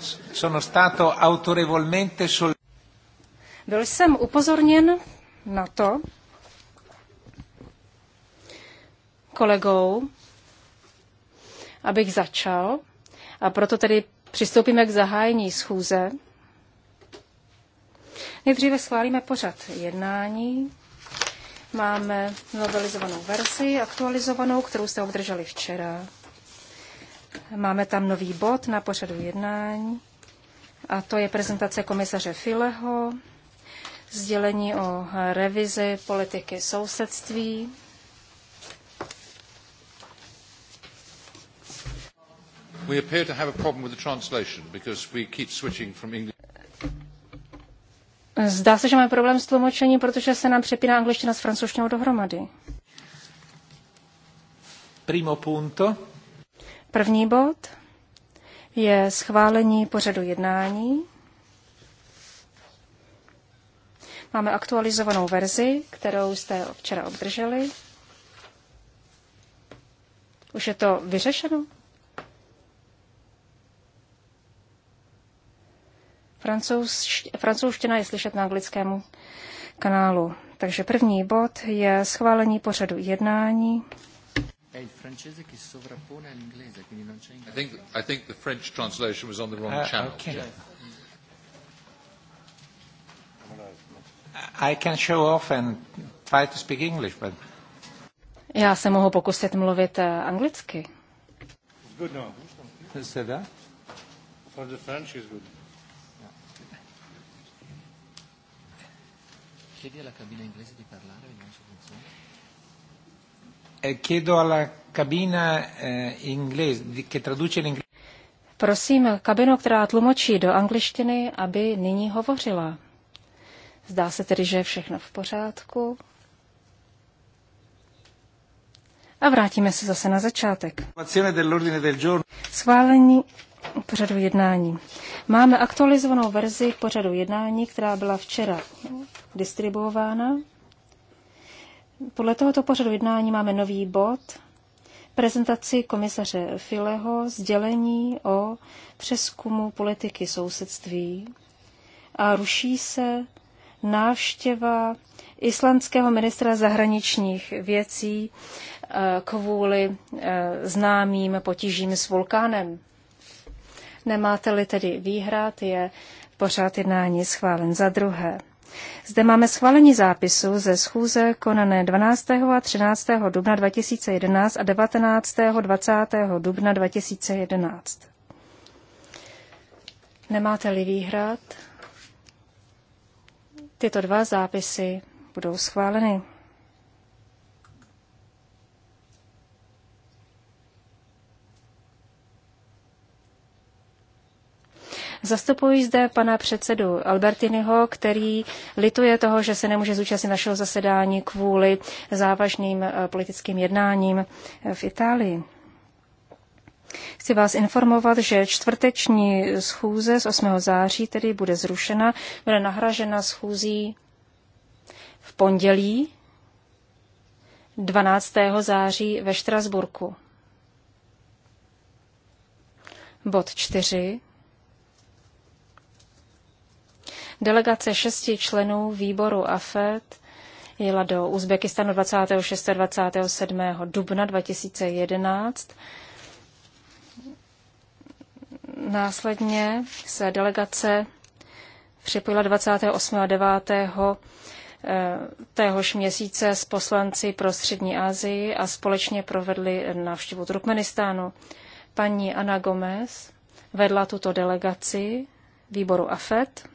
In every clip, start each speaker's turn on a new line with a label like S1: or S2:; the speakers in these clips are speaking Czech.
S1: sono stato autorevolmente sol...
S2: Byl jsem upozorněn na to kolegou, abych začal, a proto tedy přistoupíme k zahájení schůze. Nejdříve schválíme pořad jednání. Máme novelizovanou verzi, aktualizovanou, kterou jste obdrželi včera. Máme tam nový bod na pořadu jednání a to je prezentace komisaře Fileho, sdělení o revizi politiky sousedství. Zdá se, že máme problém s tlumočením, protože se nám přepíná angličtina s francouzštinou dohromady.
S1: Primo punto.
S2: První bod je schválení pořadu jednání. Máme aktualizovanou verzi, kterou jste včera obdrželi. Už je to vyřešeno? Francouzština je slyšet na anglickému kanálu. Takže první bod je schválení pořadu jednání
S1: è il francese che sovrappone all'inglese, quindi non c'è inglese. I think, I think the French translation was on the wrong uh, channel. Okay. I can show off and try to speak English, but...
S2: Já se mohu pokusit mluvit eh, anglicky.
S3: good now.
S1: Is that? For the French is good. Chiedi alla cabina inglese di parlare. Eh, eh, Prosím
S2: kabinu, která tlumočí do angličtiny, aby nyní hovořila. Zdá se tedy, že je všechno v pořádku. A vrátíme se zase na začátek. Schválení pořadu jednání. Máme aktualizovanou verzi pořadu jednání, která byla včera distribuována. Podle tohoto pořadu jednání máme nový bod, prezentaci komisaře Fileho, sdělení o přeskumu politiky sousedství a ruší se návštěva islandského ministra zahraničních věcí eh, kvůli eh, známým potížím s vulkánem. Nemáte-li tedy výhrad, je pořád jednání schválen za druhé. Zde máme schválení zápisu ze schůze konané 12. a 13. dubna 2011 a 19. 20. dubna 2011. Nemáte-li výhrad, tyto dva zápisy budou schváleny. Zastupuji zde pana předsedu Albertiniho, který lituje toho, že se nemůže zúčastnit našeho zasedání kvůli závažným eh, politickým jednáním eh, v Itálii. Chci vás informovat, že čtvrteční schůze z 8. září tedy bude zrušena, bude nahražena schůzí v pondělí 12. září ve Štrasburku. Bod 4. Delegace šesti členů výboru AFET jela do Uzbekistanu 26. 27. dubna 2011. Následně se delegace připojila 28. a 9. Eh, téhož měsíce s poslanci pro střední Asii a společně provedli návštěvu Turkmenistánu. Paní Ana Gomez vedla tuto delegaci výboru AFET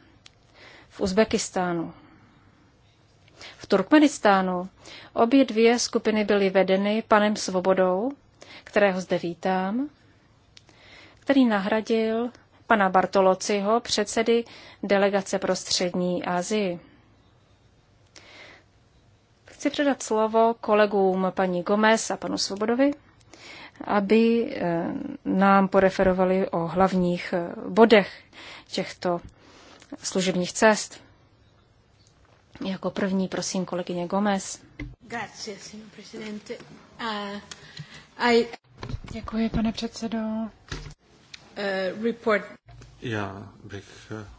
S2: v Uzbekistánu. V Turkmenistánu obě dvě skupiny byly vedeny panem Svobodou, kterého zde vítám, který nahradil pana Bartolociho, předsedy delegace pro střední Asii. Chci předat slovo kolegům paní Gomez a panu Svobodovi, aby eh, nám poreferovali o hlavních eh, bodech těchto služebních cest. Jako první prosím kolegyně Gomez.
S1: Grazie, signor presidente. Uh,
S2: I... Děkuji, pane předsedo. Uh,
S1: report.
S3: Já bych eh,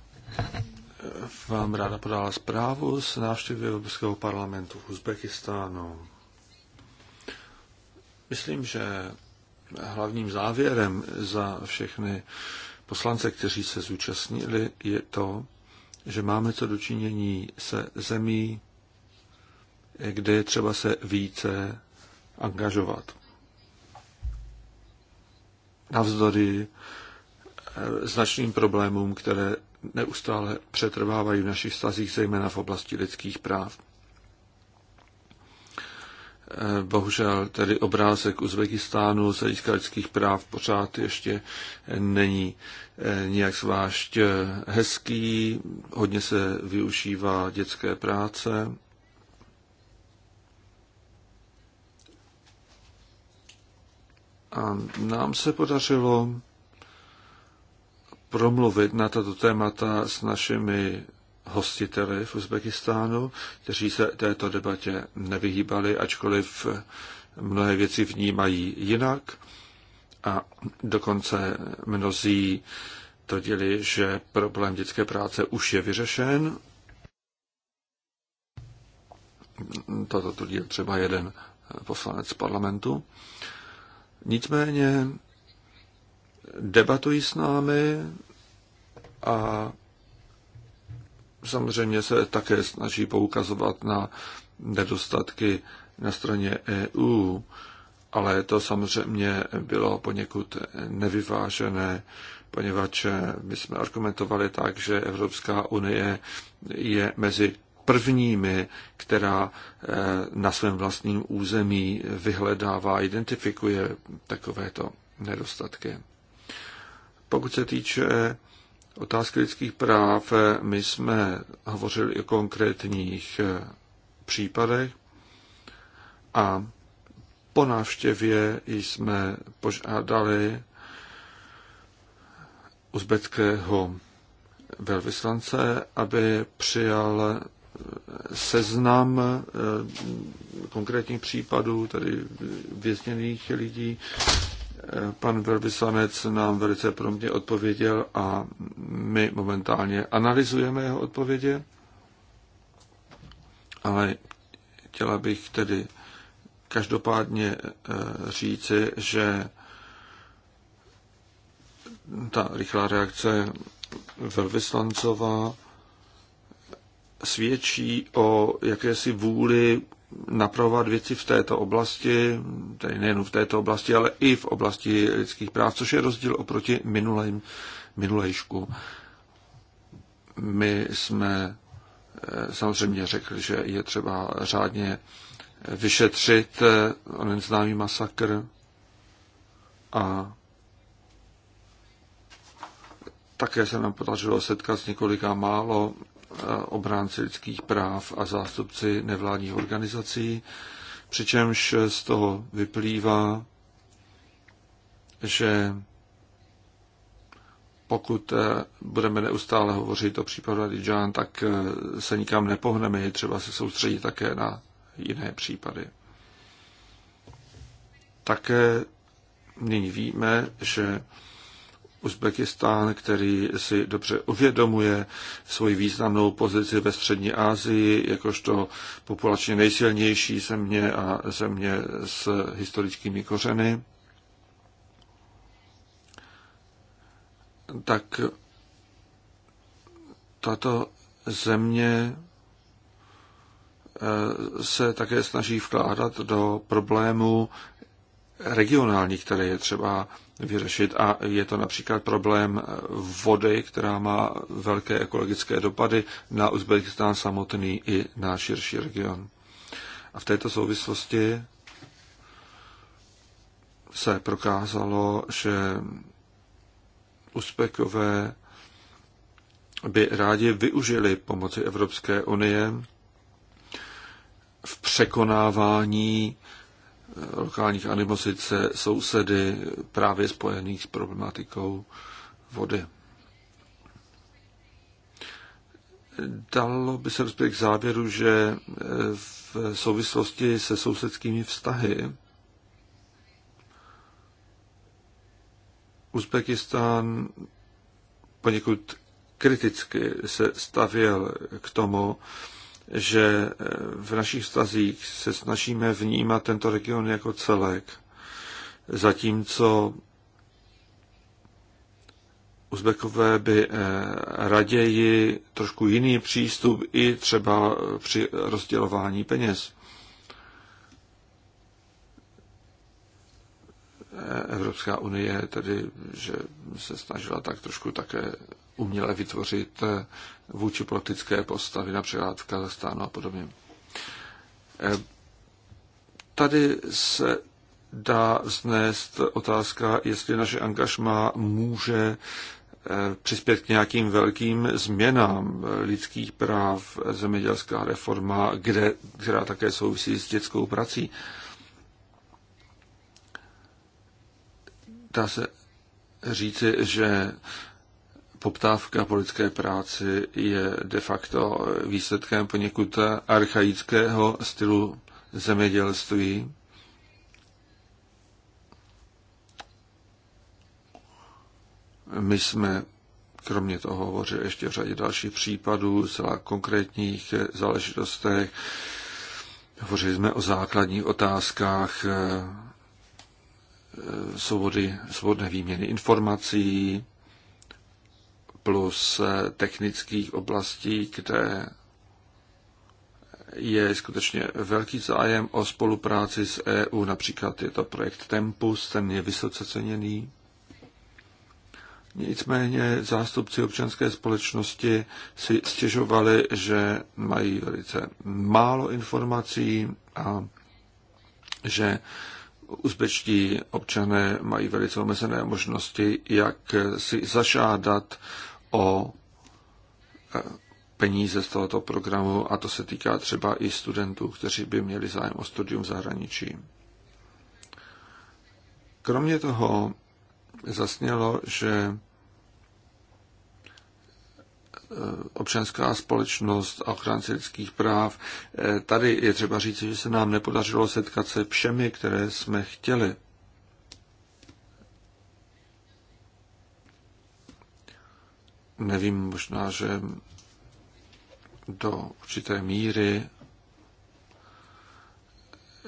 S3: vám ráda podala zprávu z návštěvy Evropského parlamentu v Uzbekistánu. Myslím, že hlavním závěrem za všechny poslance, kteří se zúčastnili, je to, že máme co dočinění se zemí, kde je třeba se více angažovat. Navzdory eh, značným problémům, které neustále přetrvávají v našich stazích, zejména v oblasti lidských práv. Bohužel tedy obrázek Uzbekistánu z hlediska lidských práv pořád ještě není eh, nijak zvlášť eh, hezký. Hodně se využívá dětské práce. A nám se podařilo promluvit na tato témata s našimi hostiteli v Uzbekistánu, kteří se této debatě nevyhýbali, ačkoliv mnohé věci vnímají jinak. A dokonce mnozí to děli, že problém dětské práce už je vyřešen. Toto tvrdil třeba jeden poslanec parlamentu. Nicméně debatují s námi a samozřejmě se také snaží poukazovat na nedostatky na straně EU, ale to samozřejmě bylo poněkud nevyvážené, poněvadž my jsme argumentovali tak, že Evropská unie je mezi prvními, která eh, na svém vlastním území vyhledává, identifikuje takovéto nedostatky. Pokud se týče otázky lidských práv, eh, my jsme hovořili o konkrétních eh, případech a po návštěvě jsme požádali uzbeckého velvyslance, aby přijal eh, seznam konkrétních případů, tedy vězněných lidí, Pan velvyslanec nám velice promptně odpověděl a my momentálně analyzujeme jeho odpovědi, ale chtěla bych tedy každopádně eh, říci, že ta rychlá reakce velvyslancová svědčí o jakési vůli napravovat věci v této oblasti, tedy nejen v této oblasti, ale i v oblasti lidských práv, což je rozdíl oproti minulým, minulejšku. My jsme eh, samozřejmě řekli, že je třeba řádně vyšetřit eh, onen známý masakr a také se nám podařilo setkat s několika málo obránci lidských práv a zástupci nevládních organizací, přičemž z toho vyplývá, že pokud eh, budeme neustále hovořit o případu Adidžán, tak eh, se nikam nepohneme, je třeba se soustředit také na jiné případy. Také nyní víme, že Uzbekistán, který si dobře uvědomuje svoji významnou pozici ve střední Asii, jakožto populačně nejsilnější země a země s historickými kořeny, tak tato země eh, se také snaží vkládat do problému regionálních, které je třeba vyřešit. A je to například problém vody, která má velké ekologické dopady na Uzbekistán samotný i na širší region. A v této souvislosti se prokázalo, že Uzbekové by rádi využili pomoci Evropské unie v překonávání lokálních animosit se sousedy právě spojených s problematikou vody. Dalo by se rozpět k závěru, že v souvislosti se sousedskými vztahy Uzbekistán poněkud kriticky se stavěl k tomu, že eh, v našich stazích se snažíme vnímat tento region jako celek, zatímco Uzbekové by eh, raději trošku jiný přístup i třeba při rozdělování peněz. Eh, Evropská unie tedy, že se snažila tak trošku také uměle vytvořit vůči politické postavy, například v Kazachstánu a podobně. Eh, tady se dá znést otázka, jestli naše angažma může eh, přispět k nějakým velkým změnám lidských práv, zemědělská reforma, kde, která také souvisí s dětskou prací. Dá se říci, že poptávka po lidské práci je de facto výsledkem poněkud archaického stylu zemědělství. My jsme kromě toho hovořili ještě o řadě dalších případů, zcela konkrétních záležitostech. Hovořili jsme o základních otázkách eh, eh, svobody, svobodné výměny informací, plus technických oblastí, kde je skutečně velký zájem o spolupráci s EU. Například je to projekt Tempus, ten je vysoce ceněný. Nicméně zástupci občanské společnosti si stěžovali, že mají velice málo informací a že uzbečtí občané mají velice omezené možnosti, jak si zažádat o e, peníze z tohoto programu a to se týká třeba i studentů, kteří by měli zájem o studium v zahraničí. Kromě toho zasnělo, že e, občanská společnost a ochránci lidských práv. E, tady je třeba říct, že se nám nepodařilo setkat se všemi, které jsme chtěli. Nevím, možná, že do určité míry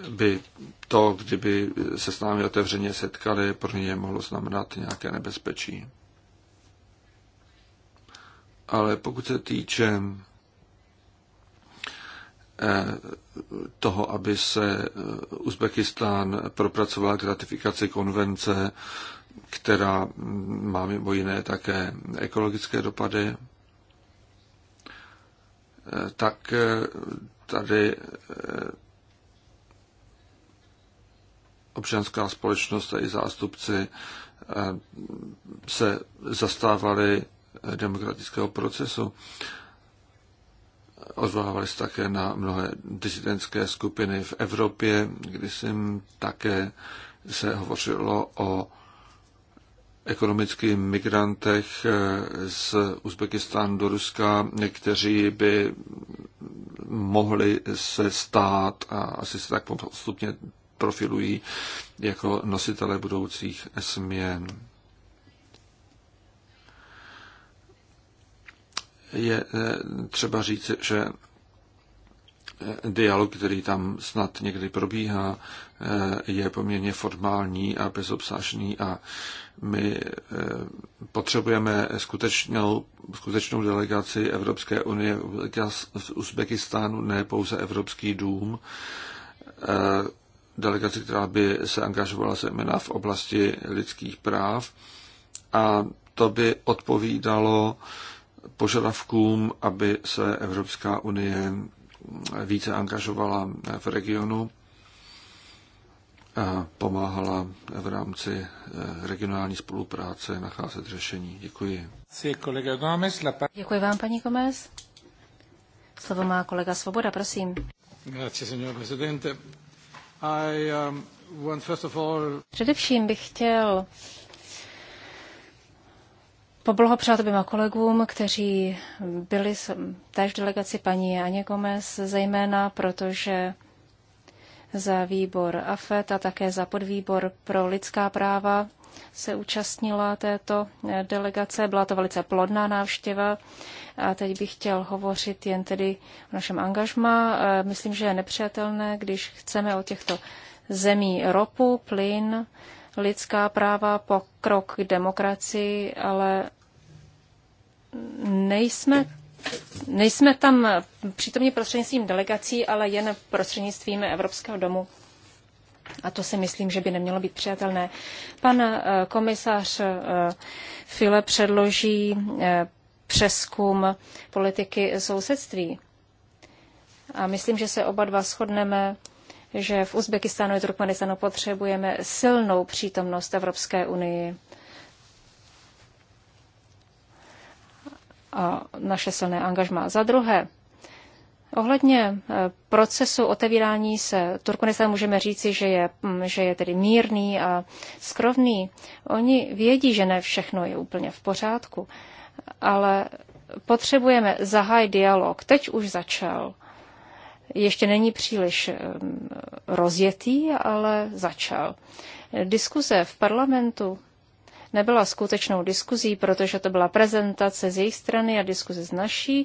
S3: by to, kdyby se s námi otevřeně setkali, pro ně mohlo znamenat nějaké nebezpečí. Ale pokud se týče eh, toho, aby se eh, Uzbekistán propracoval k ratifikaci konvence která má mimo jiné také ekologické dopady, eh, tak eh, tady eh, občanská společnost a i zástupci se zastávali demokratického procesu. Odvolávali se také na mnohé disidentské skupiny v Evropě, kdy jsem také se hovořilo o ekonomických migrantech eh, z Uzbekistánu do Ruska, kteří by mohli se stát a asi se tak postupně profilují jako nositele budoucích směn. Je eh, třeba říct, že eh, dialog, který tam snad někdy probíhá, je poměrně formální a bezobsažný a my eh, potřebujeme skutečnou, skutečnou delegaci Evropské unie z Uzbekistánu, ne pouze Evropský dům, eh, delegaci, která by se angažovala zejména v oblasti lidských práv. A to by odpovídalo požadavkům, aby se Evropská unie více angažovala v regionu pomáhala v rámci eh, regionální spolupráce nacházet řešení. Děkuji.
S1: Děkuji
S2: vám, paní Gomez. Slovo má kolega Svoboda, prosím.
S1: Um,
S2: Především bych chtěl poblahopřát oběma kolegům, kteří byli též delegaci paní Aně Gomez, zejména protože za výbor AFET a také za podvýbor pro lidská práva se účastnila této eh, delegace. Byla to velice plodná návštěva a teď bych chtěl hovořit jen tedy o našem angažmá. Eh, myslím, že je nepřijatelné, když chceme o těchto zemí ropu, plyn, lidská práva, pokrok k demokracii, ale nejsme Nejsme tam přítomní prostřednictvím delegací, ale jen prostřednictvím Evropského domu. A to si myslím, že by nemělo být přijatelné. Pan eh, komisař eh, File předloží eh, přeskum politiky sousedství. A myslím, že se oba dva shodneme, že v Uzbekistánu i Turkmenistánu potřebujeme silnou přítomnost Evropské unii a naše silné angažmá. Za druhé, Ohledně eh, procesu otevírání se Turkmenistán můžeme říci, že je, mm, že je tedy mírný a skrovný. Oni vědí, že ne všechno je úplně v pořádku, ale potřebujeme zahájit dialog. Teď už začal. Ještě není příliš eh, rozjetý, ale začal. Diskuze v parlamentu nebyla skutečnou diskuzí, protože to byla prezentace z jejich strany a diskuze z naší.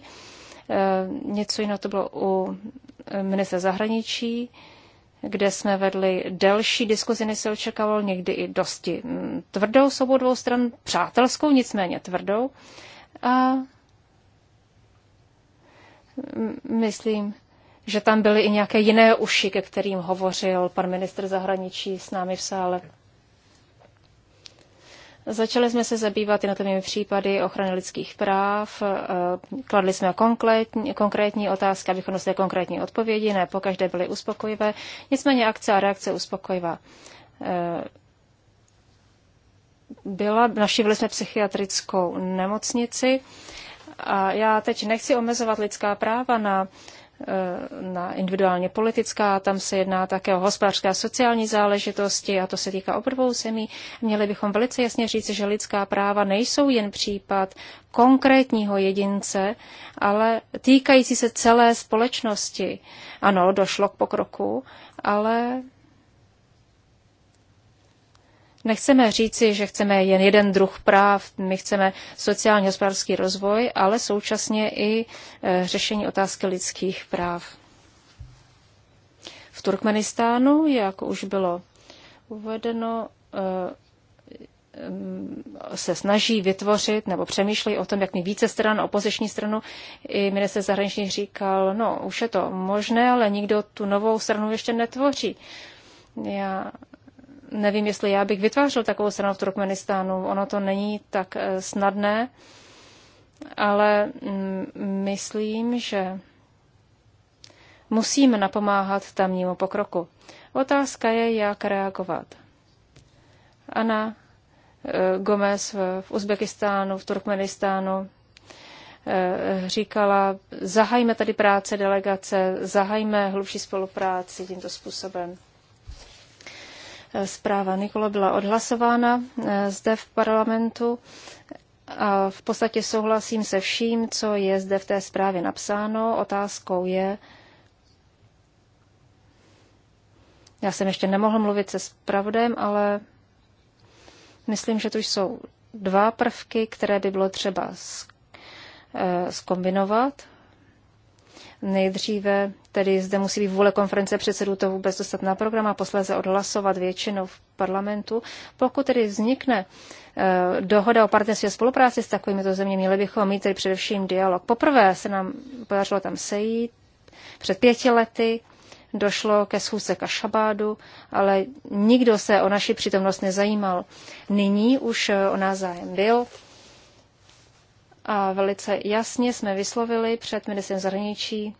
S2: E, něco jiného to bylo u ministra zahraničí, kde jsme vedli delší diskuzi, než se očekával, někdy i dosti mm, tvrdou s obou dvou stran, přátelskou, nicméně tvrdou. A myslím, že tam byly i nějaké jiné uši, ke kterým hovořil pan ministr zahraničí s námi v sále. Začali jsme se zabývat jednotlivými případy ochrany lidských práv, eh, kladli jsme konkrétní, konkrétní otázky, abychom dostali konkrétní odpovědi, ne pokaždé byly uspokojivé, nicméně akce a reakce uspokojivá. Eh, byla, navštívili jsme psychiatrickou nemocnici a já teď nechci omezovat lidská práva na uh, Eh, na individuálně politická, tam se jedná také o hospodářské a sociální záležitosti a to se týká obrvou zemí. Měli bychom velice jasně říct, že lidská práva nejsou jen případ konkrétního jedince, ale týkající se celé společnosti. Ano, došlo k pokroku, ale Nechceme říci, že chceme jen jeden druh práv, my chceme sociálně hospodářský rozvoj, ale současně i eh, řešení otázky lidských práv. V Turkmenistánu, jak už bylo uvedeno, eh, se snaží vytvořit nebo přemýšlí o tom, jak mít více stran, opoziční stranu. I minister zahraničí říkal, no už je to možné, ale nikdo tu novou stranu ještě netvoří. Já nevím, jestli já bych vytvářel takovou stranu v Turkmenistánu. Ono to není tak eh, snadné, ale mm, myslím, že musíme napomáhat tamnímu pokroku. Otázka je, jak reagovat. Ana eh, Gomez v Uzbekistánu, v Turkmenistánu eh, říkala, zahajme tady práce delegace, zahajme hlubší spolupráci tímto způsobem. Zpráva Nikola byla odhlasována eh, zde v parlamentu a v podstatě souhlasím se vším, co je zde v té zprávě napsáno. Otázkou je, já jsem ještě nemohl mluvit se zpravodem, ale myslím, že tu jsou dva prvky, které by bylo třeba skombinovat. Eh, Nejdříve tedy zde musí být vůle konference předsedů to vůbec dostat na program a posléze odhlasovat většinou v parlamentu. Pokud tedy vznikne eh, dohoda o partnerství a spolupráci s takovýmito zeměmi, měli bychom mít tedy především dialog. Poprvé se nám podařilo tam sejít před pěti lety, došlo ke schůzce Kašabádu, ale nikdo se o naši přítomnost nezajímal. Nyní už eh, o nás zájem byl a velice jasně jsme vyslovili před ministrem zahraničí,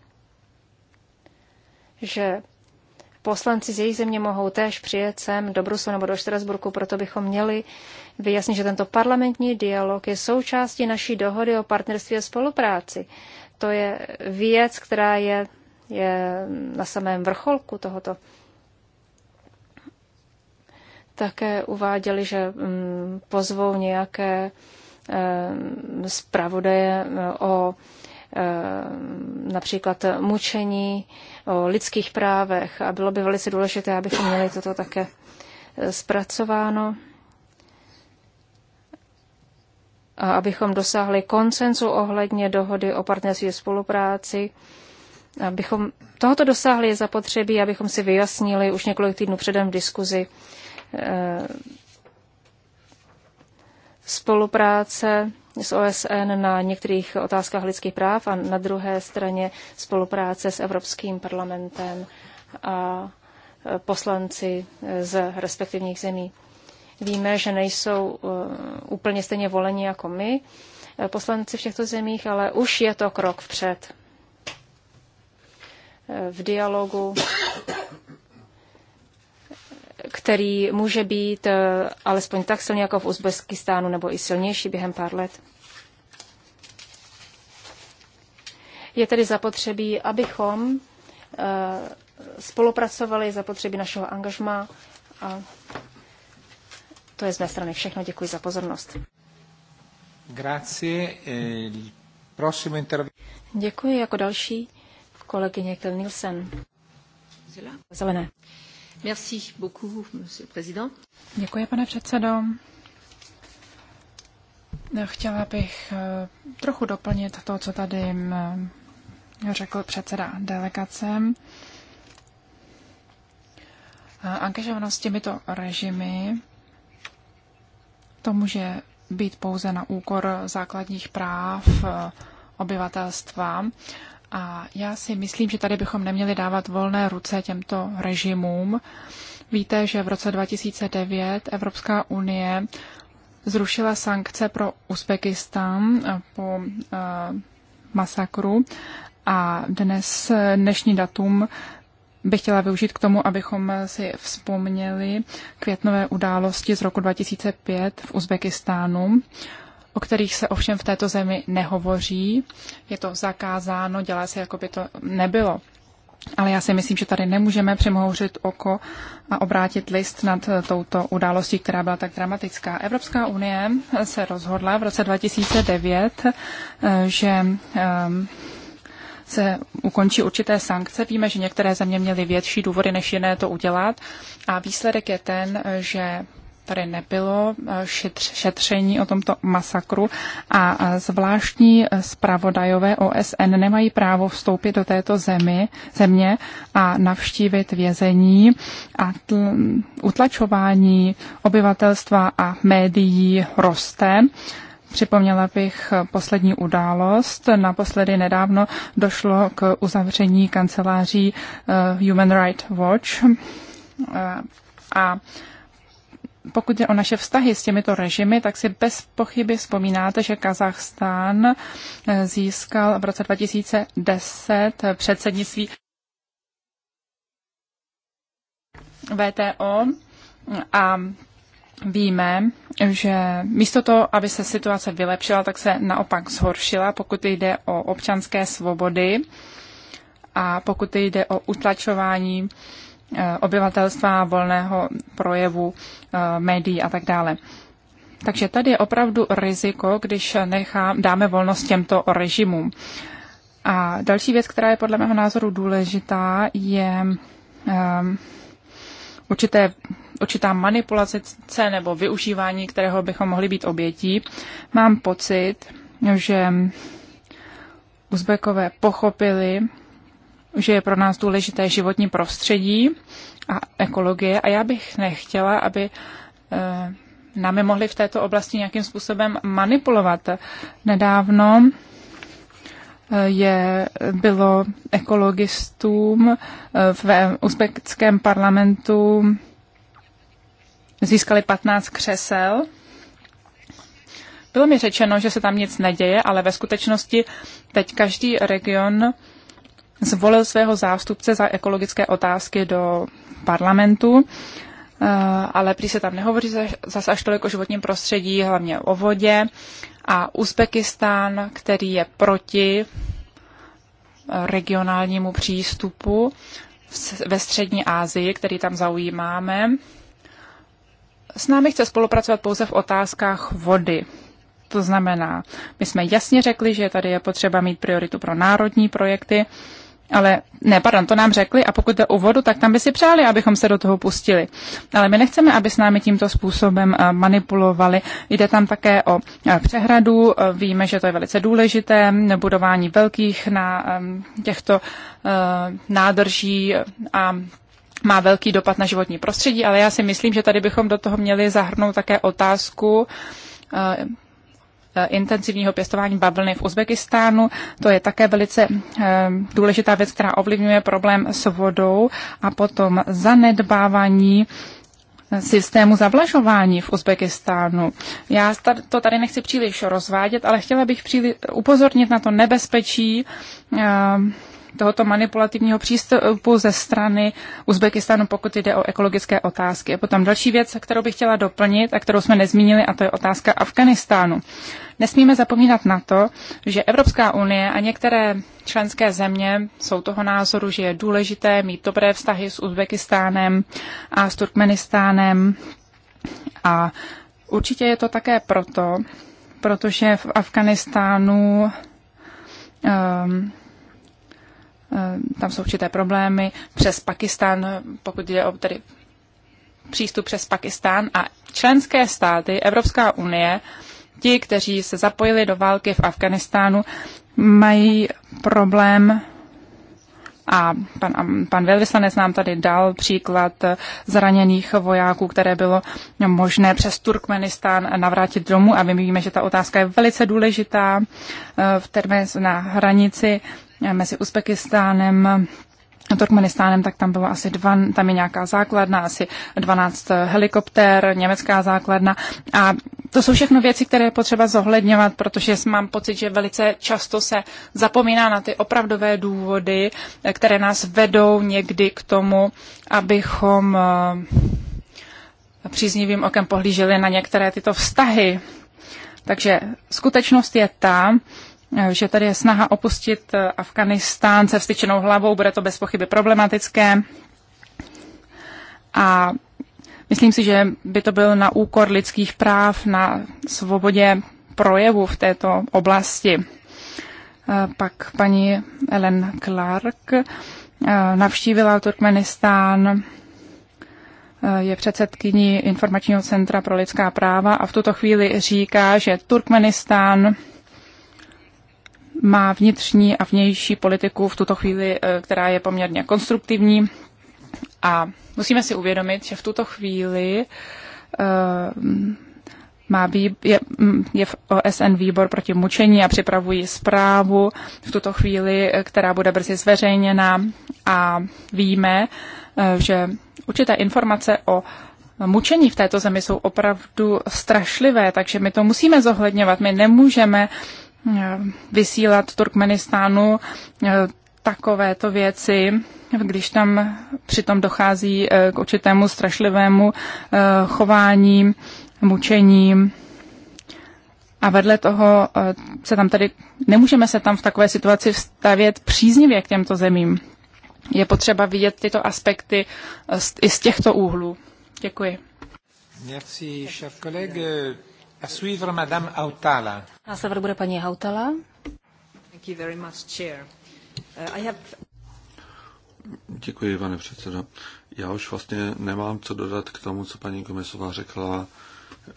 S2: že poslanci z jejich země mohou též přijet sem do Bruselu nebo do Štrasburku, proto bychom měli vyjasnit, že tento parlamentní dialog je součástí naší dohody o partnerství a spolupráci. To je věc, která je, je na samém vrcholku tohoto. Také uváděli, že mm, pozvou nějaké Eh, zpravodaje eh, o eh, například mučení, o lidských právech a bylo by velice důležité, abychom měli toto také zpracováno a abychom dosáhli koncenzu ohledně dohody o partnerství a spolupráci. Abychom tohoto dosáhli je zapotřebí, abychom si vyjasnili už několik týdnů předem v diskuzi spolupráce s OSN na některých otázkách lidských práv a na druhé straně spolupráce s Evropským parlamentem a e, poslanci z respektivních zemí. Víme, že nejsou e, úplně stejně voleni jako my, e, poslanci v těchto zemích, ale už je to krok vpřed v dialogu který může být eh, alespoň tak silný jako v Uzbekistánu nebo i silnější během pár let. Je tedy zapotřebí, abychom eh, spolupracovali, zapotřebí našeho angažma a to je z mé strany všechno. Děkuji za pozornost.
S1: Grazie. Eh,
S2: Děkuji jako další kolegyně Kil Nielsen. Zelené.
S4: Děkuji, pane předsedo. Chtěla bych eh, trochu doplnit to, co tady mm, řekl předseda delegace. Angažovanost těmito režimy to může být pouze na úkor základních práv eh, obyvatelstva a já si myslím, že tady bychom neměli dávat volné ruce těmto režimům. Víte, že v roce 2009 Evropská unie zrušila sankce pro Uzbekistán po uh, masakru a dnes, dnešní datum bych chtěla využít k tomu, abychom si vzpomněli květnové události z roku 2005 v Uzbekistánu o kterých se ovšem v této zemi nehovoří. Je to zakázáno, dělá se, jako by to nebylo. Ale já si myslím, že tady nemůžeme přemohouřit oko a obrátit list nad touto událostí, která byla tak dramatická. Evropská unie se rozhodla v roce 2009, že ehm, se ukončí určité sankce. Víme, že některé země měly větší důvody než jiné to udělat. A výsledek je ten, že tady nebylo eh, šetř, šetření o tomto masakru a zvláštní zpravodajové OSN nemají právo vstoupit do této zemi, země a navštívit vězení a tl, utlačování obyvatelstva a médií roste. Připomněla bych poslední událost. Naposledy nedávno došlo k uzavření kanceláří eh, Human Rights Watch eh, a pokud je o naše vztahy s těmito režimy, tak si bez pochyby vzpomínáte, že Kazachstán eh, získal v roce 2010 předsednictví VTO a víme, že místo toho, aby se situace vylepšila, tak se naopak zhoršila, pokud jde o občanské svobody a pokud jde o utlačování Eh, obyvatelstva, volného projevu, eh, médií a tak dále. Takže tady je opravdu riziko, když nechá, dáme volnost těmto režimům. A další věc, která je podle mého názoru důležitá, je um, určité, určitá manipulace nebo využívání, kterého bychom mohli být obětí. Mám pocit, že Uzbekové pochopili, že je pro nás důležité životní prostředí a ekologie a já bych nechtěla, aby eh, námi mohli v této oblasti nějakým způsobem manipulovat. Nedávno eh, je, bylo ekologistům eh, v uzbekském parlamentu získali 15 křesel. Bylo mi řečeno, že se tam nic neděje, ale ve skutečnosti teď každý region zvolil svého zástupce za ekologické otázky do parlamentu, eh, ale prý se tam nehovoří zase až tolik o životním prostředí, hlavně o vodě. A Uzbekistán, který je proti eh, regionálnímu přístupu ve střední Asii, který tam zaujímáme, s námi chce spolupracovat pouze v otázkách vody. To znamená, my jsme jasně řekli, že tady je potřeba mít prioritu pro národní projekty, ale ne, pardon, to nám řekli a pokud jde o vodu, tak tam by si přáli, abychom se do toho pustili. Ale my nechceme, aby s námi tímto způsobem eh, manipulovali. Jde tam také o eh, přehradu, eh, víme, že to je velice důležité, budování velkých na těchto nádrží a má velký dopad na životní prostředí, ale já si myslím, že tady bychom do toho měli zahrnout také otázku, Eh, intenzivního pěstování bavlny v Uzbekistánu. To je také velice eh, důležitá věc, která ovlivňuje problém s vodou a potom zanedbávání systému zavlažování v Uzbekistánu. Já to tady nechci příliš rozvádět, ale chtěla bych příli- upozornit na to nebezpečí eh, tohoto manipulativního přístupu ze strany Uzbekistánu, pokud jde o ekologické otázky. Potom další věc, kterou bych chtěla doplnit a kterou jsme nezmínili, a to je otázka Afganistánu. Nesmíme zapomínat na to, že Evropská unie a některé členské země jsou toho názoru, že je důležité mít dobré vztahy s Uzbekistánem a s Turkmenistánem. A určitě je to také proto, protože v Afganistánu um, ehm, Eh, tam jsou určité problémy přes Pakistán, pokud jde o tedy přístup přes Pakistán a členské státy, Evropská unie, ti, kteří se zapojili do války v Afganistánu, mají problém a pan, pan velvyslanec nám tady dal příklad zraněných vojáků, které bylo možné přes Turkmenistán navrátit domů. A my víme, že ta otázka je velice důležitá eh, v termés na hranici mezi Uzbekistánem Turkmenistánem, tak tam bylo asi dva, tam je nějaká základna, asi 12 helikoptér, německá základna a to jsou všechno věci, které je potřeba zohledňovat, protože mám pocit, že velice často se zapomíná na ty opravdové důvody, které nás vedou někdy k tomu, abychom eh, příznivým okem pohlíželi na některé tyto vztahy. Takže skutečnost je ta, že tady je snaha opustit Afganistán se vstyčenou hlavou, bude to bez pochyby problematické. A myslím si, že by to byl na úkor lidských práv, na svobodě projevu v této oblasti. Pak paní Ellen Clark navštívila Turkmenistán, je předsedkyní Informačního centra pro lidská práva a v tuto chvíli říká, že Turkmenistán má vnitřní a vnější politiku v tuto chvíli, eh, která je poměrně konstruktivní. A musíme si uvědomit, že v tuto chvíli eh, má vý, je, mm, je v OSN výbor proti mučení a připravují zprávu v tuto chvíli, eh, která bude brzy zveřejněna a víme, že určité informace o mučení v této zemi jsou opravdu strašlivé, takže my to musíme zohledňovat. My nemůžeme Eh, vysílat Turkmenistánu eh, takovéto věci, když tam přitom dochází eh, k určitému strašlivému chování, mučení. A vedle toho se tam tady, nemůžeme se tam v takové situaci vstavět příznivě k těmto zemím. Je potřeba vidět tyto aspekty i z těchto úhlů. Děkuji.
S1: Merci, cher collègue. A suivre Madame
S2: Následovat bude paní Hautala. Thank you very much, Chair. Uh, I have...
S3: Děkuji, pane předsedo. Já už vlastně nemám co dodat k tomu, co paní komisová řekla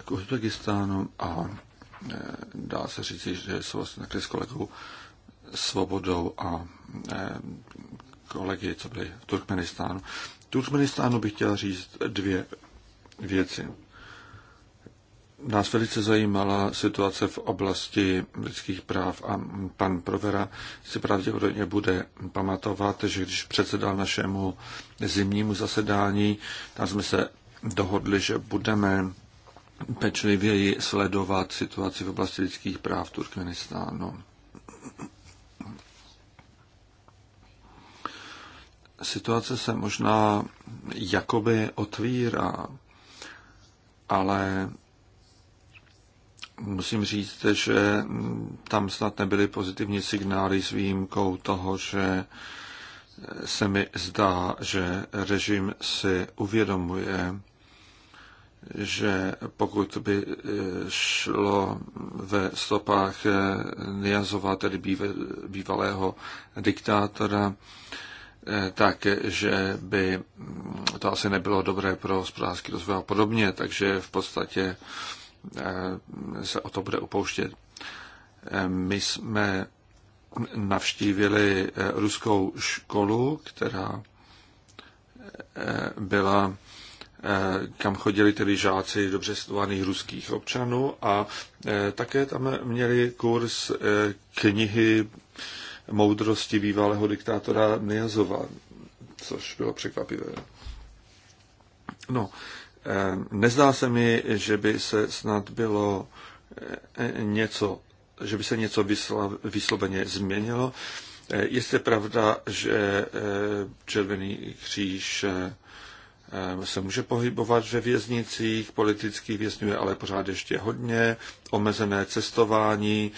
S3: k Uzbekistánu a eh, dá se říct, že jsou vlastně také s kolegou Svobodou a eh, kolegy, co byli v Turkmenistánu. Turkmenistánu bych chtěl říct dvě věci nás velice zajímala situace v oblasti lidských práv a pan Provera si pravděpodobně bude pamatovat, že když předsedal našemu zimnímu zasedání, tam jsme se dohodli, že budeme pečlivěji sledovat situaci v oblasti lidských práv Turkmenistánu. Situace se možná jakoby otvírá, ale Musím říct, že mm, tam snad nebyly pozitivní signály s výjimkou toho, že e, se mi zdá, že režim si uvědomuje, že pokud by e, šlo ve stopách e, Niazova, tedy bývalého diktátora, tak, že by mm, to asi nebylo dobré pro hospodářský rozvoj a podobně, takže v podstatě se o to bude upouštět. My jsme navštívili ruskou školu, která eh, byla, eh, kam chodili tedy žáci dobře studovaných ruských občanů a eh, také tam měli kurz knihy moudrosti bývalého diktátora Niazova, což bylo překvapivé. No, Ehm, nezdá se mi, že by se snad bylo e, e, něco, že by se něco vysloveně změnilo. E, Jestli je pravda, že Červený kříž se může pohybovat ve věznicích, politický vězňů je ale pořád ještě hodně, omezené cestování,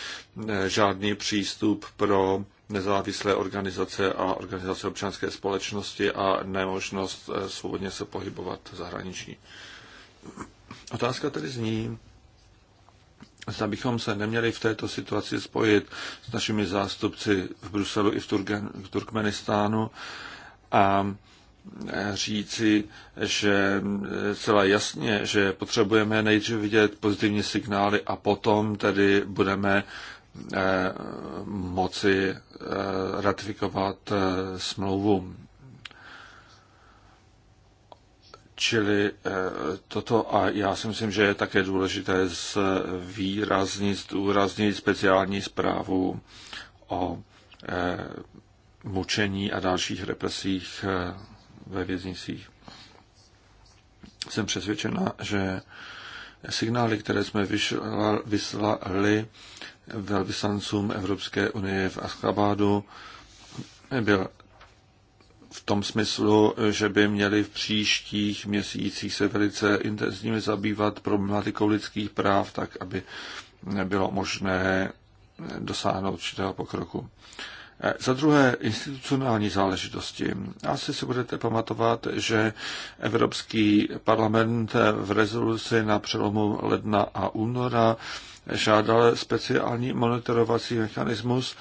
S3: žádný přístup pro nezávislé organizace a organizace občanské společnosti a nemožnost eh, svobodně se pohybovat v zahraničí. Otázka tedy zní, zda bychom se neměli v této situaci spojit s našimi zástupci v Bruselu i v, Turgen, v Turkmenistánu a eh, říci, že eh, celá jasně, že potřebujeme nejdřív vidět pozitivní signály a potom tedy budeme moci Eh, ratifikovat eh, smlouvu. Čili eh, toto, a já si myslím, že je také důležité z zvýraznit, zdůraznit speciální zprávu o mučení a dalších represích ve věznicích. Jsem přesvědčena, že signály, které jsme vyslali velvyslancům Evropské unie v Aschabádu byl v tom smyslu, že by měli v příštích měsících se velice intenzivně zabývat problematikou lidských práv, tak aby nebylo možné dosáhnout určitého pokroku. Eh, za druhé, institucionální záležitosti. Asi si budete pamatovat, že Evropský parlament v rezoluci na přelomu ledna a února žádal speciální monitorovací mechanismus,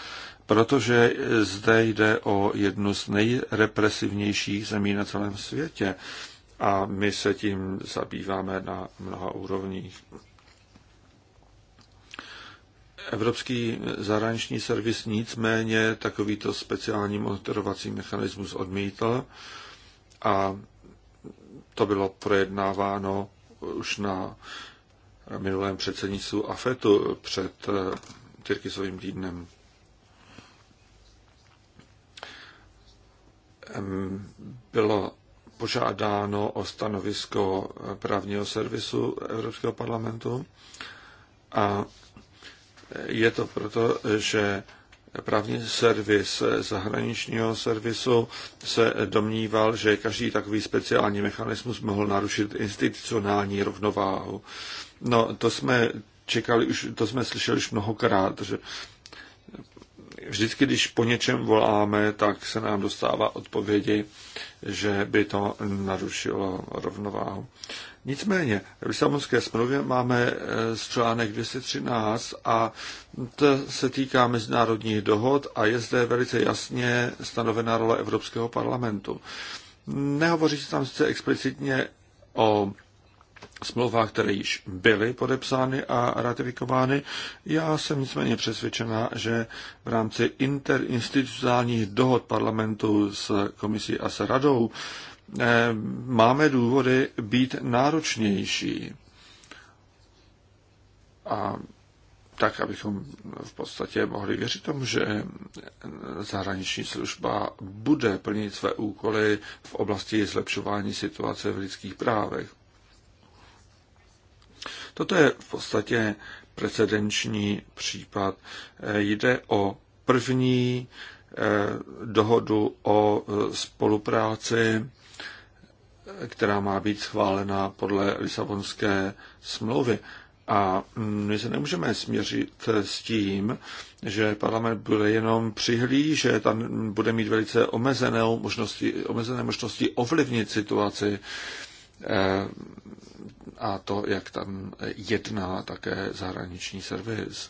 S3: protože zde jde o jednu z nejrepresivnějších zemí na celém světě a my se tím zabýváme na mnoha úrovních. Evropský zahraniční servis nicméně takovýto speciální monitorovací mechanismus odmítl a to bylo projednáváno už na minulém předsednictvu AFETu před eh, Tyrkisovým týdnem. Bylo požádáno o stanovisko právního servisu Evropského parlamentu a je to proto, že právní servis zahraničního servisu se domníval, že každý takový speciální mechanismus mohl narušit institucionální rovnováhu. No, to jsme čekali už, to jsme slyšeli už mnohokrát, že vždycky, když po něčem voláme, tak se nám dostává odpovědi, že by to narušilo rovnováhu. Nicméně v Lisabonské smlouvě máme z e, článek 213 a to se týká mezinárodních dohod a je zde velice jasně stanovená role Evropského parlamentu. Nehovoří se tam sice explicitně o smlouvách, které již byly podepsány a ratifikovány. Já jsem nicméně přesvědčena, že v rámci interinstitucionálních dohod parlamentu s komisí a s radou Eh, máme důvody být náročnější. A tak, abychom v podstatě mohli věřit tomu, že zahraniční služba bude plnit své úkoly v oblasti zlepšování situace v lidských právech. Toto je v podstatě precedenční případ. Eh, jde o první eh, dohodu o spolupráci která má být schválena podle Lisabonské smlouvy. A my se nemůžeme směřit s tím, že parlament bude jenom přihlížet tam bude mít velice omezené možnosti, omezené možnosti ovlivnit situaci eh, a to, jak tam jedná také zahraniční servis.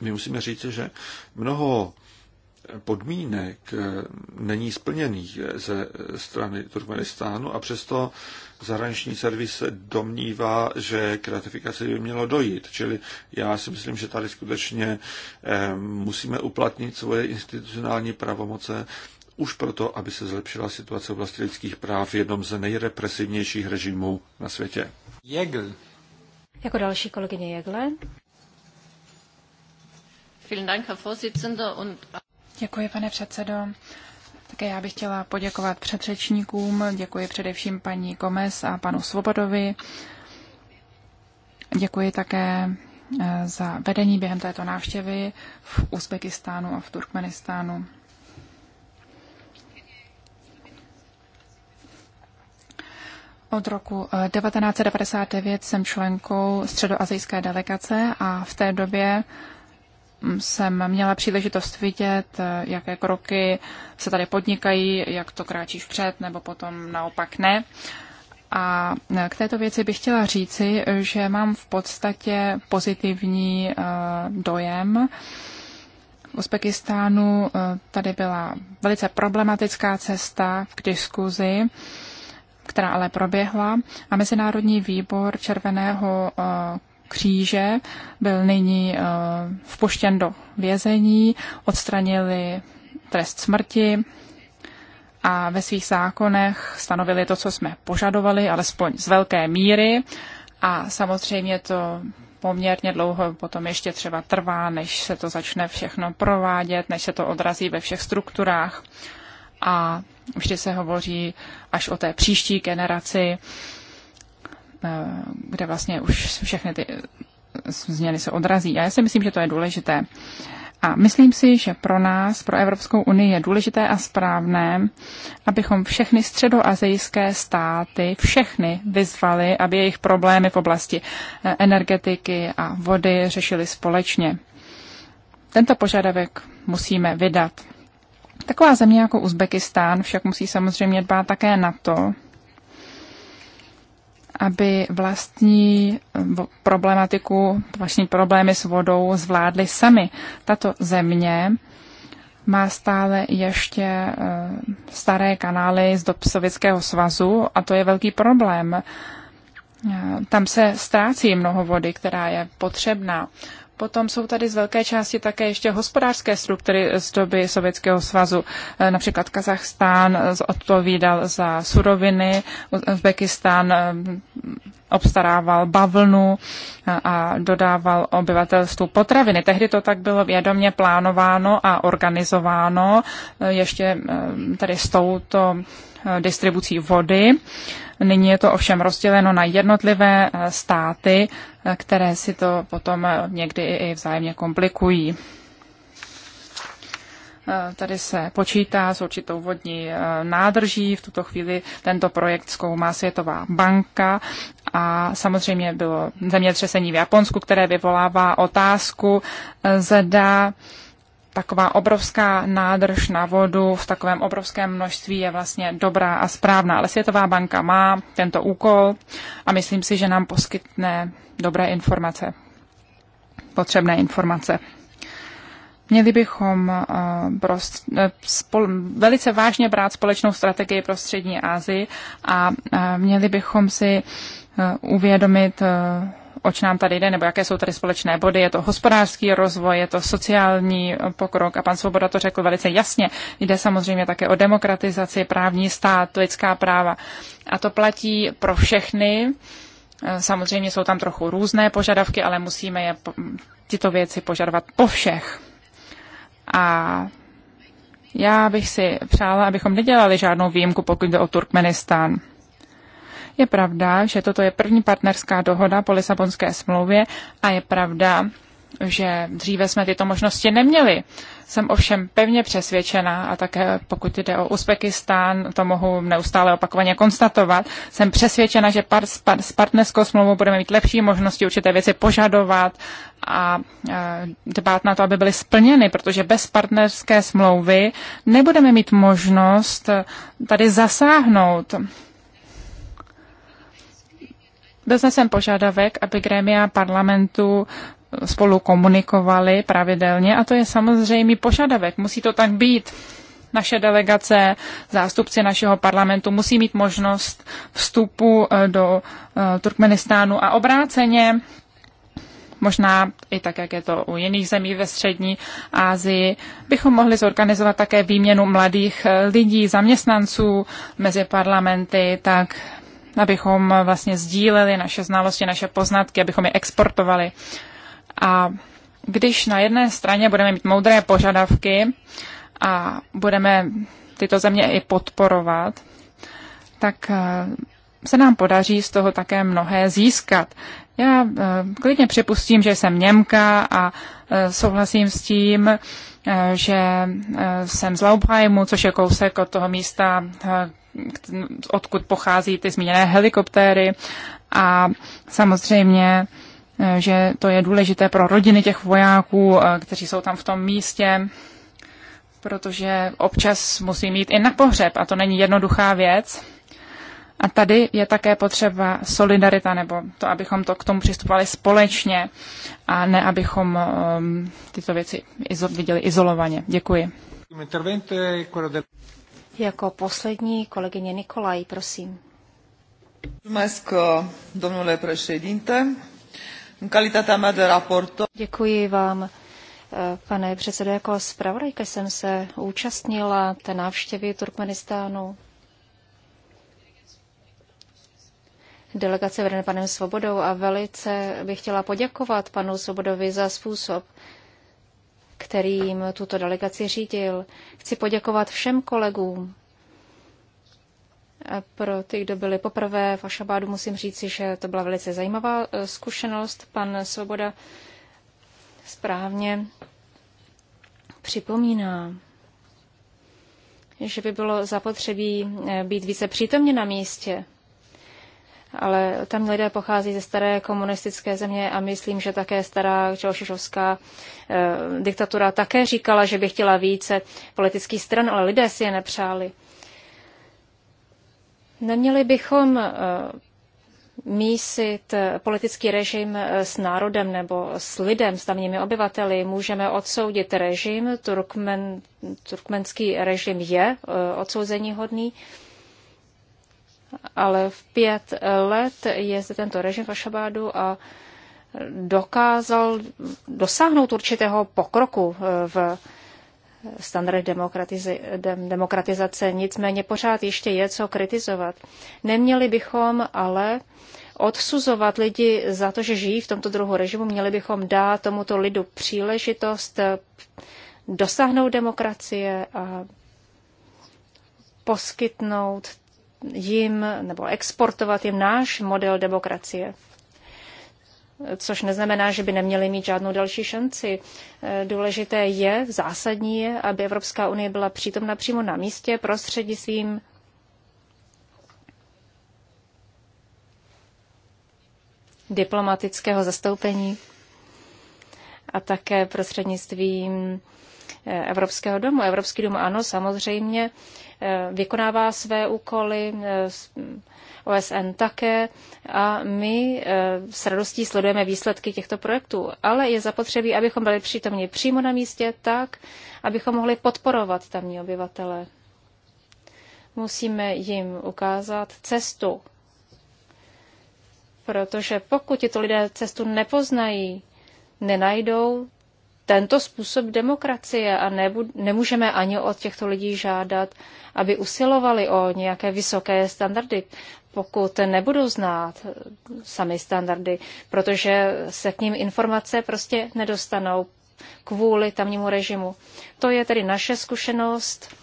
S3: My musíme říct, že mnoho podmínek eh, není splněných eh, ze strany Turkmenistánu a přesto zahraniční servis se domnívá, že k ratifikaci by mělo dojít. Čili já si myslím, že tady skutečně eh, musíme uplatnit svoje institucionální pravomoce už proto, aby se zlepšila situace v oblasti lidských práv v jednom z nejrepresivnějších režimů na světě. Jegl.
S2: Jako další kolegyně Jegle.
S4: Děkuji, pane předsedo. Také já bych chtěla poděkovat předřečníkům. Děkuji především paní Gomez a panu Svobodovi. Děkuji také eh, za vedení během této návštěvy v Uzbekistánu a v Turkmenistánu. Od roku 1999 eh, jsem členkou středoazijské delegace a v té době jsem měla příležitost vidět, eh, jaké kroky se tady podnikají, jak to kráčí vpřed, nebo potom naopak ne. A eh, k této věci bych chtěla říci, že mám v podstatě pozitivní eh, dojem. V Uzbekistánu tady byla velice problematická cesta k diskuzi, která ale proběhla a Mezinárodní výbor Červeného kříže, byl nyní eh, vpoštěn do vězení, odstranili trest smrti a ve svých zákonech stanovili to, co jsme požadovali, alespoň z velké míry. A samozřejmě to poměrně dlouho potom ještě třeba trvá, než se to začne všechno provádět, než se to odrazí ve všech strukturách. A vždy se hovoří až o té příští generaci Eh, kde vlastně už všechny ty změny se odrazí. A já si myslím, že to je důležité. A myslím si, že pro nás, pro Evropskou unii je důležité a správné, abychom všechny středoazijské státy, všechny vyzvali, aby jejich problémy v oblasti eh, energetiky a vody řešili společně. Tento požadavek musíme vydat. Taková země jako Uzbekistán však musí samozřejmě dbát také na to, aby vlastní eh, problematiku, vlastní problémy s vodou zvládli sami. Tato země má stále ještě eh, staré kanály z dob Sovětského svazu a to je velký problém. Eh, tam se ztrácí mnoho vody, která je potřebná. Potom jsou tady z velké části také ještě hospodářské struktury z doby Sovětského svazu. Eh, například Kazachstán eh, odpovídal za suroviny, Uzbekistán eh, obstarával bavlnu a dodával obyvatelstvu potraviny. Tehdy to tak bylo vědomě plánováno a organizováno ještě tady s touto distribucí vody. Nyní je to ovšem rozděleno na jednotlivé eh, státy, eh, které si to potom eh, někdy i vzájemně komplikují. Tady se počítá s určitou vodní nádrží. V tuto chvíli tento projekt zkoumá Světová banka a samozřejmě bylo zemětřesení v Japonsku, které vyvolává otázku, zda taková obrovská nádrž na vodu v takovém obrovském množství je vlastně dobrá a správná. Ale Světová banka má tento úkol a myslím si, že nám poskytne dobré informace, potřebné informace. Měli bychom eh, prost, eh, spol, velice vážně brát společnou strategii pro střední Asii a eh, měli bychom si uvědomit oč nám tady jde, nebo jaké jsou tady společné body. Je to hospodářský rozvoj, je to sociální pokrok a pan Svoboda to řekl velice jasně. Jde samozřejmě také o demokratizaci, právní stát, lidská práva. A to platí pro všechny. Samozřejmě jsou tam trochu různé požadavky, ale musíme je, tyto věci požadovat po všech. A já bych si přála, abychom nedělali žádnou výjimku, pokud jde o Turkmenistán. Je pravda, že toto je první partnerská dohoda po Lisabonské smlouvě a je pravda, že dříve jsme tyto možnosti neměli. Jsem ovšem pevně přesvědčena a také pokud jde o Uzbekistán, to mohu neustále opakovaně konstatovat, jsem přesvědčena, že par, par, s partnerskou smlouvou budeme mít lepší možnosti určité věci požadovat a e, dbát na to, aby byly splněny, protože bez partnerské smlouvy nebudeme mít možnost tady zasáhnout Beznesen požadavek, aby grémia parlamentu spolu komunikovali pravidelně a to je samozřejmě požadavek. Musí to tak být. Naše delegace, zástupci našeho parlamentu musí mít možnost vstupu eh, do eh, Turkmenistánu a obráceně možná i tak, jak je to u jiných zemí ve střední Asii, bychom mohli zorganizovat také výměnu mladých eh, lidí, zaměstnanců mezi parlamenty, tak abychom vlastně sdíleli naše znalosti, naše poznatky, abychom je exportovali. A když na jedné straně budeme mít moudré požadavky a budeme tyto země i podporovat, tak eh, se nám podaří z toho také mnohé získat. Já eh, klidně připustím, že jsem Němka a eh, souhlasím s tím, že jsem z Laubheimu, což je kousek od toho místa, odkud pochází ty zmíněné helikoptéry a samozřejmě eh, že to je důležité pro rodiny těch vojáků, eh, kteří jsou tam v tom místě, protože občas musí mít i na pohřeb a to není jednoduchá věc. A tady je také potřeba solidarita, nebo to, abychom to k tomu přistupovali společně a ne, abychom um, tyto věci izo- viděli izolovaně. Děkuji.
S2: Jako poslední kolegyně Nikolaj, prosím. Děkuji vám, pane předsedo. Jako zpravodajka jsem se účastnila té návštěvy Turkmenistánu. delegace vedené panem Svobodou a velice bych chtěla poděkovat panu Svobodovi za způsob, kterým tuto delegaci řídil. Chci poděkovat všem kolegům. Pro ty, kdo byli poprvé v Ašabádu, musím říci, že to byla velice zajímavá eh, zkušenost. Pan Svoboda správně připomíná, že by bylo zapotřebí eh, být více přítomně na místě ale tam lidé pochází ze staré komunistické země a myslím, že také stará čelšišovská eh, diktatura také říkala, že by chtěla více politických stran, ale lidé si je nepřáli. Neměli bychom eh, mísit eh, politický režim eh, s národem nebo s lidem, s tamními obyvateli. Můžeme odsoudit režim, Turkmen, turkmenský režim je eh, odsouzení hodný, ale v pět let je zde tento režim v Ašabádu a dokázal dosáhnout určitého pokroku eh, v standard demokratizace. Nicméně pořád ještě je co kritizovat. Neměli bychom ale odsuzovat lidi za to, že žijí v tomto druhu režimu. Měli bychom dát tomuto lidu příležitost eh, dosáhnout demokracie a poskytnout jim nebo exportovat jim náš model demokracie. Což neznamená, že by neměli mít žádnou další šanci. Důležité je, zásadní je, aby Evropská unie byla přítomna přímo na místě prostřednictvím diplomatického zastoupení a také prostřednictvím eh, Evropského domu. Evropský dům ano, samozřejmě Eh, vykonává své úkoly, eh, OSN také a my eh, s radostí sledujeme výsledky těchto projektů, ale je zapotřebí, abychom byli přítomni přímo na místě tak, abychom mohli podporovat tamní obyvatele. Musíme jim ukázat cestu, protože pokud tyto lidé cestu nepoznají, nenajdou, tento způsob demokracie a nebu, nemůžeme ani od těchto lidí žádat, aby usilovali o nějaké vysoké standardy, pokud nebudou znát sami standardy, protože se k ním informace prostě nedostanou kvůli tamnímu režimu. To je tedy naše zkušenost,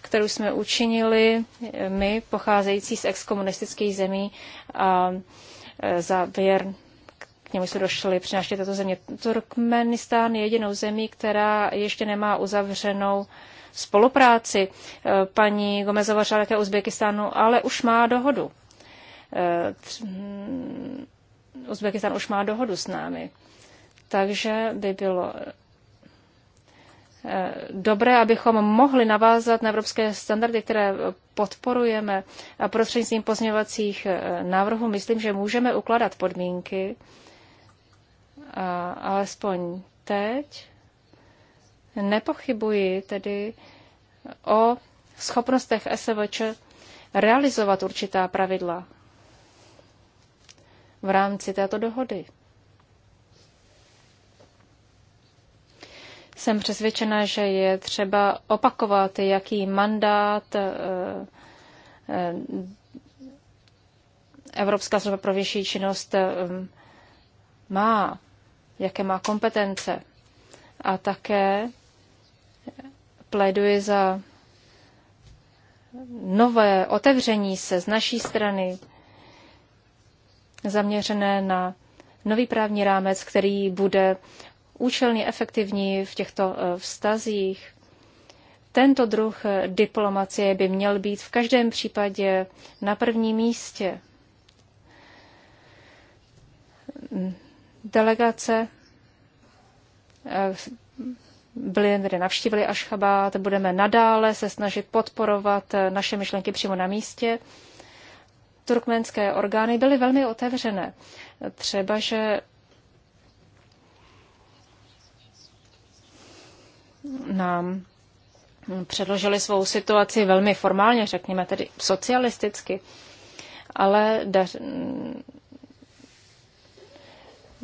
S2: kterou jsme učinili my, pocházející z exkomunistických zemí a e, závěr němu se došli, při návštěvě této země. Turkmenistán je jedinou zemí, která ještě nemá uzavřenou spolupráci. E, paní Gomezova šla také Uzbekistánu, ale už má dohodu. E, hm, Uzbekistán už má dohodu s námi. Takže by bylo e, dobré, abychom mohli navázat na evropské standardy, které podporujeme a prostřednictvím pozměňovacích návrhů, myslím, že můžeme ukládat podmínky, alespoň teď nepochybuji tedy o schopnostech SVČ realizovat určitá pravidla v rámci této dohody. Jsem přesvědčena, že je třeba opakovat, jaký mandát eh, eh, Evropská služba pro vyšší činnost eh, má jaké má kompetence. A také pléduji za nové otevření se z naší strany zaměřené na nový právní rámec, který bude účelně efektivní v těchto eh, vztazích. Tento druh eh, diplomacie by měl být v každém případě na prvním místě. Delegace eh, byli tedy navštívili Ašchabát, budeme nadále se snažit podporovat eh, naše myšlenky přímo na místě. Turkmenské orgány byly velmi otevřené. Třeba, že nám předložili svou situaci velmi formálně, řekněme tedy socialisticky, ale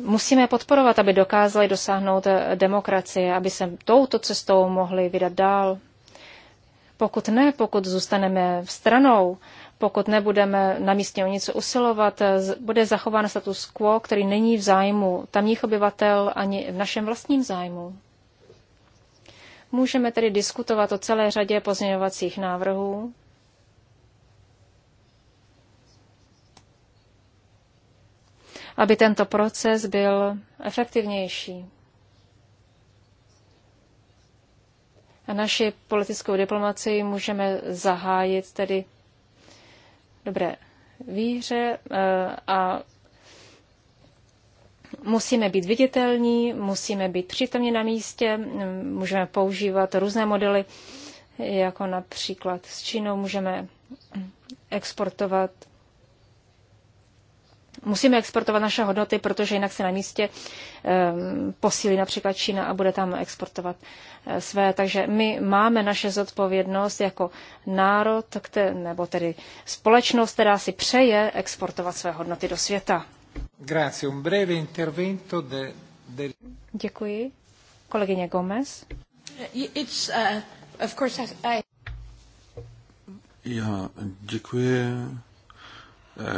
S2: Musíme podporovat, aby dokázali dosáhnout eh, demokracie, aby se touto cestou mohli vydat dál. Pokud ne, pokud zůstaneme stranou, pokud nebudeme na místě o něco usilovat, eh, bude zachován status quo, který není v zájmu tamních obyvatel ani v našem vlastním zájmu. Můžeme tedy diskutovat o celé řadě pozměňovacích návrhů, aby tento proces byl efektivnější. A naši politickou diplomaci můžeme zahájit tedy dobré víře eh, a musíme být viditelní, musíme být přítomně na místě, mm, můžeme používat různé modely, jako například s Čínou můžeme exportovat Musíme exportovat naše hodnoty, protože jinak se na místě ehm, posílí například Čína a bude tam exportovat eh, své. Takže my máme naše zodpovědnost jako národ, nebo tedy společnost, která si přeje exportovat své hodnoty do světa.
S1: Grazie. Un breve intervento de, de...
S2: Děkuji. Kolegyně Gomez.
S1: It's, uh,
S2: of course I...
S3: Já děkuji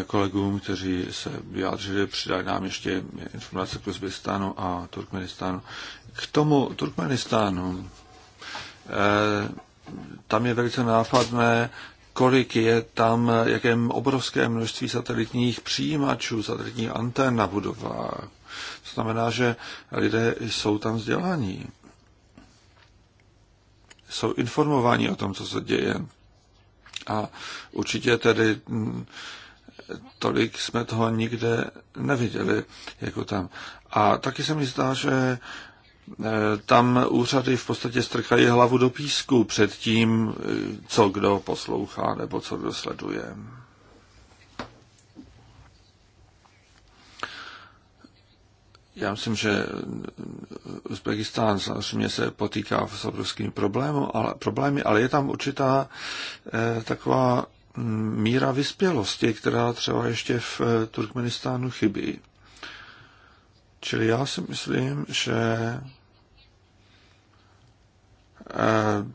S3: kolegům, kteří se vyjádřili, přidali nám ještě informace k Uzbekistánu a Turkmenistánu. K tomu Turkmenistánu, eh, tam je velice nápadné, kolik je tam, jaké obrovské množství satelitních přijímačů, satelitních antén na budovách. To znamená, že lidé jsou tam vzdělaní. Jsou informováni o tom, co se děje. A určitě tedy mm, tolik jsme toho nikde neviděli, jako tam. A taky se mi zdá, že e, tam úřady v podstatě strkají hlavu do písku před tím, e, co kdo poslouchá nebo co kdo sleduje. Já myslím, že Uzbekistán samozřejmě se potýká s obrovskými problémy ale, problémy, ale je tam určitá eh, taková míra vyspělosti, která třeba ještě v eh, Turkmenistánu chybí. Čili já si myslím, že eh,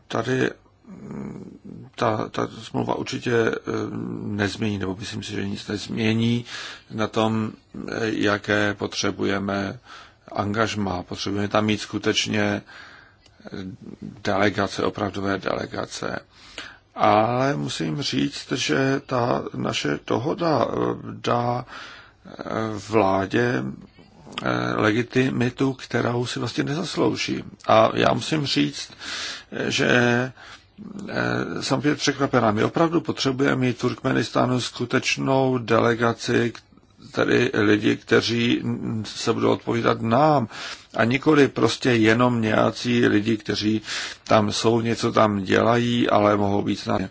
S3: tady mm, ta, ta smlouva určitě eh, nezmění, nebo myslím si, že nic nezmění na tom, jaké potřebujeme angažma. Potřebujeme tam mít skutečně delegace, opravdové delegace ale musím říct, že ta naše dohoda eh, dá eh, vládě eh, legitimitu, kterou si vlastně nezaslouží. A já musím říct, že jsem pět překvapená. My opravdu potřebujeme mít Turkmenistánu skutečnou delegaci, tady lidi, kteří se budou odpovídat nám a nikoli prostě jenom nějací lidi, kteří tam jsou, něco tam dělají, ale mohou být na ně.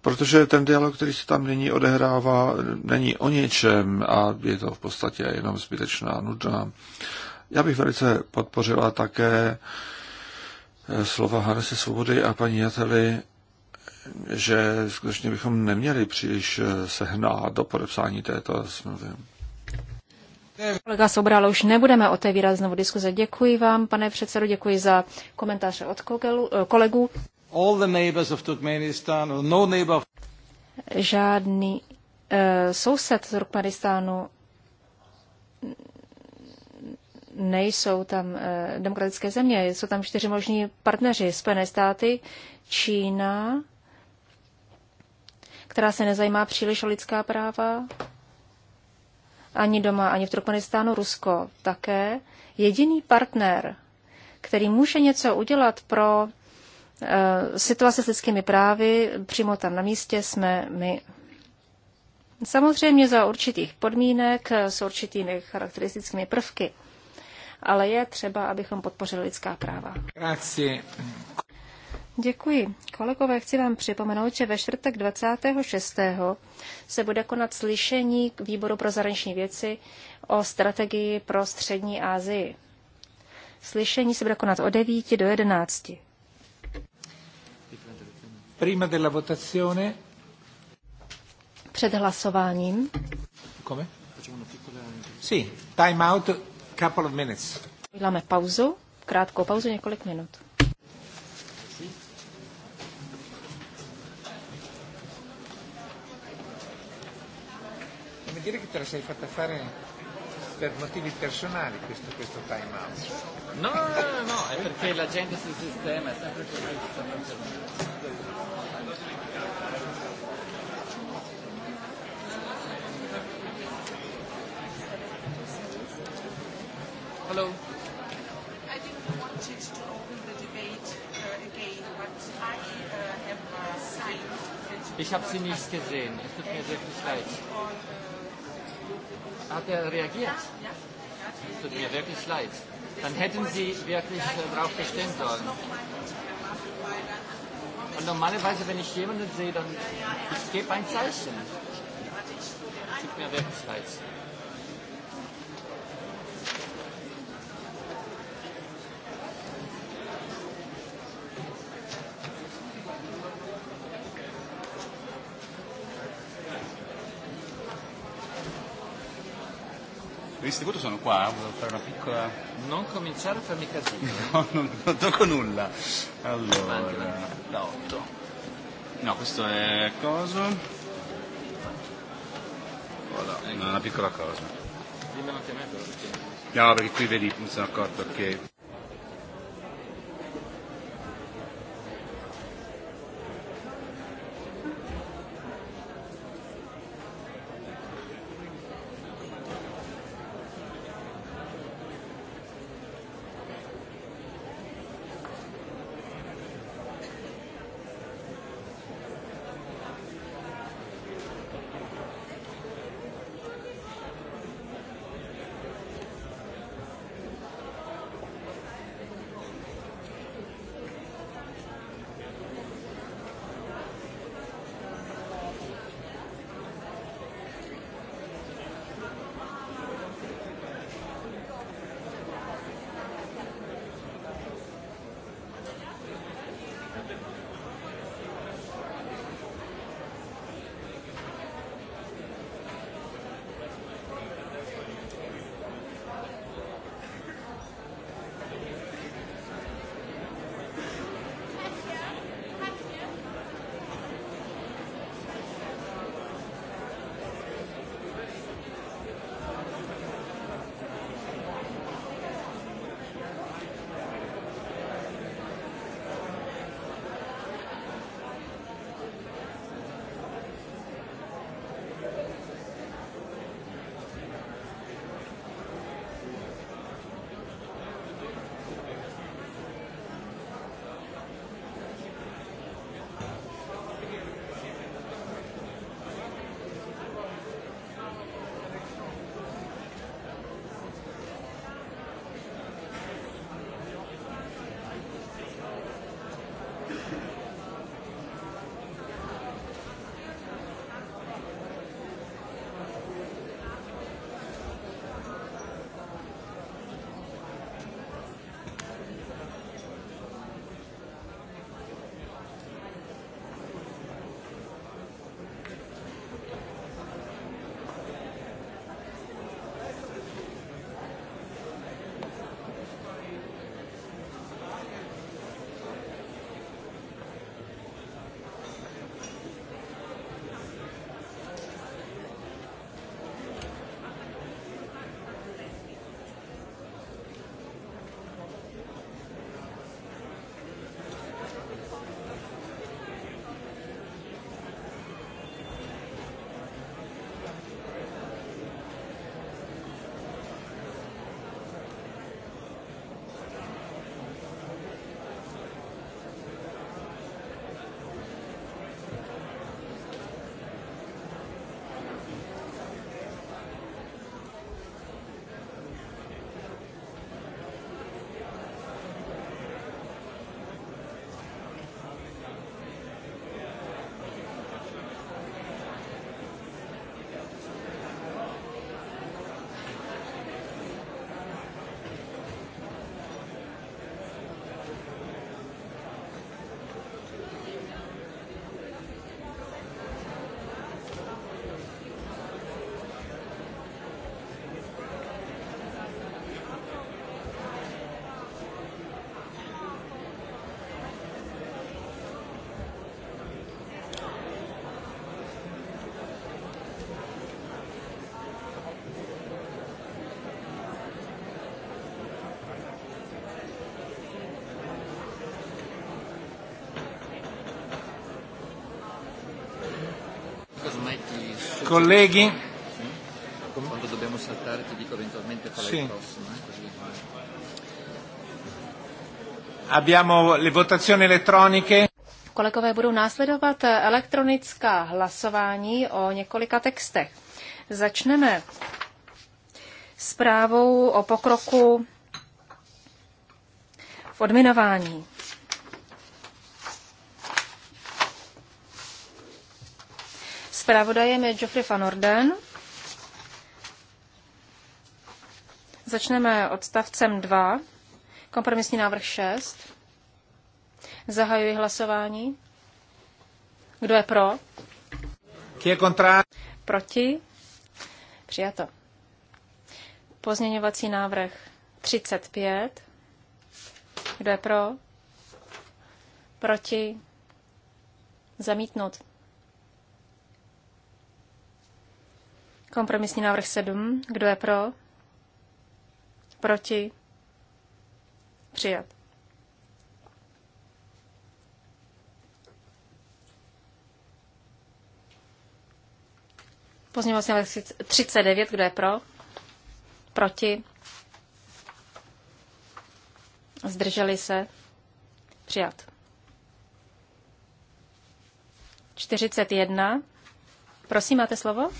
S3: Protože ten dialog, který se tam nyní odehrává, není o něčem a je to v podstatě jenom zbytečná nudná. Já bych velice podpořila také slova Hanese Svobody a paní Jateli že skutečně bychom neměli příliš eh, sehnat do podepsání této smlouvy.
S2: Kolega Sobral, už nebudeme otevírat znovu diskuze. Děkuji vám, pane předsedo, děkuji za komentáře od eh, kolegů.
S3: All the neighbors of Turkmenistan, no neighbor...
S2: Žádný uh, soused Turkmenistánu nejsou tam uh, demokratické země. Jsou tam čtyři možní partneři. Spojené státy, Čína, která se nezajímá příliš o lidská práva, ani doma, ani v Turkmenistánu, Rusko také. Jediný partner, který může něco udělat pro e, situaci s lidskými právy, přímo tam na místě jsme my. Samozřejmě za určitých podmínek, eh, s určitými charakteristickými prvky, ale je třeba, abychom podpořili lidská práva.
S1: Grazie.
S2: Děkuji. Kolegové, chci vám připomenout, že ve čtvrtek 26. se bude konat slyšení k výboru pro zahraniční věci o strategii pro střední Asii. Slyšení se bude konat od 9 do 11.
S1: Prima della votazione.
S2: Před hlasováním.
S1: Come? Sì, time out, couple of minutes.
S2: Uděláme pauzu, krátkou pauzu, několik minut.
S1: dire che te la sei fatta fare per motivi personali questo, questo time out. No, no, no, no, no, è perché la gente si sistema, è sempre
S3: così,
S4: Hello. I didn't want it to open the debate uh, again, but I uh, have uh, signed. Ich habe sie nicht gesehen. Es tut mir wirklich leid. On, uh, Hat er reagiert? Es tut mir wirklich leid. Dann hätten Sie wirklich äh, darauf bestehen sollen. Und normalerweise,
S1: wenn ich jemanden sehe, dann ich gebe ein Zeichen.
S4: Es tut mir wirklich
S1: leid. questi dell'istituto sono qua, eh, volevo fare una piccola... Non cominciare a farmi
S3: casino. No, non, no, non tocco nulla. Allora, da 8. No, questo è coso. Voilà, ecco. No, una piccola cosa. Dimmelo anche a me però perché... No, perché qui vedi, mi sono accorto che...
S1: Colleghi. Quando dobbiamo saltare ti dico eventualmente qual è sì. il prossimo. Eh? Così. Abbiamo le votazioni elettroniche.
S2: Kolegové, budou následovat elektronická hlasování o několika textech. Začneme zprávou o pokroku v odminování. Zpravodajem je Geoffrey van Orden. Začneme odstavcem 2, kompromisní návrh 6. Zahajuji hlasování. Kdo je pro? je kontra? Proti? Přijato. Pozměňovací návrh 35. Kdo je pro? Proti? Zamítnout. Kompromisní návrh 7. Kdo je pro? Proti? Přijat. Pozměňovací návrh 39. Kdo je pro? Proti? Zdrželi se? Přijat. 41. Prosím, máte slovo?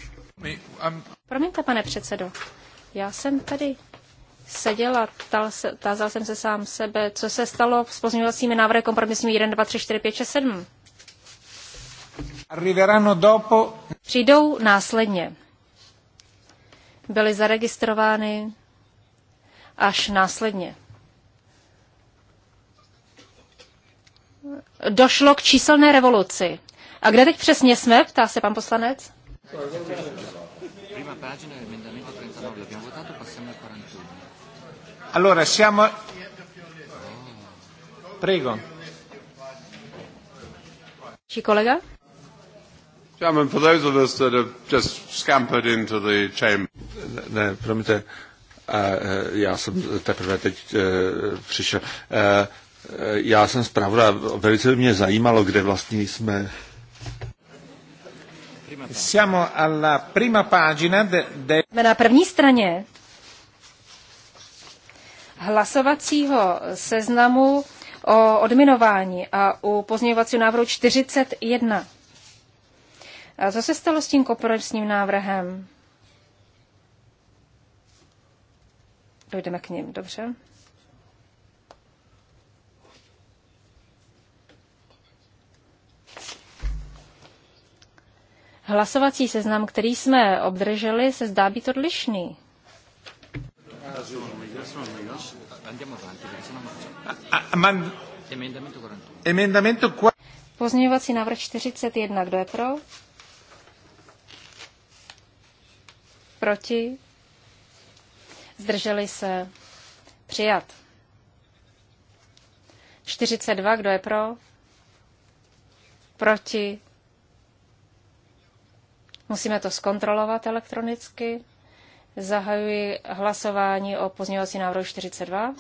S2: Um, Promiňte, pane předsedo, já jsem tady seděla, tázal jsem se sám sebe, co se stalo s pozměňovacími návrhy kompromisními 1, 2, 3, 4, 5, 6, 7. Přijdou následně. Byly zaregistrovány až následně. Došlo k číselné revoluci. A kde teď přesně jsme, ptá se pan poslanec?
S3: Prima pagina
S1: dell'emendamento 39, votato, passiamo al 41. Allora, siamo... Prego.
S2: Ci collega?
S3: Chairman, for those of us that have just scampered into the chamber... Ne, promiňte, e, já jsem teprve teď e, přišel. E, já jsem zpravodaj, velice mě zajímalo, kde vlastně jsme.
S1: Siamo alla prima pagina de, Jsme
S2: na první straně hlasovacího seznamu o odminování a u pozměňovacího návrhu 41. A co se stalo s tím kompromisním návrhem? Dojdeme k ním, dobře. Hlasovací seznam, který jsme obdrželi, se zdá být odlišný. Pozměňovací návrh 41. Kdo je pro? Proti? Zdrželi se? Přijat. 42. Kdo je pro? Proti? Musíme to zkontrolovat elektronicky. Zahajuji hlasování o pozměňovací návrhu 42.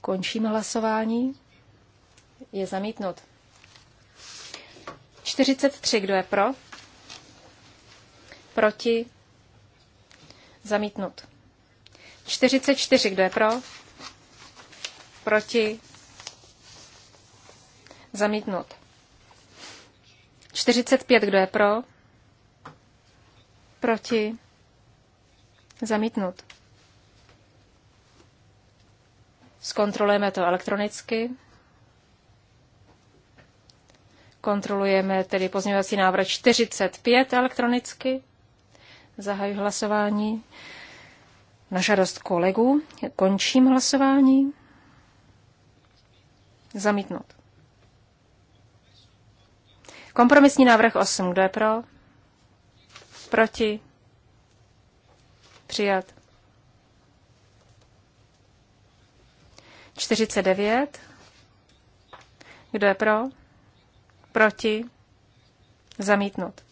S2: Končím hlasování. Je zamítnut. 43. Kdo je pro? Proti? Zamítnut. 44. Kdo je pro? Proti? Zamítnut. 45, kdo je pro? Proti? Zamítnut. Zkontrolujeme to elektronicky. Kontrolujeme tedy pozměňovací návrh 45 elektronicky. Zahajuji hlasování na žádost kolegů. Končím hlasování. Zamítnout. Kompromisní návrh 8. Kdo je pro? Proti? Přijat. 49. Kdo je pro? Proti? Zamítnut.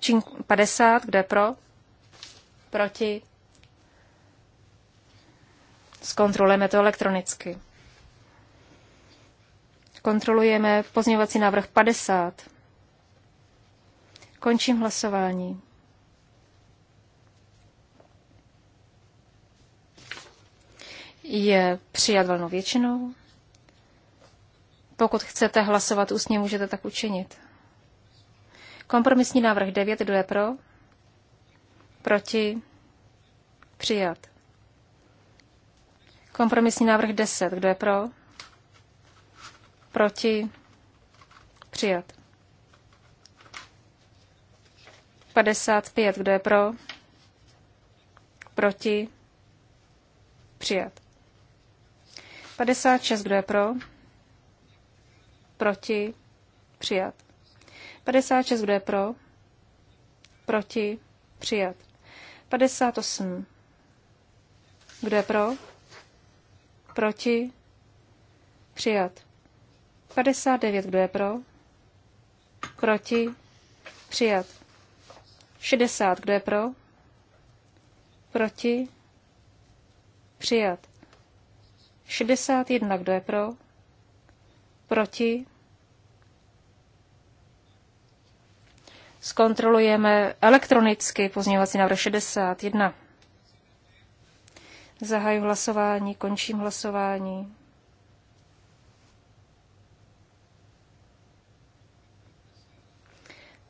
S2: Čín 50. Kdo je pro? Proti? Zkontrolujeme to elektronicky. Kontrolujeme pozměňovací návrh 50. Končím hlasování. Je přijat velnou většinou. Pokud chcete hlasovat ústně, můžete tak učinit. Kompromisní návrh 9, kdo je pro? Proti? Přijat. Kompromisní návrh 10, kdo je pro? proti, přijat. 55, kdo je pro, proti, přijat. 56, kdo je pro, proti, přijat. 56, kdo je pro, proti, přijat. 58, kdo je pro, proti, přijat. 59, kdo je pro? Proti? Přijat. 60, kdo je pro? Proti? Přijat. 61, kdo je pro? Proti? Zkontrolujeme elektronicky pozměňovací návrh 61. Zahaju hlasování, končím hlasování.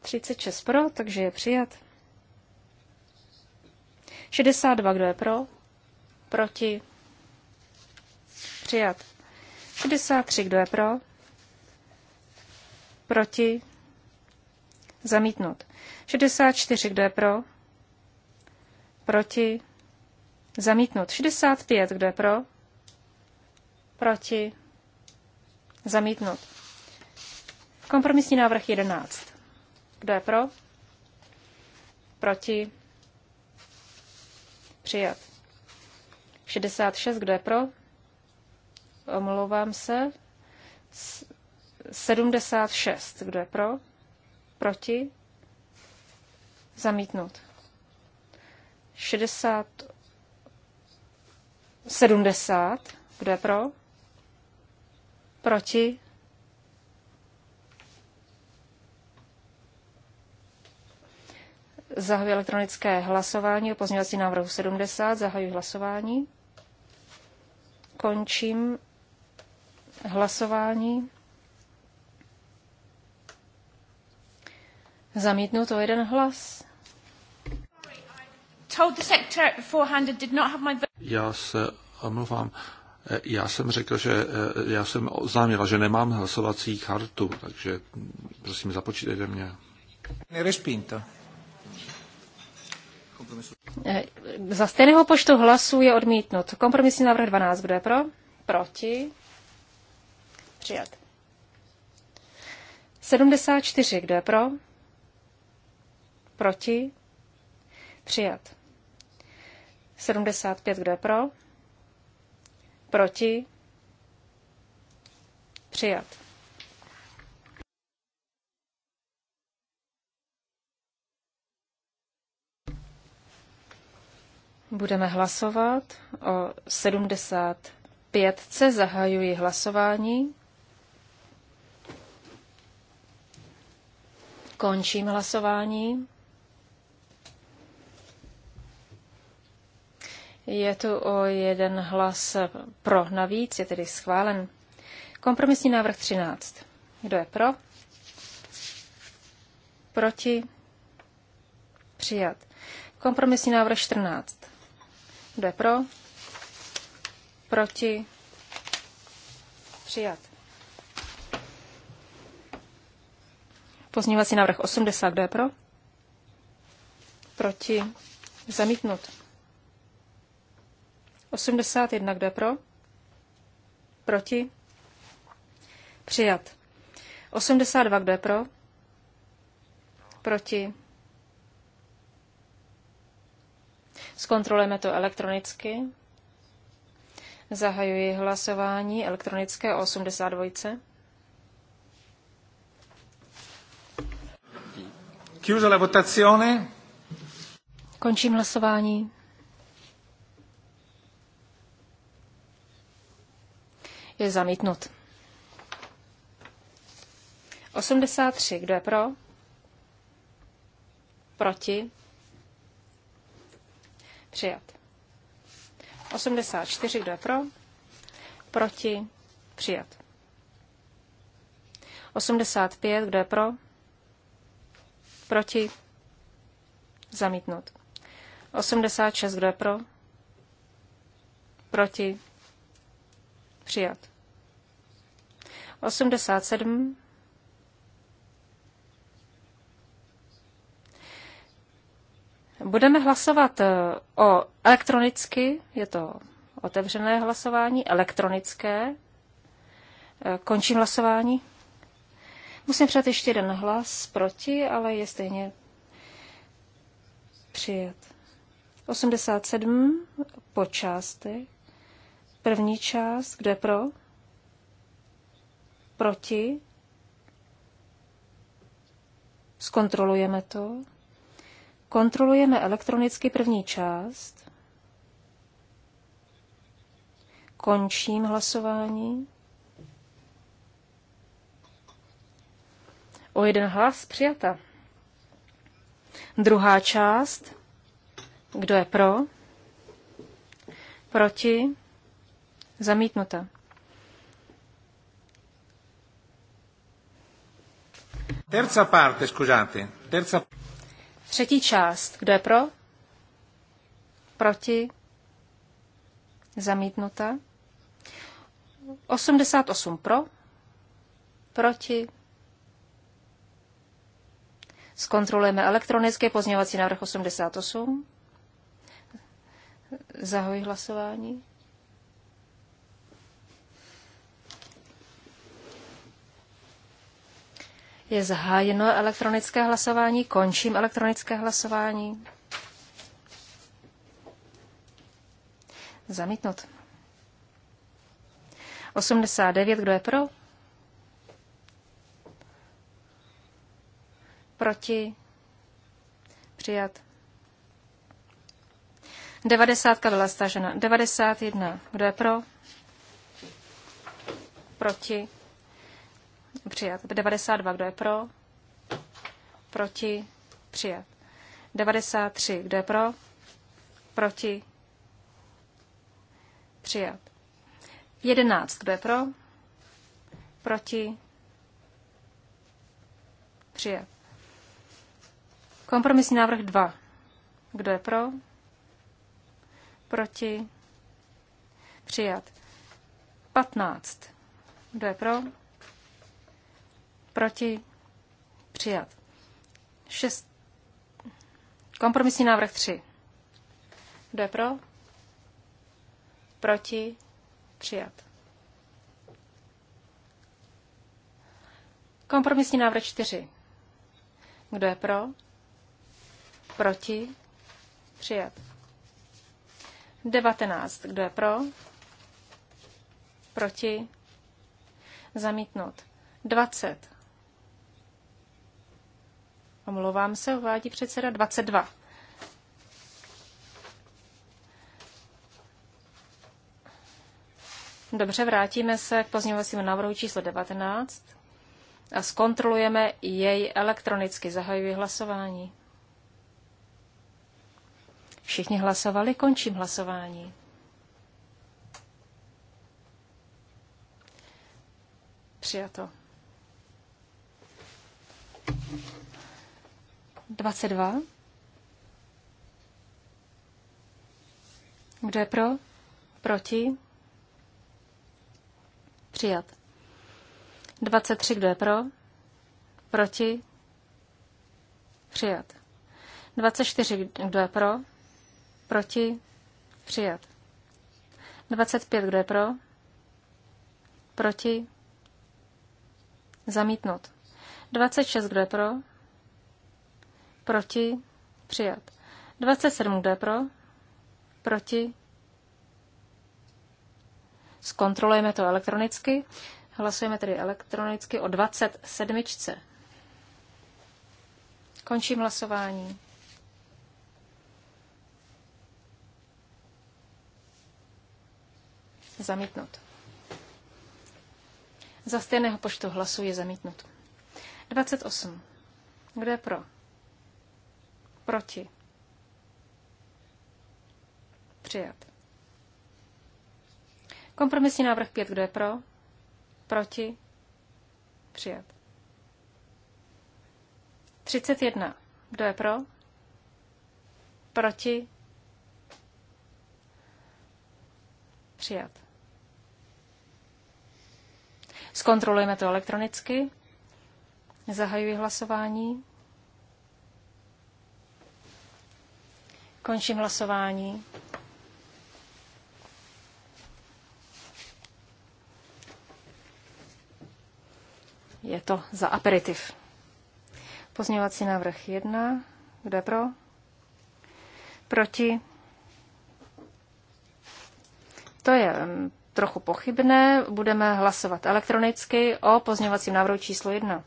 S2: 36 pro, takže je přijat. 62, kdo je pro? Proti? Přijat. 63, kdo je pro? Proti? Zamítnut. 64, kdo je pro? Proti? Zamítnut. 65, kdo je pro? Proti? Zamítnut. Kompromisní návrh 11. Kdo je pro? Proti? Přijat. 66, kdo je pro? Omlouvám se. 76, kdo je pro? Proti? Zamítnut. 60, 70, kdo je pro? Proti? Zahajuji elektronické hlasování o pozměňovací návrhu 70. Zahajuji hlasování. Končím hlasování. Zamítnu to jeden hlas.
S3: Já se omluvám. Eh, já jsem řekl, že eh, já jsem oznámila, že nemám hlasovací kartu, takže prosím započítejte mě.
S1: Nerespinto kompromisu.
S2: E, za stejného počtu hlasů je odmítnut. Kompromisní návrh 12. Kdo je pro? Proti? Přijat. 74. Kdo je pro? Proti? Přijat. 75. Kdo je pro? Proti? Přijat. Budeme hlasovat o 75. Zahajuji hlasování. Končím hlasování. Je tu o jeden hlas pro navíc, je tedy schválen. Kompromisní návrh 13. Kdo je pro? Proti? Přijat. Kompromisní návrh 14. Kdo je pro? Proti? Přijat. Pozměňovací návrh 80. Kdo je pro? Proti? Zamítnut. 81. Kdo je pro? Proti? Přijat. 82. Kdo je pro? Proti? Zkontrolujeme to elektronicky. Zahajuji hlasování elektronické o 82.
S1: Chiusa la votazione.
S2: Končím hlasování. Je zamítnut. 83. Kdo je pro? Proti? Přijat. 84, kdo je pro? Proti? Přijat. 85, kdo je pro? Proti? Zamítnut. 86, kdo je pro? Proti? Přijat. 87, Budeme hlasovat eh, o elektronicky, je to otevřené hlasování, elektronické. Eh, končím hlasování. Musím přijat ještě jeden hlas proti, ale je stejně přijat. 87 po části. První část, kde pro? Proti. Zkontrolujeme to. Kontrolujeme elektronicky první část. Končím hlasování. O jeden hlas přijata. Druhá část. Kdo je pro? Proti? Zamítnuta.
S1: Terza parte, scusate. Terza...
S2: Třetí část. Kdo je pro? Proti? Zamítnuta. 88 pro? Proti? Zkontrolujeme elektronické pozměňovací návrh 88. Zahoj hlasování. Je zahájeno elektronické hlasování, končím elektronické hlasování. Zamítnut. 89, kdo je pro? Proti? Přijat. 90 byla stažena. 91, kdo je pro? Proti? Přijat. 92. Kdo je pro? Proti? Přijat. 93. Kdo je pro? Proti? Přijat. 11. Kdo je pro? Proti? Přijat. Kompromisní návrh 2. Kdo je pro? Proti? Přijat. 15. Kdo je pro? Proti? Přijat. Šest. Kompromisní návrh 3. Kdo je pro? Proti? Přijat. Kompromisní návrh 4. Kdo je pro? Proti? Přijat. 19. Kdo je pro? Proti? Zamítnout. 20. Omlouvám se, uvádí předseda 22. Dobře, vrátíme se k pozměňovacímu návrhu číslo 19 a zkontrolujeme jej elektronicky. Zahajuji hlasování. Všichni hlasovali, končím hlasování. Přijato. 22. Kdo je pro? Proti? Přijat. 23. Kdo je pro? Proti? Přijat. 24. Kdo je pro? Proti? Přijat. 25. Kdo je pro? Proti? zamítnout. 26. Kdo je pro? Proti? Přijat. 27. Kdo je pro? Proti? Zkontrolujeme to elektronicky. Hlasujeme tedy elektronicky o 27. Končím hlasování. Zamítnut. Za stejného počtu hlasů je zamítnut. 28. Kdo je pro? Proti. Přijat. Kompromisní návrh 5. Kdo je pro? Proti. Přijat. 31. Kdo je pro? Proti? Přijat. Zkontrolujeme to elektronicky. Zahajuji hlasování. Končím hlasování. Je to za aperitiv. Pozměňovací návrh 1. Kdo je pro? Proti? To je mm, trochu pochybné. Budeme hlasovat elektronicky o pozměňovacím návrhu číslo 1.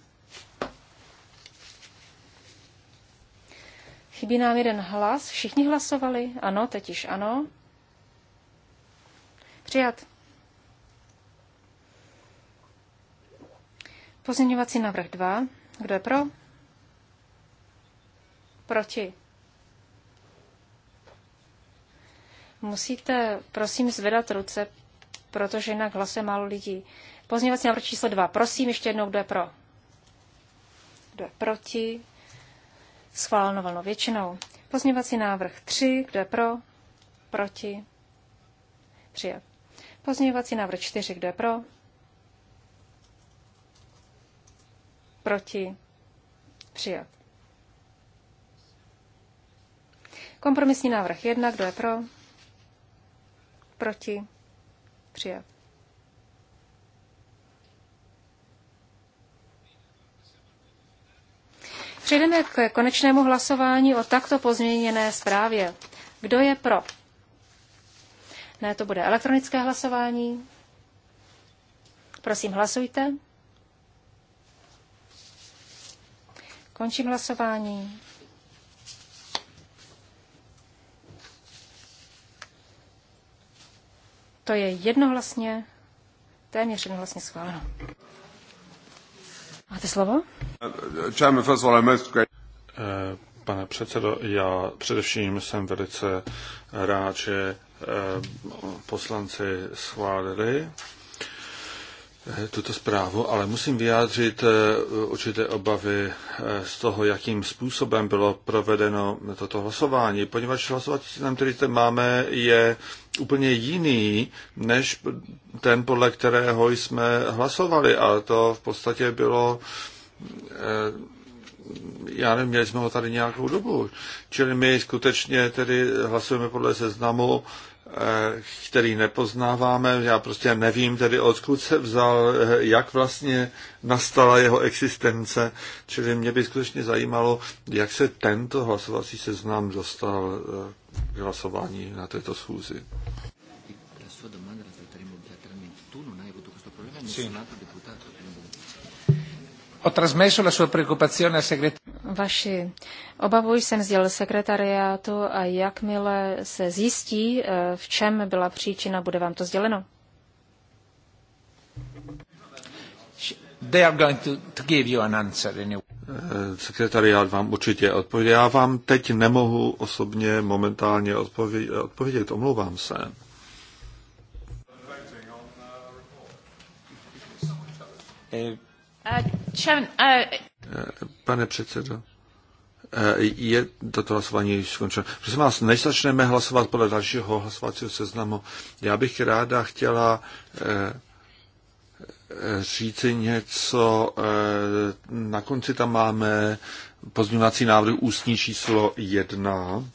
S2: Chybí nám jeden hlas. Všichni hlasovali? Ano, teď již ano. Přijat. Pozměňovací návrh 2. Kdo je pro? Proti. Musíte, prosím, zvedat ruce, protože jinak hlasuje málo lidí. Pozměňovací návrh číslo 2. Prosím ještě jednou, kdo je pro? Kdo je proti? schváleno valnou většinou. Pozměvací návrh 3, kdo je pro, proti, přijat. Pozměňovací návrh 4, kdo je pro, proti, přijat. Kompromisní návrh 1, kdo je pro, proti, přijat. Přejdeme k konečnému hlasování o takto pozměněné zprávě. Kdo je pro? Ne, to bude elektronické hlasování. Prosím, hlasujte. Končím hlasování. To je jednohlasně, téměř jednohlasně schváleno. Máte slovo?
S3: Eh, pane předsedo, já především jsem velice rád, že eh, poslanci schválili eh, tuto zprávu, ale musím vyjádřit určité obavy z toho, jakým způsobem bylo provedeno toto hlasování, poněvadž hlasovací systém, který zde máme, je úplně jiný než ten, podle kterého jsme hlasovali a to v podstatě bylo Eh, já nevím, měli jsme ho tady nějakou dobu. Čili my skutečně tedy hlasujeme podle seznamu, eh, který nepoznáváme. Já prostě nevím tedy, odkud se vzal, eh, jak vlastně nastala jeho existence. Čili mě by skutečně zajímalo, jak se tento hlasovací seznam dostal k hlasování na této schůzi. Sí. Ho trasmesso
S1: la sua preoccupazione al segretario.
S2: Vaši obavu jsem sdělil sekretariátu a jakmile se zjistí, eh, v čem byla příčina, bude vám to sděleno.
S3: Eh, sekretariát vám určitě odpověděl. Já vám teď nemohu osobně momentálně odpovědět, omlouvám se. Eh. Pane předsedo, eh, je toto hlasování již skončeno. Prosím vás, než začneme hlasovat podle dalšího hlasovacího seznamu, já bych ráda chtěla eh, eh, říci něco. Na konci tam máme pozměňovací návrh ústní číslo 1.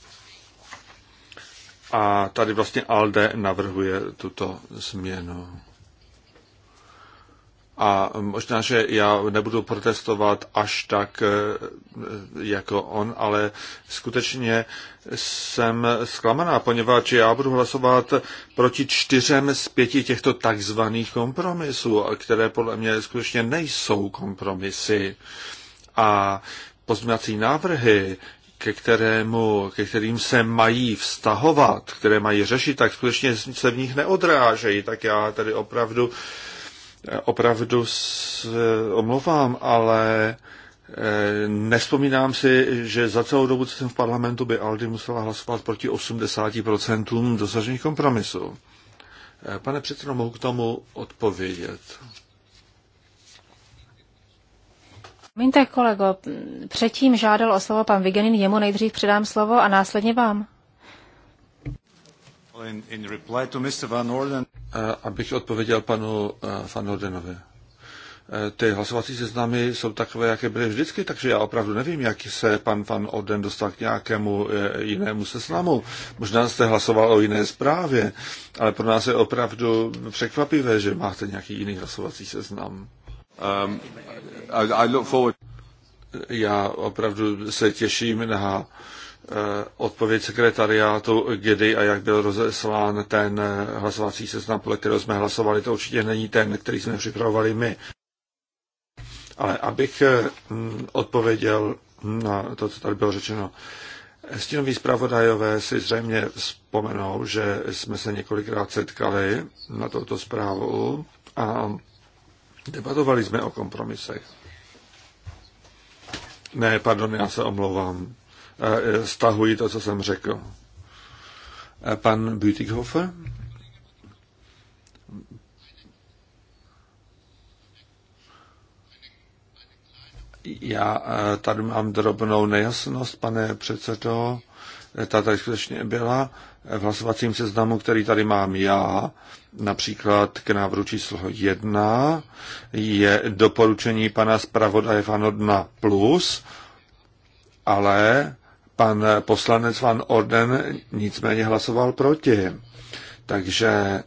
S3: A tady vlastně ALDE navrhuje tuto změnu. A možná, že já nebudu protestovat až tak eh, jako on, ale skutečně jsem zklamaná, poněvadž já budu hlasovat proti čtyřem z pěti těchto takzvaných kompromisů, které podle mě skutečně nejsou kompromisy. A pozměňovací návrhy, ke, kterému, ke kterým se mají vztahovat, které mají řešit, tak skutečně se v nich neodrážejí. Tak já tady opravdu uh, opravdu s, omlouvám, ale eh, Nespomínám si, že za celou dobu, co jsem v parlamentu, by Aldi musela hlasovat proti 80% dosažených kompromisů. Eh, pane předsedo, mohu k tomu odpovědět.
S2: Minte, kolego, předtím žádal o slovo pan Vigenin, jemu nejdřív předám slovo a následně vám.
S3: Abych odpověděl panu eh, Van Ordenovi. Eh, ty hlasovací seznamy jsou takové, jaké byly vždycky, takže já opravdu nevím, jak se pan Van Orden dostal k nějakému eh, jinému seznamu. Možná jste hlasoval o jiné zprávě, ale pro nás je opravdu překvapivé, že máte nějaký jiný hlasovací seznam. Um, I, I look forward. Já opravdu se těším na Eh, odpověď sekretariátu, kdy a jak byl rozeslán ten eh, hlasovací seznam, podle kterého jsme hlasovali. To určitě není ten, který jsme připravovali my. Ale abych eh, odpověděl na to, co tady bylo řečeno. Stínoví zpravodajové si zřejmě vzpomenou, že jsme se několikrát setkali na touto zprávu a debatovali jsme o kompromisech. Ne, pardon, já se omlouvám. E, stahuji to, co jsem řekl. Pan Bütighofer? Já e, tady mám drobnou nejasnost, pane předsedo. E, ta tady skutečně byla v hlasovacím seznamu, který tady mám já, například k návrhu číslo 1, je doporučení pana zpravodaje Fanodna plus, ale Pan poslanec Van Orden nicméně hlasoval proti. Takže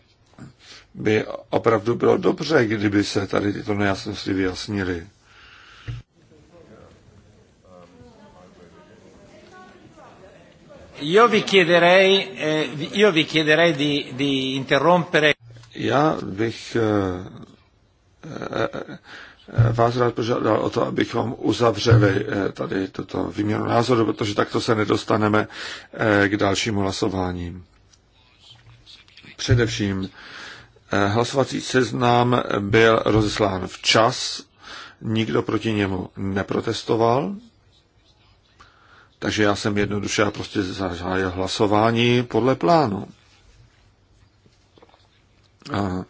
S3: by opravdu bylo dobře, kdyby se tady tyto nejasnosti vyjasnily.
S1: Io vi chiederei, eh, io vi chiederei di, interrompere.
S3: Já bych eh, eh, vás rád požádal o to, abychom uzavřeli eh, tady toto výměnu názoru, protože takto se nedostaneme eh, k dalšímu hlasování. Především eh, hlasovací seznam byl rozeslán včas, nikdo proti němu neprotestoval, takže já jsem jednoduše a prostě zahájil hlasování podle plánu. A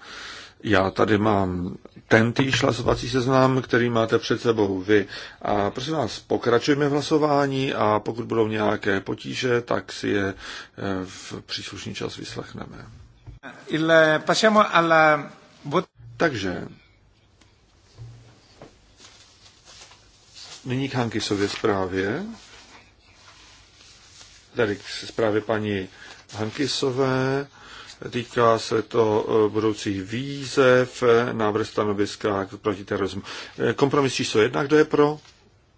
S3: já tady mám tentýž hlasovací seznam, který máte před sebou vy. A prosím vás, pokračujeme v hlasování a pokud budou nějaké potíže, tak si je eh, v příslušný čas vyslechneme. Eh, eh, Takže nyní k Hankisově zprávě, Tady k zprávě paní Hankisové Týká se to e, budoucích výzev, e, návrh stanoviska proti terorismu. E, kompromis číslo jedna, kdo je pro?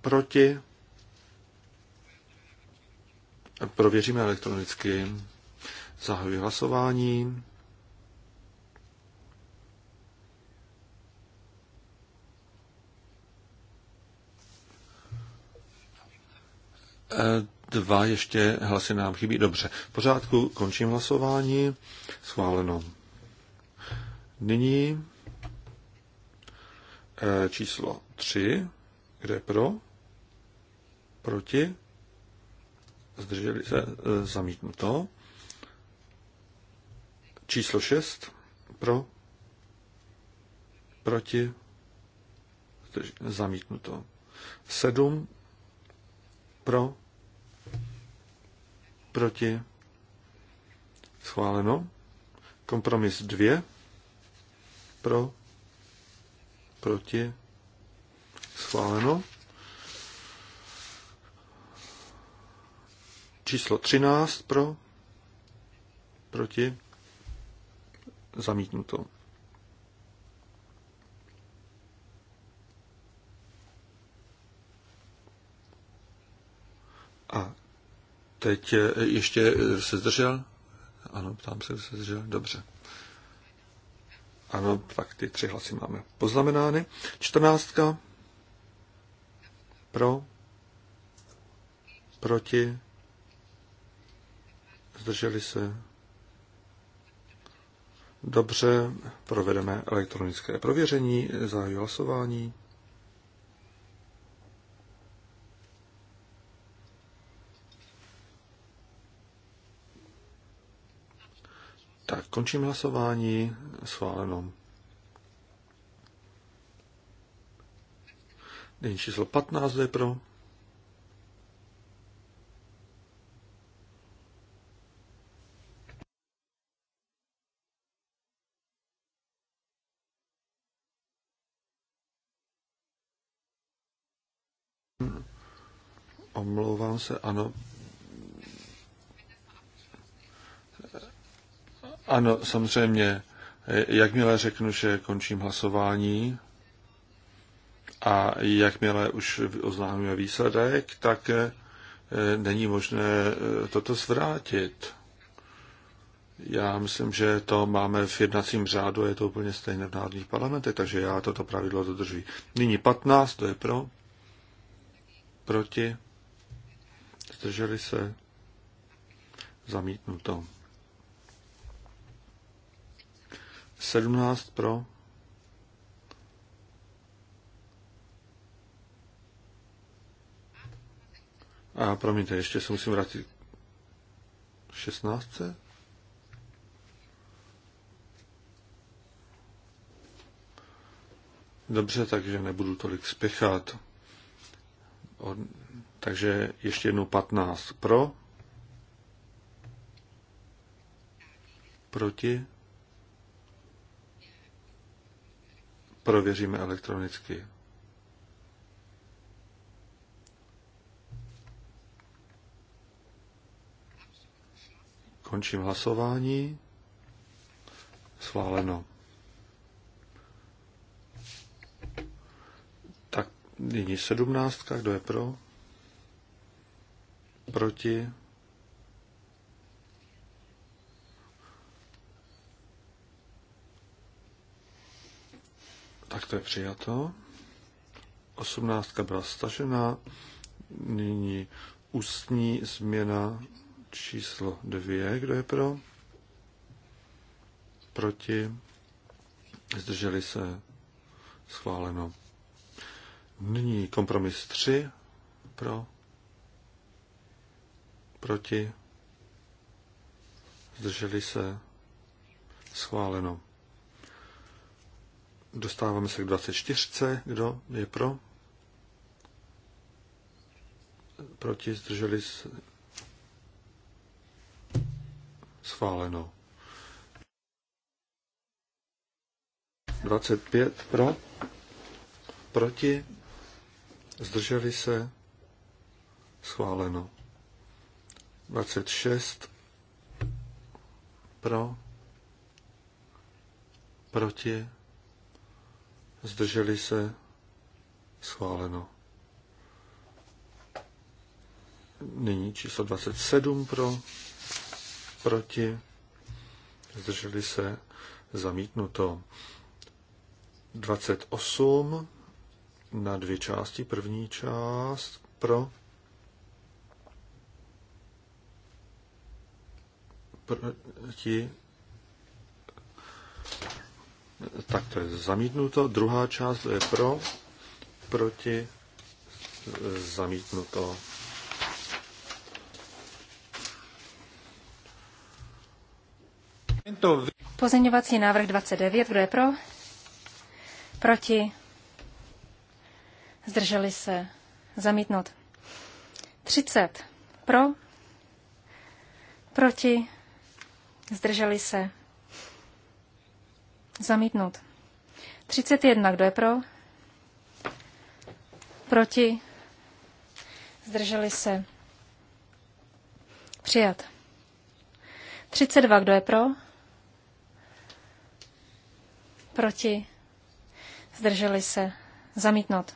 S3: Proti? Prověříme elektronicky. Zahajuji hlasování. Dva ještě hlasy nám chybí. Dobře, v pořádku, končím hlasování. Schváleno. Nyní eh, číslo 3. Kde pro? Proti? Zdrželi se? Eh, zamítnuto. Číslo 6. Pro? Proti? Zamítnuto. 7. Pro? proti, schváleno. Kompromis 2, pro, proti, schváleno. Číslo 13 pro, proti, zamítnuto. A Teď eh, ještě eh, se zdržel? Ano, ptám se, se zdržel. Dobře. Ano, tak ty tři hlasy máme poznamenány. Čtrnáctka. Pro. Proti. Zdrželi se. Dobře, provedeme elektronické prověření, zahájí hlasování. Tak, končím hlasování. Schváleno. Nyní číslo 15 je pro. Omlouvám se, ano, Ano, samozřejmě. Jakmile řeknu, že končím hlasování a jakmile už oznámíme výsledek, tak eh, není možné eh, toto zvrátit. Já myslím, že to máme v jednacím řádu, je to úplně stejné v národních parlamentech, takže já toto pravidlo dodržuji. Nyní 15, to je pro, proti, zdrželi se, zamítnuto. 17 pro. A promiňte, ještě se musím vrátit 16. Dobře, takže nebudu tolik spěchat. takže ještě jednou 15 pro. Proti. prověříme elektronicky. Končím hlasování. Schváleno. Tak nyní sedmnáctka, kdo je pro? Proti? Tak to je přijato. Osmnáctka byla stažena. Nyní ústní změna číslo dvě. Kdo je pro? Proti? Zdrželi se? Schváleno. Nyní kompromis 3 pro, proti, zdrželi se, schváleno. Dostáváme se k 24. Kdo je pro? Proti zdrželi se. Schváleno. 25 pro. Proti zdrželi se. Schváleno. 26 pro. Proti zdrželi se, schváleno. Nyní číslo 27 pro, proti, zdrželi se, zamítnuto. 28 na dvě části. První část pro, proti, tak to je zamítnuto. Druhá část je pro, proti, zamítnuto.
S2: Pozměňovací návrh 29, kdo je pro? Proti? Zdrželi se? Zamítnout. 30. Pro? Proti? Zdrželi se? Zamítnout. 31. Kdo je pro? Proti? Zdrželi se. Přijat. 32. Kdo je pro? Proti? Zdrželi se. Zamítnout.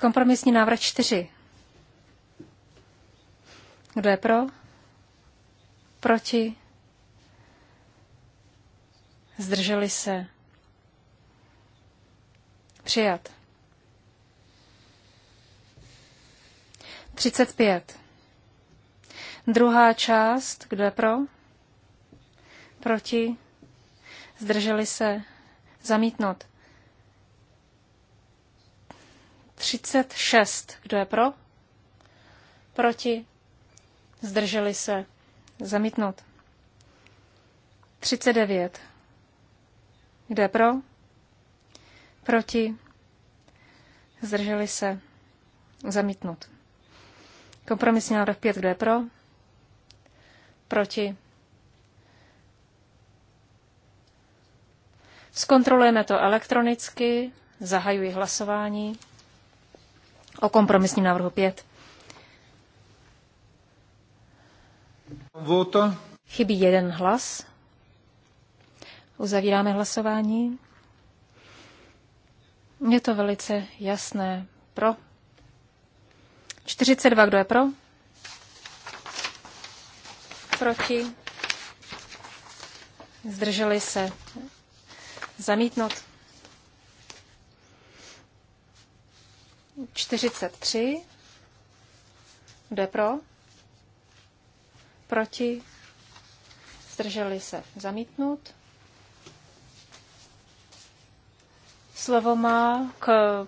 S2: Kompromisní návrh 4. Kdo je pro? Proti? Zdrželi se. Přijat. 35. Druhá část, kdo je pro? Proti? Zdrželi se? Zamítnout. 36. Kdo je pro? Proti? Zdrželi se? Zamítnout. 39. Kde pro? Proti? Zdrželi se? Zamítnut. Kompromisní návrh 5. Kdo je pro? Proti? Zkontrolujeme to elektronicky. Zahajuji hlasování o kompromisním návrhu 5. Voto. Chybí jeden hlas. Uzavíráme hlasování. Je to velice jasné. Pro. 42, kdo je pro? Proti. Zdrželi se. Zamítnout. 43. Kdo je pro? Proti. Zdrželi se. Zamítnout. Slovo má k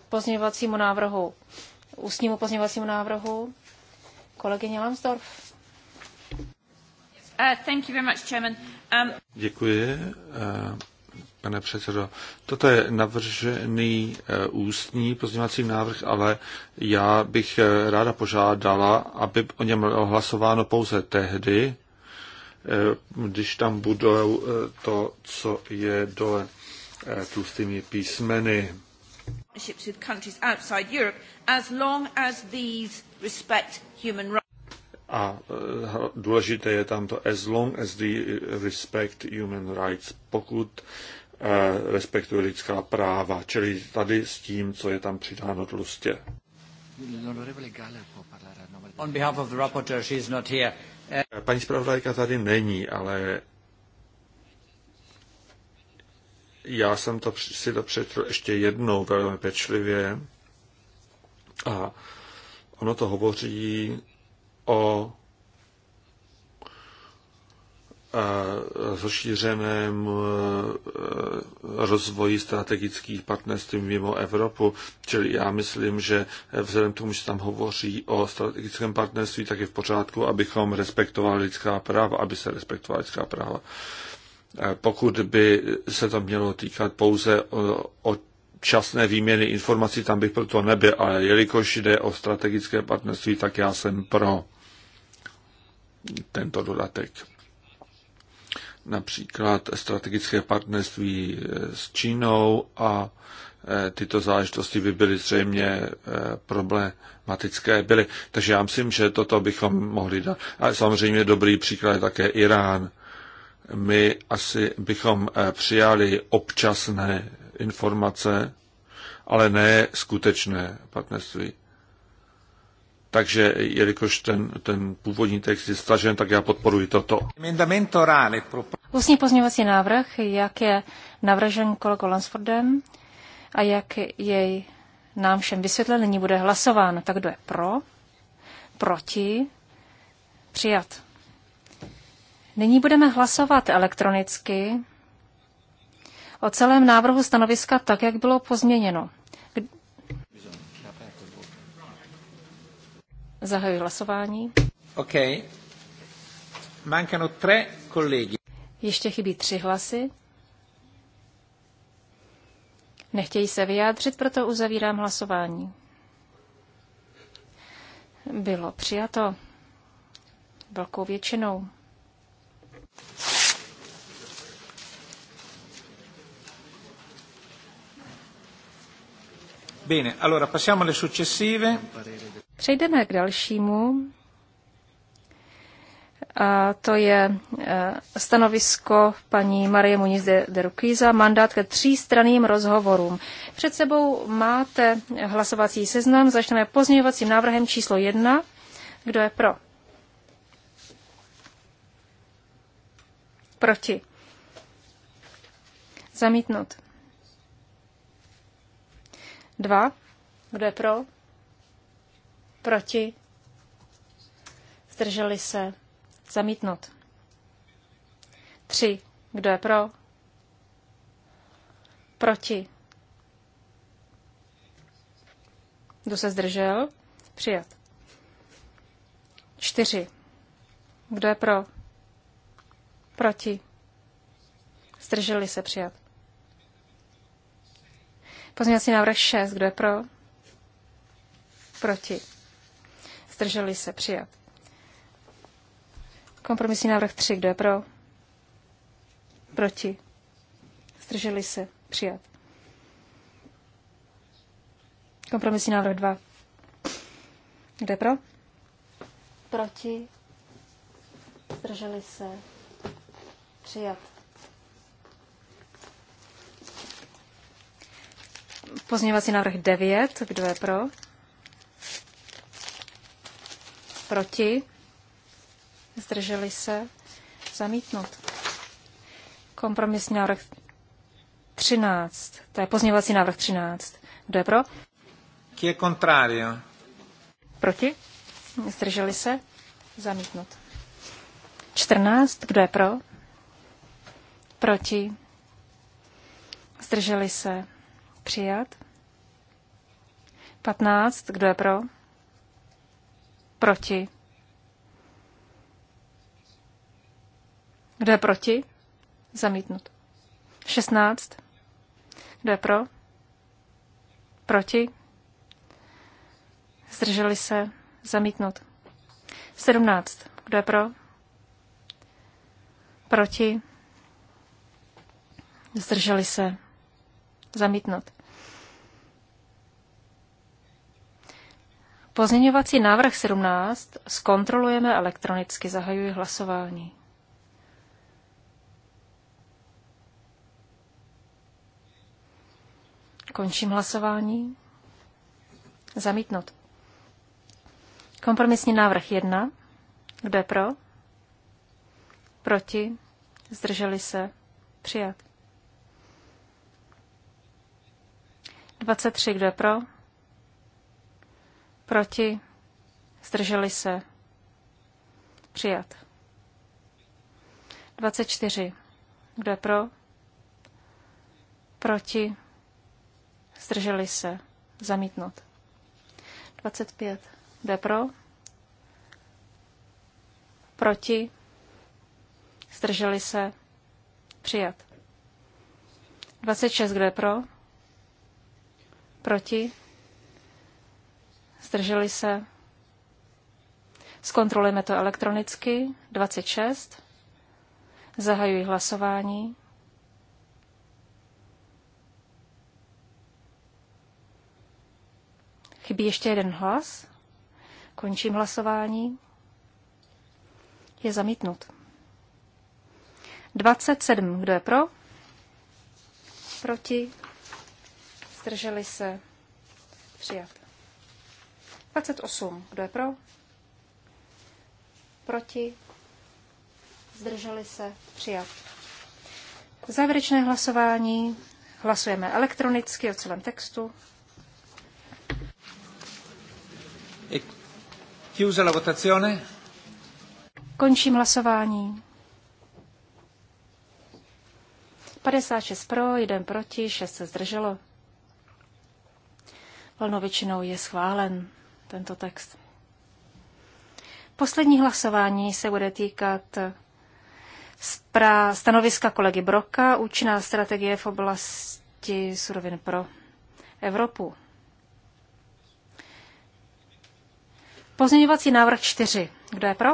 S2: pozměňovacímu návrhu, ústnímu pozměňovacímu návrhu kolegyně Lambsdorff. Uh,
S4: thank you very much, Chairman. Um,
S3: Děkuji. Uh, pane předsedo. Toto je navržený uh, ústní pozměňovací návrh, ale já bych ráda požádala, aby o něm hlasováno pouze tehdy, když tam budou to, co je dole. Eh, tlustými písmeny. A důležité je tam to as long as the respect human rights, pokud eh, respektuje lidská práva, čili tady s tím, co je tam přidáno tlustě. Paní zpravodajka tady není, ale já jsem to, si to přečetl ještě jednou velmi pečlivě a ono to hovoří o e, rozšířeném e, rozvoji strategických partnerství mimo Evropu. Čili já myslím, že vzhledem k tomu, že tam hovoří o strategickém partnerství, tak je v pořádku, abychom respektovali lidská práva, aby se respektovala lidská práva. Eh, pokud by se to mělo týkat pouze eh, o časné výměny informací, tam bych proto nebyl, ale jelikož jde o strategické partnerství, tak já jsem pro tento dodatek. Například strategické partnerství eh, s Čínou a tyto záležitosti by byly zřejmě problematické. Byly. Takže já myslím, že toto bychom mohli dát. A samozřejmě dobrý příklad je také Irán my asi bychom eh, přijali občasné informace, ale ne skutečné partnerství. Takže jelikož ten, ten původní text je stažen, tak já podporuji toto.
S2: Ústní pozměvací návrh, jak je navržen kolego Lansfordem a jak jej nám všem vysvětlen, nyní bude hlasován. Tak kdo je pro? Proti? Přijat. Nyní budeme hlasovat elektronicky o celém návrhu stanoviska tak, jak bylo pozměněno. Zahajuji hlasování.
S1: OK. Mankano tre kolegy.
S2: Ještě chybí tři hlasy. Nechtějí se vyjádřit, proto uzavírám hlasování. Bylo přijato velkou většinou.
S1: Bene, allora passiamo alle successive.
S2: Přejdeme k dalšímu. A to je e, stanovisko paní Marie Muniz de, de Rukiza, mandát ke třístranným rozhovorům. Před sebou máte hlasovací seznam, začneme pozměňovacím návrhem číslo jedna. Kdo je pro? Proti. Zamítnut. Dva. Kdo je pro? Proti. Zdrželi se. Zamítnut. Tři. Kdo je pro? Proti. Kdo se zdržel? Přijat. Čtyři. Kdo je pro? Proti. Zdrželi se přijat. Pozměňovací návrh 6. Kdo je pro? Proti. Zdrželi se přijat. Kompromisní návrh 3. Kdo je pro? Proti. Zdrželi se přijat. Kompromisní návrh 2. Kdo je pro? Proti. Zdrželi se. Přijat. Pozměňovací návrh 9. Kdo je pro? Proti? Zdrželi se? Zamítnout. Kompromisní návrh 13. To je pozměňovací návrh 13. Kdo je pro?
S1: Chi je contrario?
S2: Proti? Zdrželi se? Zamítnout. 14. Kdo je pro? Proti? Zdrželi se? Přijat? 15. Kdo je pro? Proti? Kdo je proti? Zamítnut. 16. Kdo je pro? Proti? Zdrželi se? Zamítnut. 17. Kdo je pro? Proti? Zdrželi se. Zamítnout. Pozměňovací návrh 17 zkontrolujeme elektronicky. Zahajuji hlasování. Končím hlasování. Zamítnout. Kompromisní návrh 1. Kdo je pro? Proti? Zdrželi se? Přijat. 23, kdo je pro? Proti? Zdrželi se? Přijat. 24. Kdo je pro? Proti? Zdrželi se? zamítnout. 25. Kdo je pro? Proti? Zdrželi se? Přijat. 26. Kdo je pro? Proti? Zdrželi se? Zkontrolujeme to elektronicky. 26. Zahajuji hlasování. Chybí ještě jeden hlas. Končím hlasování. Je zamítnut. 27. Kdo je pro? Proti? Zdrželi se? Přijat. 28. Kdo je pro? Proti? Zdrželi se? Přijat. Závěrečné hlasování. Hlasujeme elektronicky o celém textu.
S1: E chiusa la votazione.
S2: Končím hlasování. 56 pro, 1 proti, 6 se zdrželo plnou většinou je schválen tento text. Poslední hlasování se bude týkat stanoviska kolegy Broka, účinná strategie v oblasti surovin pro Evropu. Pozměňovací návrh 4. Kdo je pro?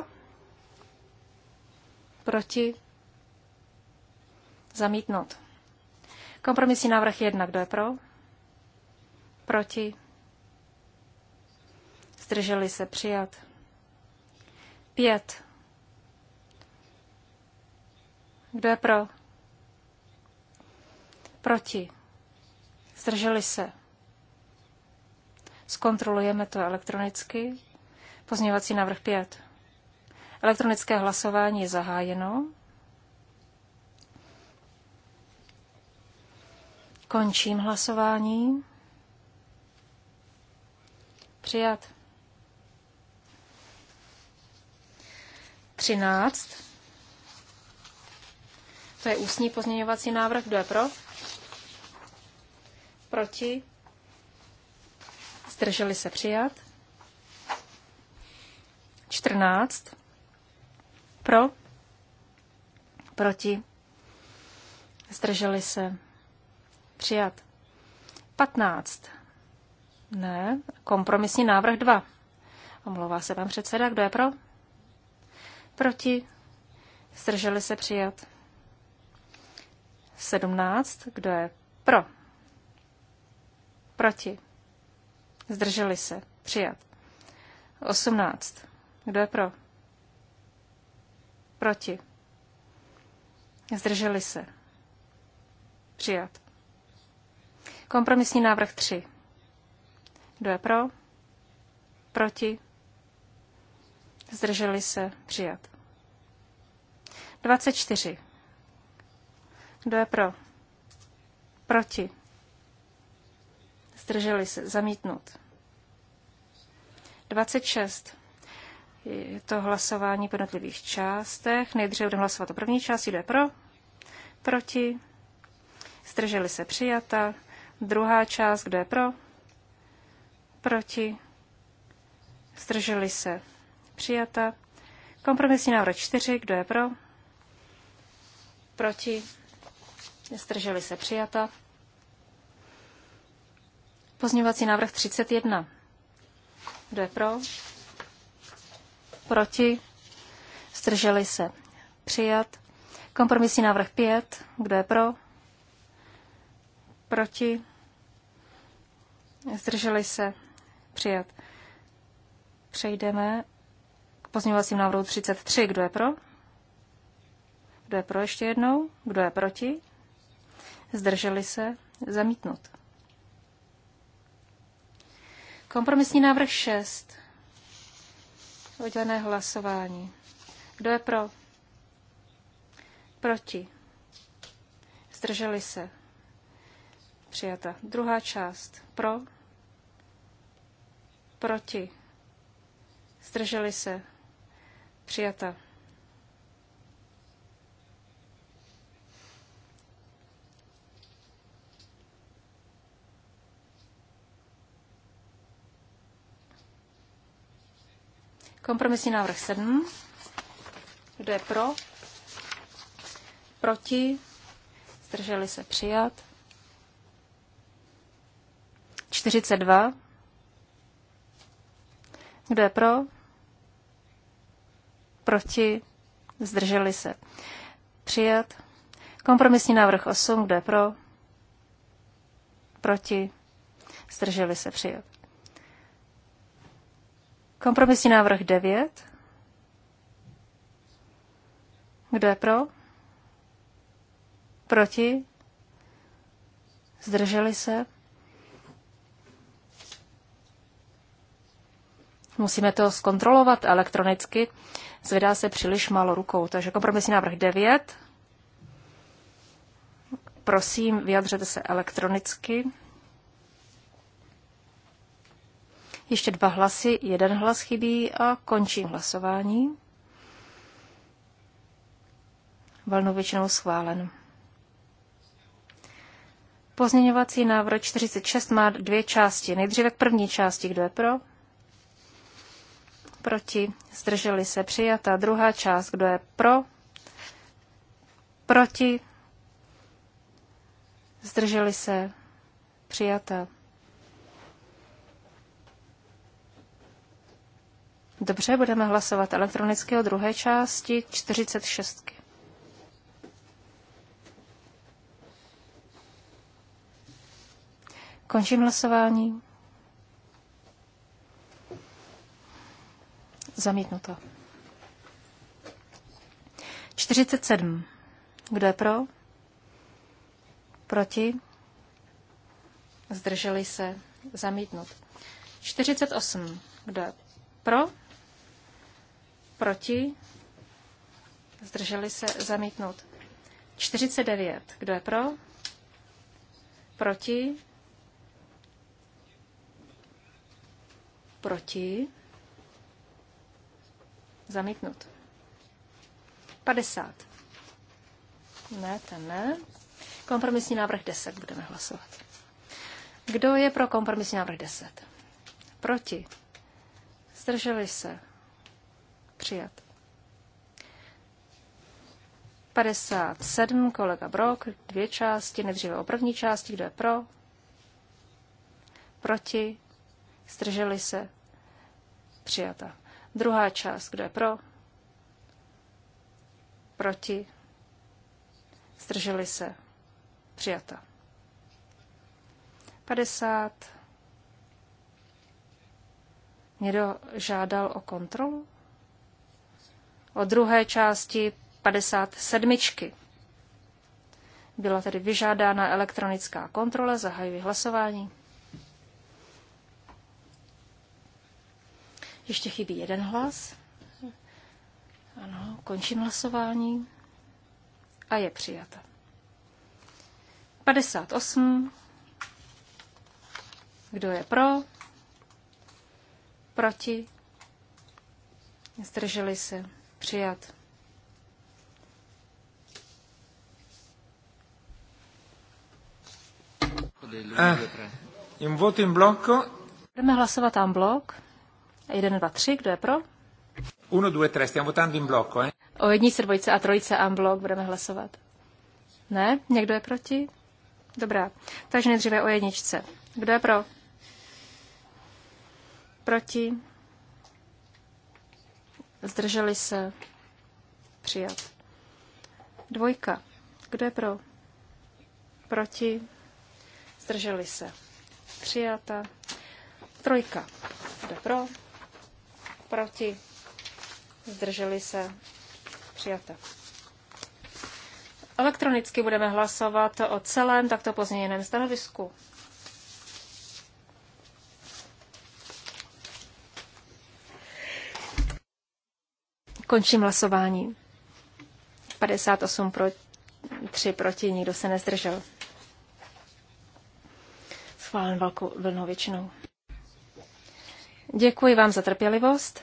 S2: Proti? Zamítnout. Kompromisní návrh 1. Kdo je pro? Proti? Zdrželi se přijat. Pět. Kdo je pro? Proti. Zdrželi se. Zkontrolujeme to elektronicky. Pozměňovací návrh 5. Elektronické hlasování je zahájeno. Končím hlasování. Přijat. 13. To je ústní pozměňovací návrh. Kdo je pro? Proti? Zdrželi se přijat. 14. Pro? Proti? Zdrželi se přijat. 15. Ne, kompromisní návrh 2. Omlouvá se pan předseda, kdo je pro? Proti? Zdrželi se přijat. 17. Kdo je pro? Proti? Zdrželi se. Přijat. 18. Kdo je pro? Proti? Zdrželi se. Přijat. Kompromisní návrh 3. Kdo je pro? Proti? Zdrželi se? Přijat. 24. Kdo je pro? Proti? Zdrželi se? Zamítnut. 26. Je to hlasování po jednotlivých částech. Nejdříve budeme hlasovat o první části. Kdo je pro? Proti? Zdrželi se? Přijata. Druhá část. Kdo je pro? proti, zdrželi se, přijata. Kompromisní návrh 4, kdo je pro, proti, zdrželi se, přijata. Pozměňovací návrh 31, kdo je pro, proti, zdrželi se, přijat. Kompromisní návrh 5, kdo je pro, proti, zdrželi se, Přijat. Přejdeme k pozměňovacím návrhu 33. Kdo je pro? Kdo je pro ještě jednou? Kdo je proti? Zdrželi se? Zamítnut. Kompromisní návrh 6. Oddělené hlasování. Kdo je pro? Proti. Zdrželi se. Přijata. Druhá část. Pro. Proti. Zdrželi se. Přijata. Kompromisní návrh 7. Kdo je pro? Proti? Zdrželi se přijat. 42. Kdo je pro? Proti? Zdrželi se. Přijat. Kompromisní návrh 8. Kdo je pro? Proti? Zdrželi se. Přijat. Kompromisní návrh 9. Kdo je pro? Proti? Zdrželi se? musíme to zkontrolovat elektronicky, zvedá se příliš málo rukou. Takže kompromisní návrh 9. Prosím, vyjadřete se elektronicky. Ještě dva hlasy, jeden hlas chybí a končím hlasování. Valnou většinou schválen. Pozměňovací návrh 46 má dvě části. Nejdříve k první části. Kdo je pro? proti, zdrželi se přijata. Druhá část, kdo je pro, proti, zdrželi se přijata. Dobře, budeme hlasovat elektronicky o druhé části 46. Končím hlasování. Zamítnuto. 47. Kdo je pro? Proti? Zdrželi se. Zamítnut. 48. Kdo je pro? Proti? Zdrželi se. zamítnout. 49. Kdo je pro? Proti? Proti? Zamítnut. 50. Ne, ten ne. Kompromisní návrh 10 budeme hlasovat. Kdo je pro kompromisní návrh 10? Proti. Zdrželi se. Přijat. 57, kolega Brok, dvě části, nejdříve o první části, kdo je pro, proti, zdrželi se, přijata. Druhá část, kdo je pro? Proti? Zdrželi se? Přijata. 50. Někdo žádal o kontrolu? O druhé části 57. Byla tedy vyžádána elektronická kontrola, zahajuji hlasování. Ještě chybí jeden hlas. Ano, končím hlasování. A je přijata. 58. Kdo je pro? Proti? Zdrželi se. Přijat.
S1: Eh, in voto in blocco.
S2: Budeme hlasovat tam blok. 1, 2, 3, kdo je pro?
S1: 1, 2, 3, stiamo votando in blocco, eh?
S2: O se dvojice a trojice a blok budeme hlasovat. Ne? Někdo je proti? Dobrá. Takže nejdříve o jedničce. Kdo je pro? Proti? Zdrželi se? Přijat. Dvojka. Kdo je pro? Proti? Zdrželi se? Přijata. Trojka. Kdo je pro? proti, zdrželi se, přijato. Elektronicky budeme hlasovat o celém takto pozměněném stanovisku. Končím hlasování. 58 pro, 3 proti, nikdo se nezdržel. Schválen velkou vlnou většinou. Děkuji vám za trpělivost.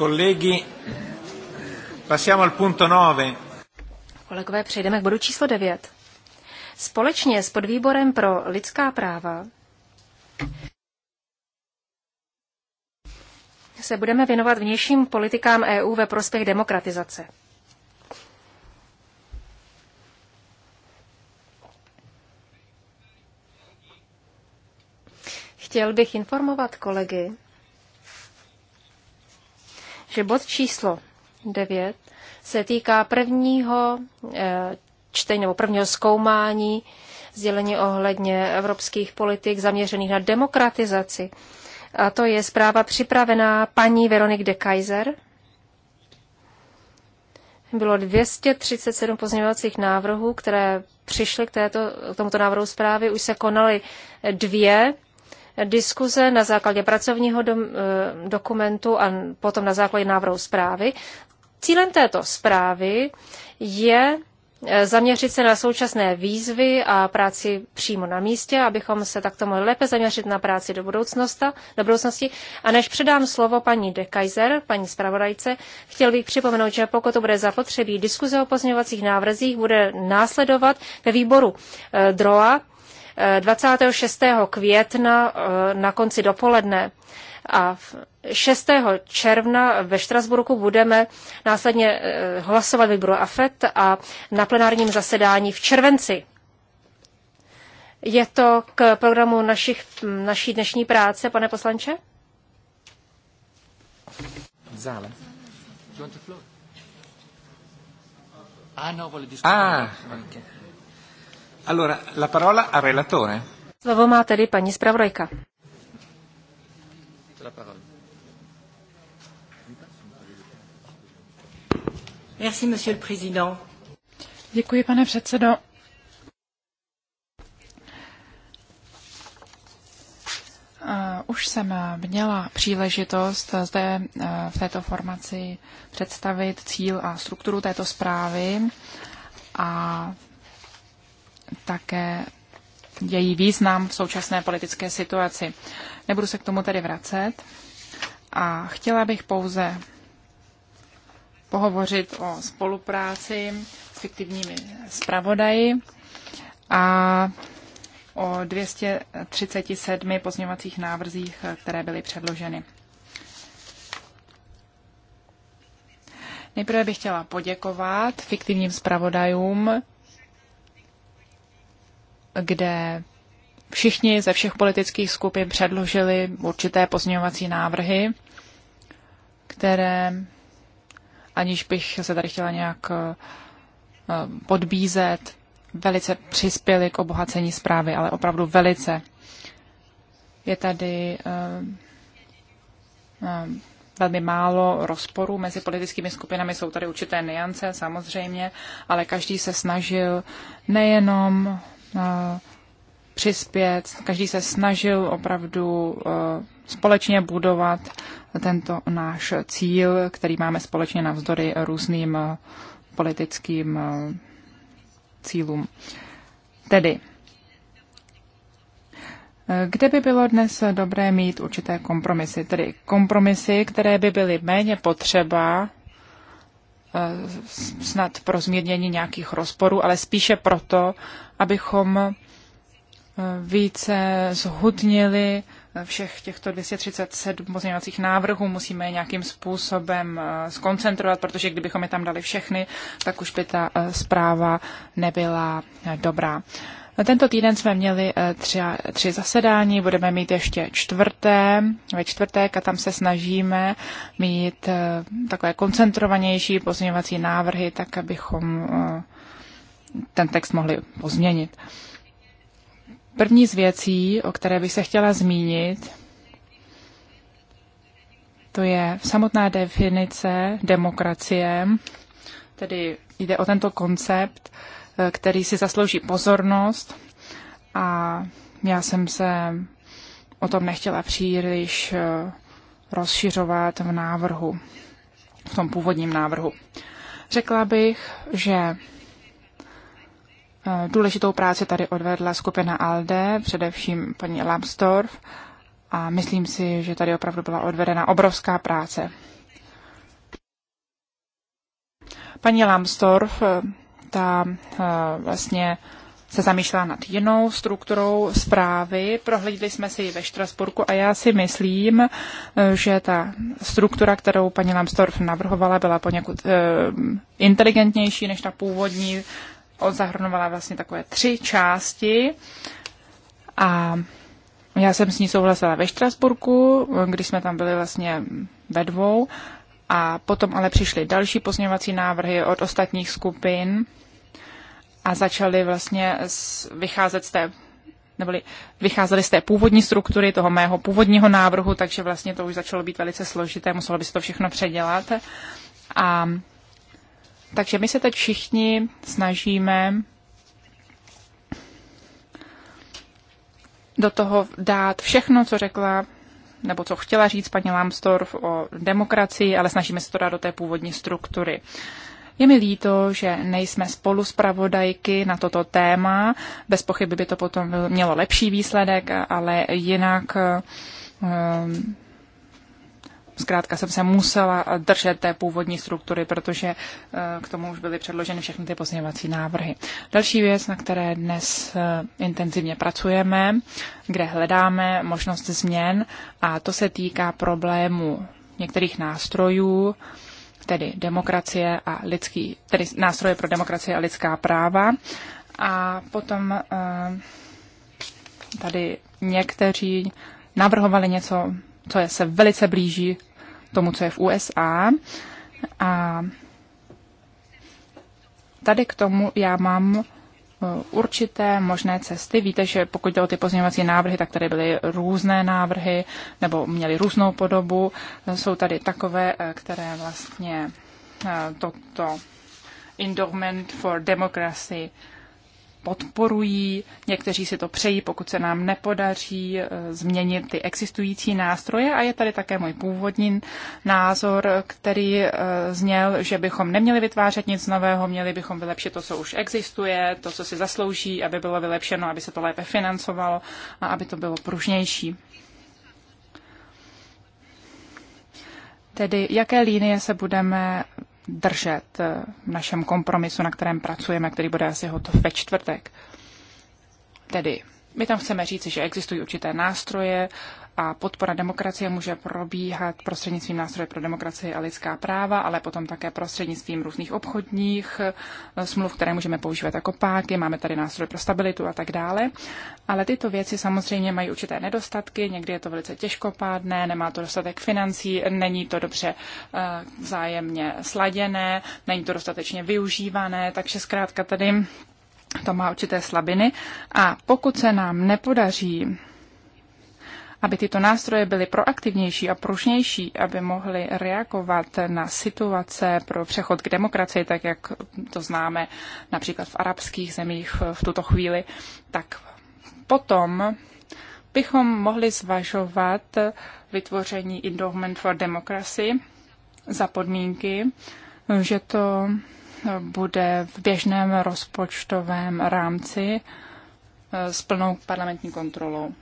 S1: Colleghi, passiamo al punto 9.
S2: Kolegové, přejdeme k bodu číslo 9. Společně s podvýborem pro lidská práva se budeme věnovat vnějším politikám EU ve prospěch demokratizace. Chtěl bych informovat kolegy, že bod číslo 9 se týká prvního eh, čtení nebo prvního zkoumání sdělení ohledně evropských politik zaměřených na demokratizaci. A to je zpráva připravená paní Veronik de Kaiser. Bylo 237 pozměňovacích návrhů, které přišly k, této, k tomuto návrhu zprávy. Už se konaly dvě diskuze na základě pracovního dom, eh, dokumentu a potom na základě návrhu zprávy. Cílem této zprávy je eh, zaměřit se na současné výzvy a práci přímo na místě, abychom se takto mohli lépe zaměřit na práci do, budoucnosti, do budoucnosti. A než předám slovo paní De Kaiser, paní zpravodajce, chtěl bych připomenout, že pokud to bude zapotřebí, diskuze o pozměňovacích návrzích bude následovat ve výboru eh, DROA 26. května eh, na konci dopoledne. A 6. června ve Štrasburku budeme následně eh, hlasovat výboru AFET a na plenárním zasedání v červenci. Je to k programu našich, naší dnešní práce, pane poslanče?
S1: Zále. Ah, no, ah, okay. Allora, la parola al relatore.
S2: Slovo má tedy paní zpravodajka. Merci, monsieur le président.
S4: Děkuji, pane předsedo. Už jsem měla příležitost zde e, v této formaci představit cíl a strukturu této zprávy a také její význam v současné politické situaci. Nebudu se k tomu tedy vracet a chtěla bych pouze pohovořit o spolupráci s fiktivními zpravodaji a o 237 pozměňovacích návrzích, které byly předloženy. Nejprve bych chtěla poděkovat fiktivním zpravodajům kde všichni ze všech politických skupin předložili určité pozměňovací návrhy, které, aniž bych se tady chtěla nějak eh, podbízet, velice přispěly k obohacení zprávy, ale opravdu velice. Je tady eh, eh, velmi málo rozporů mezi politickými skupinami, jsou tady určité niance samozřejmě, ale každý se snažil nejenom Eh, přispět. Každý se snažil opravdu eh, společně budovat tento náš cíl, který máme společně navzdory různým eh, politickým cílům. Tedy, kde by bylo dnes dobré mít určité kompromisy? Tedy kompromisy, které by byly méně potřeba Eh, snad pro zmírnění nějakých rozporů, ale spíše proto, abychom eh, více zhutnili eh, všech těchto 237 pozměňovacích návrhů musíme je nějakým způsobem skoncentrovat, protože kdybychom je tam dali všechny, tak už by ta zpráva nebyla dobrá. Tento týden jsme měli eh, tři, tři zasedání, budeme mít ještě čtvrté, ve čtvrtek a tam se snažíme mít eh, takové koncentrovanější pozměňovací návrhy, tak abychom eh, ten text mohli pozměnit. První z věcí, o které bych se chtěla zmínit, to je samotná definice demokracie, tedy jde o tento koncept, který si zaslouží pozornost a já jsem se o tom nechtěla příliš eh, rozšiřovat v návrhu, v tom původním návrhu. Řekla bych, že eh, důležitou práci tady odvedla skupina ALDE, především paní Lambsdorff, a myslím si, že tady opravdu byla odvedena obrovská práce. Paní Lambsdorff eh, ta eh, vlastně se zamýšlela nad jinou strukturou zprávy. Prohlídli jsme si ji ve Štrasburku a já si myslím, eh, že ta struktura, kterou paní Lambsdorff navrhovala, byla poněkud eh, inteligentnější než ta původní. Zahrnovala vlastně takové tři části a já jsem s ní souhlasila ve Štrasburku, když jsme tam byli vlastně ve dvou a potom ale přišly další pozměňovací návrhy od ostatních skupin a začaly vlastně vycházet z té neboli vycházeli z té původní struktury toho mého původního návrhu, takže vlastně to už začalo být velice složité, muselo by se to všechno předělat. A takže my se teď všichni snažíme do toho dát všechno, co řekla nebo co chtěla říct paní Lambsdorff o demokracii, ale snažíme se to dát do té původní struktury. Je mi líto, že nejsme spolu zpravodajky na toto téma. Bez pochyby by to potom mělo lepší výsledek, ale jinak um, zkrátka jsem se musela držet té původní struktury, protože eh, k tomu už byly předloženy všechny ty pozměňovací návrhy. Další věc, na které dnes eh, intenzivně pracujeme, kde hledáme možnost změn a to se týká problému některých nástrojů, tedy demokracie a lidský, tedy nástroje pro demokracie a lidská práva. A potom eh, tady někteří navrhovali něco, co je se velice blíží tomu, co je v USA. A tady k tomu já mám uh, určité možné cesty. Víte, že pokud jde o ty pozměňovací návrhy, tak tady byly různé návrhy nebo měly různou podobu. Jsou tady takové, eh, které vlastně eh, toto Endowment for Democracy podporují, někteří si to přejí, pokud se nám nepodaří eh, změnit ty existující nástroje. A je tady také můj původní názor, který eh, zněl, že bychom neměli vytvářet nic nového, měli bychom vylepšit to, co už existuje, to, co si zaslouží, aby bylo vylepšeno, aby se to lépe financovalo a aby to bylo pružnější. Tedy jaké linie se budeme držet eh, v našem kompromisu, na kterém pracujeme, který bude asi hotov ve čtvrtek. Tedy my tam chceme říci, že existují určité nástroje, a podpora demokracie může probíhat prostřednictvím nástroje pro demokracii a lidská práva, ale potom také prostřednictvím různých obchodních eh, smluv, které můžeme používat jako páky, máme tady nástroj pro stabilitu a tak dále. Ale tyto věci samozřejmě mají určité nedostatky, někdy je to velice těžkopádné, nemá to dostatek financí, není to dobře eh, vzájemně sladěné, není to dostatečně využívané, takže zkrátka tady to má určité slabiny. A pokud se nám nepodaří aby tyto nástroje byly proaktivnější a pružnější, aby mohly reagovat na situace pro přechod k demokracii, tak jak to známe například v arabských zemích v tuto chvíli, tak potom bychom mohli zvažovat vytvoření Endowment for Democracy za podmínky, že to bude v běžném rozpočtovém rámci s plnou parlamentní kontrolou.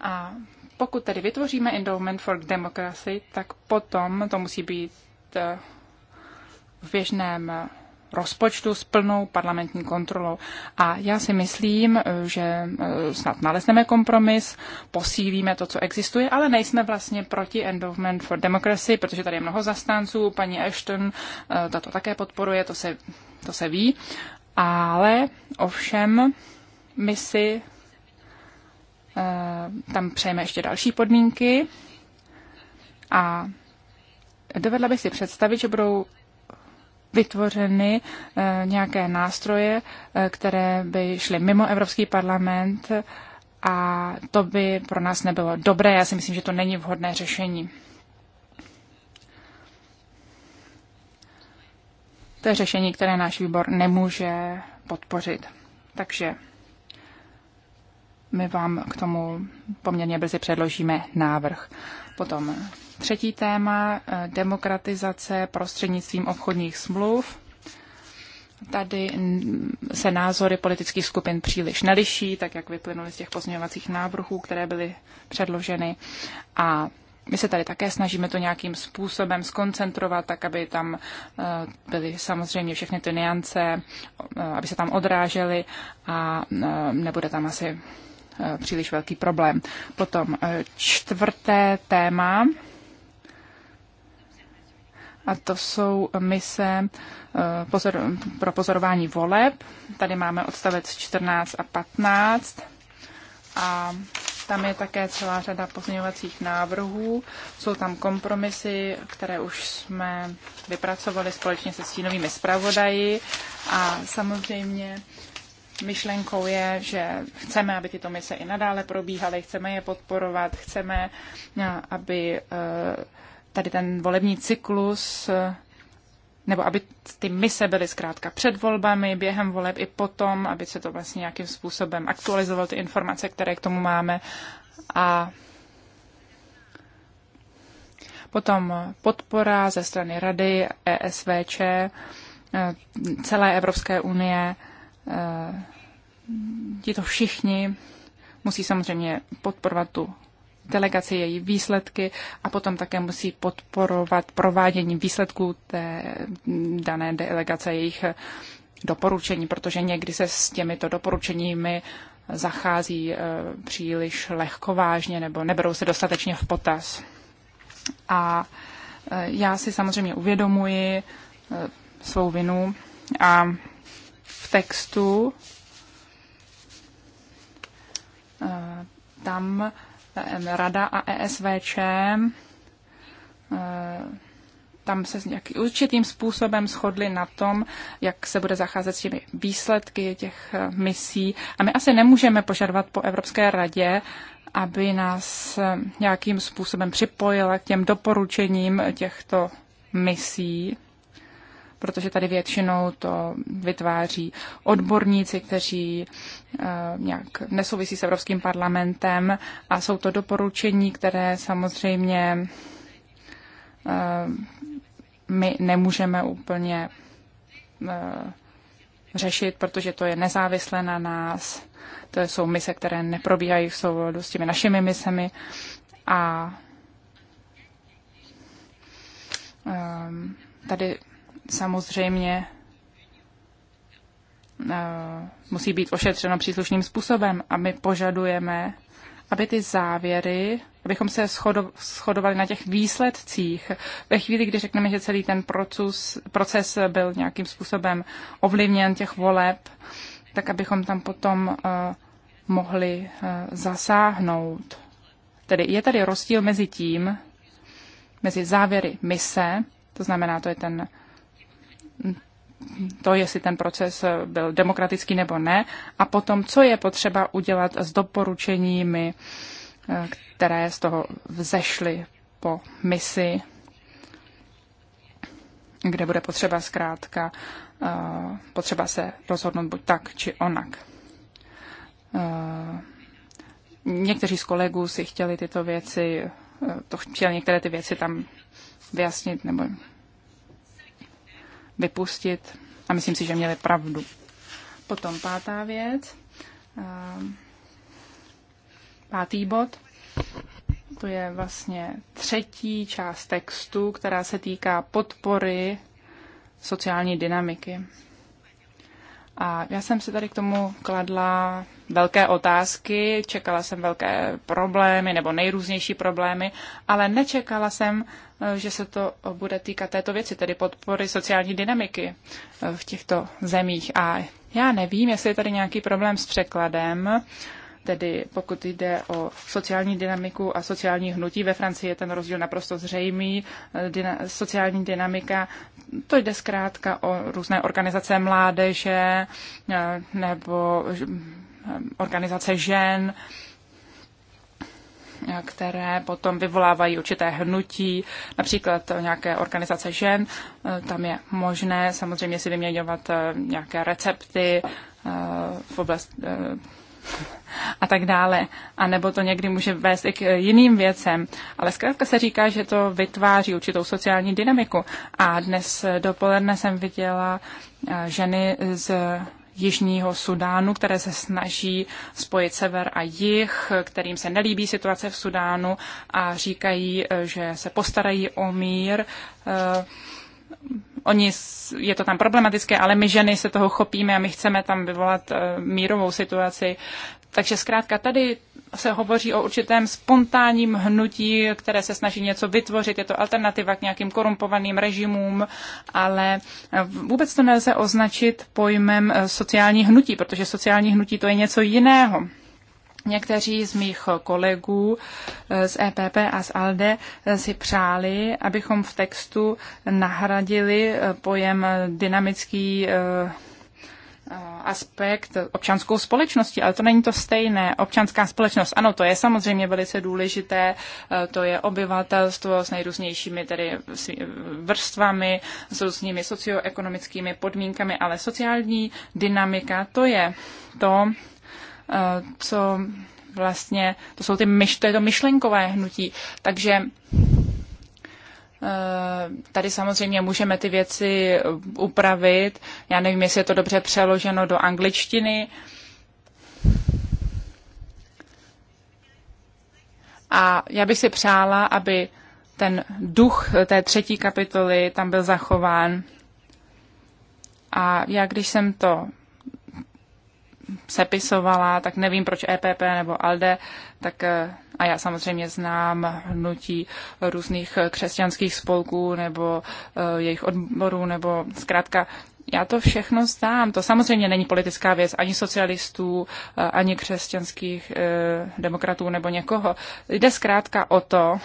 S4: A pokud tedy vytvoříme Endowment for Democracy, tak potom to musí být eh, v běžném eh, rozpočtu s plnou parlamentní kontrolou. A já si myslím, eh, že snad nalezneme kompromis, posílíme to, co existuje, ale nejsme vlastně proti Endowment for Democracy, protože tady je mnoho zastánců, paní Ashton ta to také podporuje, to se, to se ví. Ale ovšem my si Eh, tam přejeme ještě další podmínky a dovedla bych si představit, že budou vytvořeny eh, nějaké nástroje, eh, které by šly mimo Evropský parlament a to by pro nás nebylo dobré. Já si myslím, že to není vhodné řešení. To je řešení, které náš výbor nemůže podpořit. Takže my vám k tomu poměrně brzy předložíme návrh. Potom třetí téma, eh, demokratizace prostřednictvím obchodních smluv. Tady se názory politických skupin příliš neliší, tak jak vyplynuly z těch pozměňovacích návrhů, které byly předloženy. A my se tady také snažíme to nějakým způsobem skoncentrovat, tak aby tam eh, byly samozřejmě všechny ty niance, eh, aby se tam odrážely a nebude tam asi Eh, příliš velký problém. Potom eh, čtvrté téma, a to jsou mise eh, pozor, pro pozorování voleb. Tady máme odstavec 14 a 15 a tam je také celá řada pozměňovacích návrhů. Jsou tam kompromisy, které už jsme vypracovali společně se stínovými zpravodaji a samozřejmě myšlenkou je, že chceme, aby tyto mise i nadále probíhaly, chceme je podporovat, chceme, eh, aby eh, tady ten volební cyklus eh, nebo aby ty mise byly zkrátka před volbami, během voleb i potom, aby se to vlastně nějakým způsobem aktualizovalo ty informace, které k tomu máme. A potom podpora ze strany Rady ESVČ, celé Evropské unie, Eh, to všichni musí samozřejmě podporovat tu delegaci, její výsledky a potom také musí podporovat provádění výsledků té dané delegace, jejich doporučení, protože někdy se s těmito doporučeními zachází eh, příliš lehkovážně nebo neberou se dostatečně v potaz. A eh, já si samozřejmě uvědomuji svou vinu a v textu eh, tam eh, Rada a ESVČ eh, tam se nějaký určitým způsobem shodli na tom, jak se bude zacházet s těmi výsledky těch misí. A my asi nemůžeme požadovat po Evropské radě, aby nás nějakým způsobem připojila k těm doporučením těchto misí protože tady většinou to vytváří odborníci, kteří eh, nějak nesouvisí s Evropským parlamentem a jsou to doporučení, které samozřejmě eh, my nemůžeme úplně eh, řešit, protože to je nezávislé na nás. To jsou mise, které neprobíhají v souladu s těmi našimi misemi a ehm, tady samozřejmě eh, musí být ošetřeno příslušným způsobem a my požadujeme, aby ty závěry, abychom se shodovali na těch výsledcích. Ve chvíli, kdy řekneme, že celý ten proces, proces byl nějakým způsobem ovlivněn těch voleb, tak abychom tam potom uh, mohli uh, zasáhnout. Tedy je tady rozdíl mezi tím, mezi závěry mise, to znamená, to je ten to, jestli ten proces eh, byl demokratický nebo ne, a potom, co je potřeba udělat s doporučeními, eh, které z toho vzešly po misi, kde bude potřeba zkrátka, eh, potřeba se rozhodnout buď tak, či onak. Někteří z kolegů si chtěli tyto věci, to chtěli některé ty věci tam vyjasnit nebo vypustit a myslím si, že měli pravdu. Potom pátá věc, ehm, pátý bod, to je vlastně třetí část textu, která se týká podpory sociální dynamiky. A já jsem se tady k tomu kladla velké otázky, čekala jsem velké problémy nebo nejrůznější problémy, ale nečekala jsem, eh, že se to bude týkat této věci, tedy podpory sociální dynamiky eh, v těchto zemích. A já nevím, jestli je tady nějaký problém s překladem, tedy pokud jde o sociální dynamiku a sociální hnutí. Ve Francii je ten rozdíl naprosto zřejmý. Eh, dyna, sociální dynamika, to jde zkrátka o různé organizace mládeže nebo Eh, organizace žen, eh, které potom vyvolávají určité hnutí, například nějaké organizace žen. Eh, tam je možné samozřejmě si vyměňovat nějaké recepty v oblasti a tak dále. A nebo to někdy může vést i k jiným věcem. Ale zkrátka se říká, že to vytváří určitou sociální dynamiku. A dnes dopoledne jsem viděla ženy z Jižního Sudánu, které se snaží spojit sever a jih, kterým se nelíbí situace v Sudánu a říkají, že se postarají o mír. Eh, oni, je to tam problematické, ale my ženy se toho chopíme a my chceme tam vyvolat eh, mírovou situaci. Takže zkrátka tady se hovoří o určitém spontánním hnutí, které se snaží něco vytvořit. Je to alternativa k nějakým korumpovaným režimům, ale eh, vůbec to nelze označit pojmem eh, sociální hnutí, protože sociální hnutí to je něco jiného. Někteří z mých kolegů eh, z EPP a z ALDE si přáli, abychom v textu nahradili pojem dynamický aspekt občanskou společnosti, ale to není to stejné. Občanská společnost, ano, to je samozřejmě velice důležité, e, to je obyvatelstvo s nejrůznějšími tedy vrstvami, s různými socioekonomickými podmínkami, ale sociální dynamika, to je to, e, co vlastně, to jsou ty myš, to je to myšlenkové hnutí. Takže Eh, tady samozřejmě můžeme ty věci upravit. Já nevím, jestli je to dobře přeloženo do angličtiny. A já bych si přála, aby ten duch té třetí kapitoly tam byl zachován. A já, když jsem to sepisovala, tak nevím, proč EPP nebo ALDE, tak eh, a já samozřejmě znám hnutí různých křesťanských spolků nebo eh, jejich odborů, nebo zkrátka já to všechno znám. To samozřejmě není politická věc ani socialistů, eh, ani křesťanských eh, demokratů nebo někoho. Jde zkrátka o to,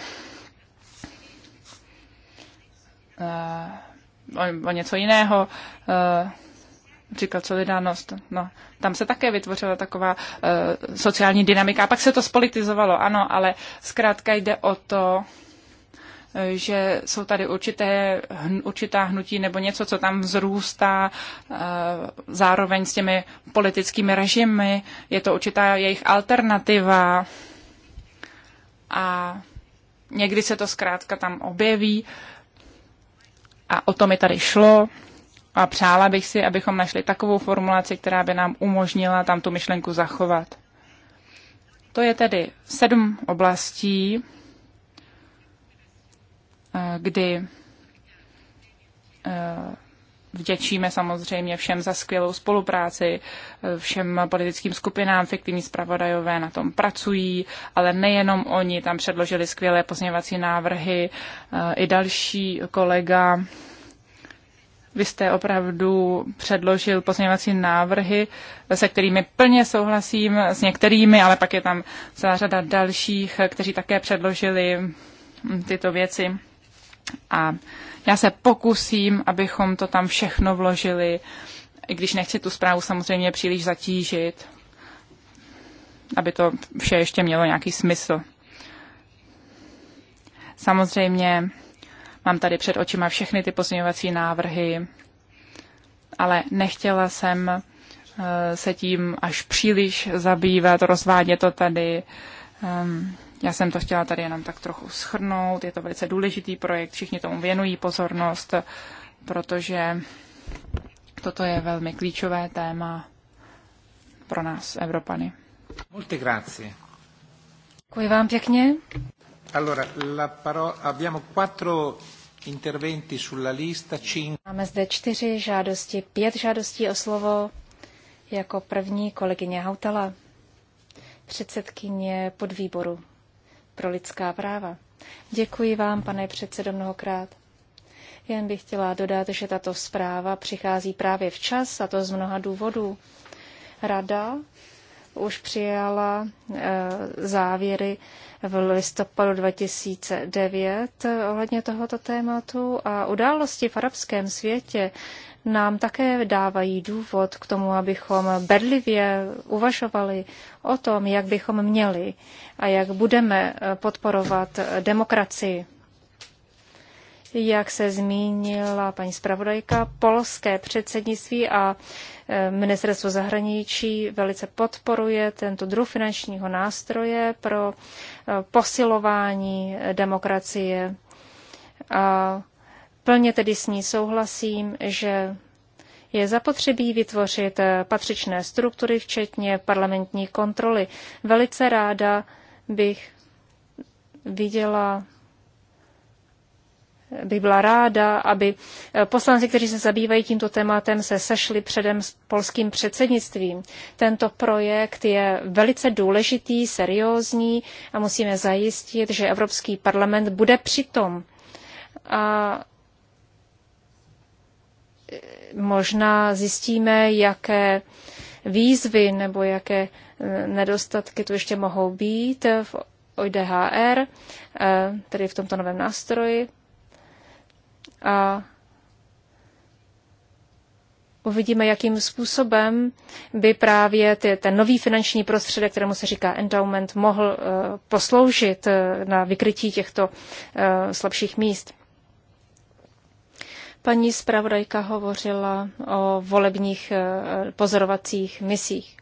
S4: o, něco jiného říkal solidárnost. No, tam se také vytvořila taková uh, sociální dynamika. A pak se to spolitizovalo, ano, ale zkrátka jde o to, eh, že jsou tady určité, určitá hnutí nebo něco, co tam vzrůstá eh, zároveň s těmi politickými režimy. Je to určitá jejich alternativa a někdy se to zkrátka tam objeví a o to mi tady šlo a přála bych si, abychom našli takovou formulaci, která by nám umožnila tam tu myšlenku zachovat. To je tedy sedm oblastí, eh, kdy eh, vděčíme samozřejmě všem za skvělou spolupráci, eh, všem politickým skupinám, fiktivní zpravodajové na tom pracují, ale nejenom oni, tam předložili skvělé pozměňovací návrhy, i další kolega vy jste opravdu předložil pozměňovací návrhy, se kterými plně souhlasím, s některými, ale pak je tam celá řada dalších, kteří také předložili mm, tyto věci. A já se pokusím, abychom to tam všechno vložili, i když nechci tu zprávu samozřejmě příliš zatížit, aby to vše ještě mělo nějaký smysl. Samozřejmě Mám tady před očima všechny ty pozměňovací návrhy, ale nechtěla jsem eh, se tím až příliš zabývat, rozvádět to tady. Ehm, já jsem to chtěla tady jenom tak trochu schrnout. Je to velice důležitý projekt, všichni tomu věnují pozornost, protože toto je velmi klíčové téma pro nás, Evropany.
S1: Molte grazie.
S2: Děkuji vám pěkně.
S1: Allora, la parola, abbiamo quattro interventi sulla lista
S2: Máme zde čtyři žádosti, pět žádostí o slovo. Jako první kolegyně Hautala, předsedkyně podvýboru pro lidská práva. Děkuji vám, pane předsedo, mnohokrát. Jen bych chtěla dodat, že tato zpráva přichází právě včas, a to z mnoha důvodů. Rada už přijala eh, závěry v listopadu 2009 ohledně tohoto tématu a události v arabském světě nám také dávají důvod k tomu, abychom bedlivě uvažovali o tom, jak bychom měli a jak budeme eh, podporovat demokracii jak se zmínila paní zpravodajka, polské předsednictví a e, ministerstvo zahraničí velice podporuje tento druh finančního nástroje pro e, posilování demokracie. A plně tedy s ní souhlasím, že je zapotřebí vytvořit e, patřičné struktury, včetně parlamentní kontroly. Velice ráda bych viděla bych byla ráda, aby eh, poslanci, kteří se zabývají tímto tématem, se sešli předem s polským předsednictvím. Tento projekt je velice důležitý, seriózní a musíme zajistit, že Evropský parlament bude přitom. A eh, možná zjistíme, jaké výzvy nebo jaké eh, nedostatky tu ještě mohou být v OIDHR, tedy v tomto novém nástroji a uvidíme, jakým způsobem by právě ty, ten nový finanční prostředek, kterému se říká endowment, mohl uh, posloužit uh, na vykrytí těchto uh, slabších míst. Paní zpravodajka hovořila o volebních pozorovacích misích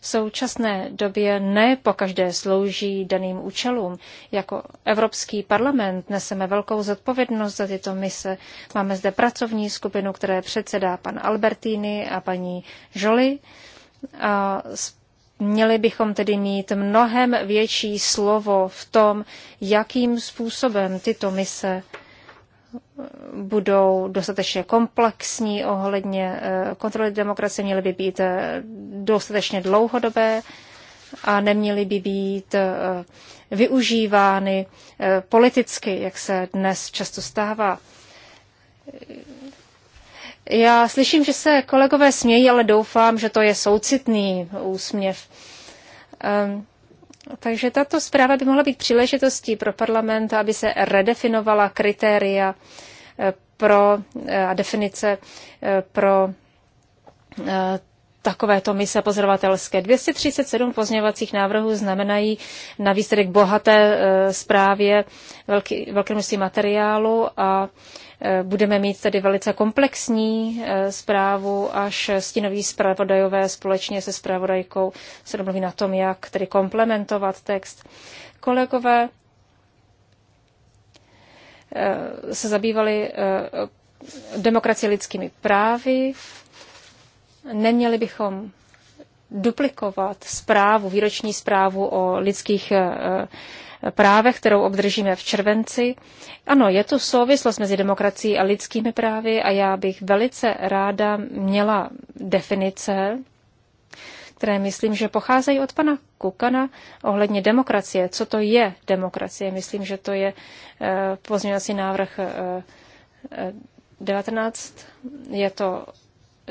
S2: v současné době ne po každé slouží daným účelům. Jako Evropský parlament neseme velkou zodpovědnost za tyto mise. Máme zde pracovní skupinu, které předsedá pan Albertini a paní Joly. A měli bychom tedy mít mnohem větší slovo v tom, jakým způsobem tyto mise budou dostatečně komplexní ohledně eh, kontroly demokracie, měly by být eh, dostatečně dlouhodobé a neměly by být eh, využívány politicky, jak se dnes často stává. Já slyším, že se kolegové smějí, ale doufám, že to je soucitný úsměv. Um, takže tato zpráva by mohla být příležitostí pro parlament, aby se redefinovala kritéria eh, pro eh, a definice eh, pro takovéto mise pozorovatelské. 237 pozměňovacích návrhů znamenají na výsledek bohaté zprávě velký, velké množství materiálu a Eh, budeme mít tedy velice komplexní eh, zprávu, až stinoví zpravodajové společně se zpravodajkou se domluví na tom, jak tedy komplementovat text. Kolegové eh, se zabývali demokracie lidskými právy. Neměli bychom duplikovat zprávu, výroční zprávu o lidských právech, kterou obdržíme v červenci. Ano, je tu souvislost mezi demokracií a lidskými právy a já bych velice ráda měla definice, které myslím, že pocházejí od pana Kukana ohledně demokracie. Co to je demokracie? Myslím, že to je eh, pozměňovací návrh 19. Eh, eh, je to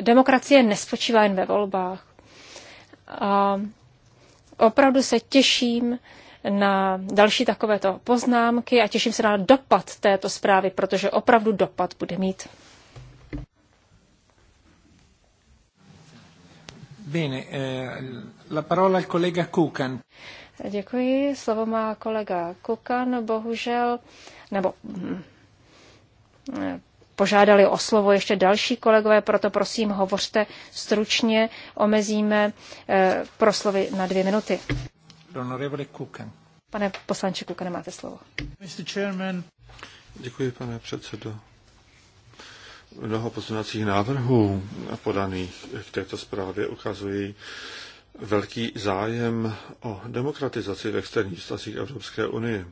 S2: demokracie nespočívá jen ve volbách. A opravdu se těším na další takovéto poznámky a těším se na dopad této zprávy, protože opravdu dopad bude mít.
S1: Bene, eh, la parola al collega Kukan.
S2: Děkuji, slovo má kolega Kukan, bohužel, nebo hm, požádali o slovo ještě další kolegové, proto prosím, hovořte stručně, omezíme eh, proslovy na dvě minuty. Pane poslanče Kukan, máte slovo.
S3: Děkuji, pane předsedo. Mnoho poznacích návrhů podaných v této zprávě ukazují velký zájem o demokratizaci v externích vztazích Evropské unie.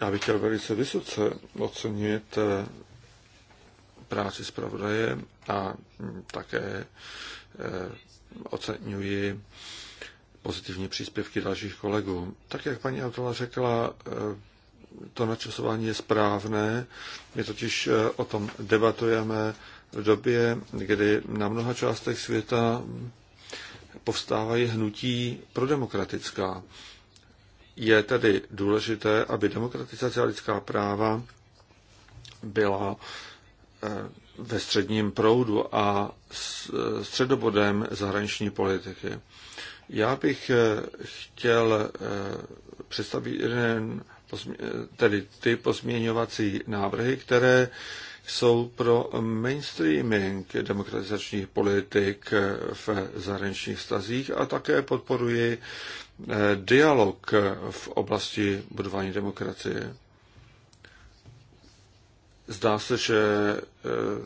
S3: Já bych chtěl velice vysoce ocenit práci zpravodaje a také eh, oceňuji pozitivní příspěvky dalších kolegů. Tak, jak paní Autola řekla, eh, to načasování je správné. My totiž eh, o tom debatujeme v době, kdy na mnoha částech světa povstávají hnutí prodemokratická. Je tedy důležité, aby demokratizace a lidská práva byla eh, ve středním proudu a středobodem zahraniční politiky. Já bych eh, chtěl eh, představit jeden, tedy ty pozměňovací návrhy, které jsou pro mainstreaming demokratizačních politik eh, v zahraničních stazích a také podporuji dialog v oblasti budování demokracie. Zdá se, že e,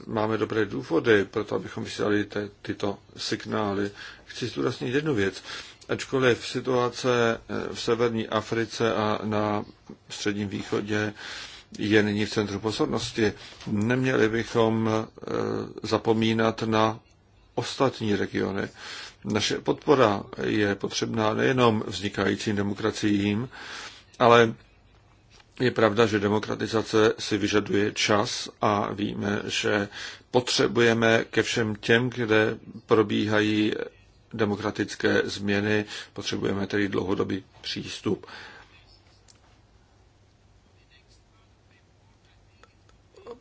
S3: máme dobré důvody pro to, abychom vysílali te, tyto signály. Chci zdůraznit jednu věc. Ačkoliv situace e, v severní Africe a na středním východě je nyní v centru pozornosti, neměli bychom e, zapomínat na ostatní regiony. Naše podpora je potřebná nejenom vznikajícím demokraciím, ale je pravda, že demokratizace si vyžaduje čas a víme, že potřebujeme ke všem těm, kde probíhají demokratické změny, potřebujeme tedy dlouhodobý přístup.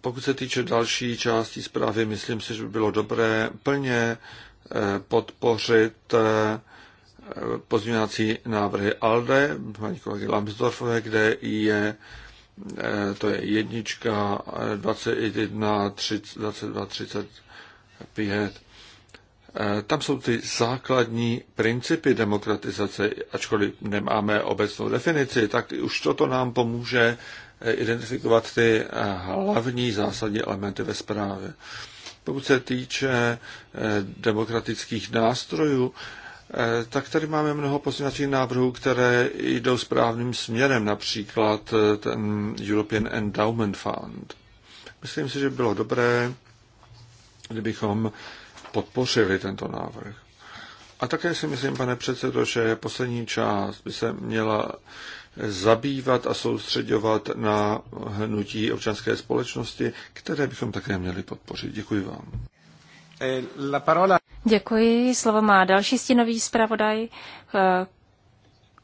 S3: Pokud se týče další části zprávy, myslím si, že by bylo dobré plně eh, podpořit eh, pozměňovací návrhy ALDE, paní kolegy Lambsdorfové, kde je eh, to je jednička 21, 30, 22, 35. Tam jsou ty základní principy demokratizace, ačkoliv nemáme obecnou definici, tak už toto nám pomůže eh, identifikovat ty eh, hlavní zásadní elementy ve zprávě. Pokud se týče demokratických nástrojů, Eh, tak tady máme mnoho pozměňovacích návrhů, které jdou správným směrem, například eh, ten European Endowment Fund. Myslím si, že by bylo dobré, kdybychom podpořili tento návrh. A také si myslím, pane předsedo, že poslední část by se měla zabývat a soustředovat na hnutí občanské společnosti, které bychom také měli podpořit. Děkuji vám. Eh, la parola...
S2: Děkuji. Slovo má další stínový zpravodaj, eh,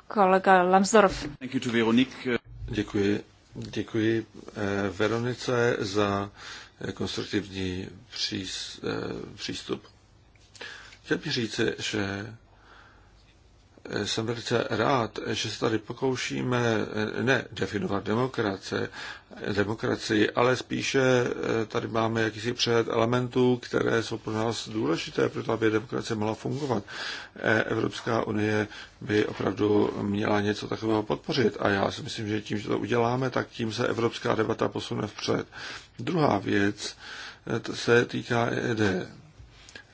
S3: kolega Lambsdorff. Děkuji. Děkuji eh, Veronice za eh, konstruktivní přístup. Chtěl bych říci, že jsem velice rád, že se tady pokoušíme eh, ne definovat demokracie, demokracii, ale spíše eh, tady máme jakýsi před elementů, které jsou pro nás důležité, proto aby demokracie mohla fungovat. Eh, evropská unie by opravdu měla něco takového podpořit a já si myslím, že tím, že to uděláme, tak tím se evropská debata posune vpřed. Druhá věc se týká ED.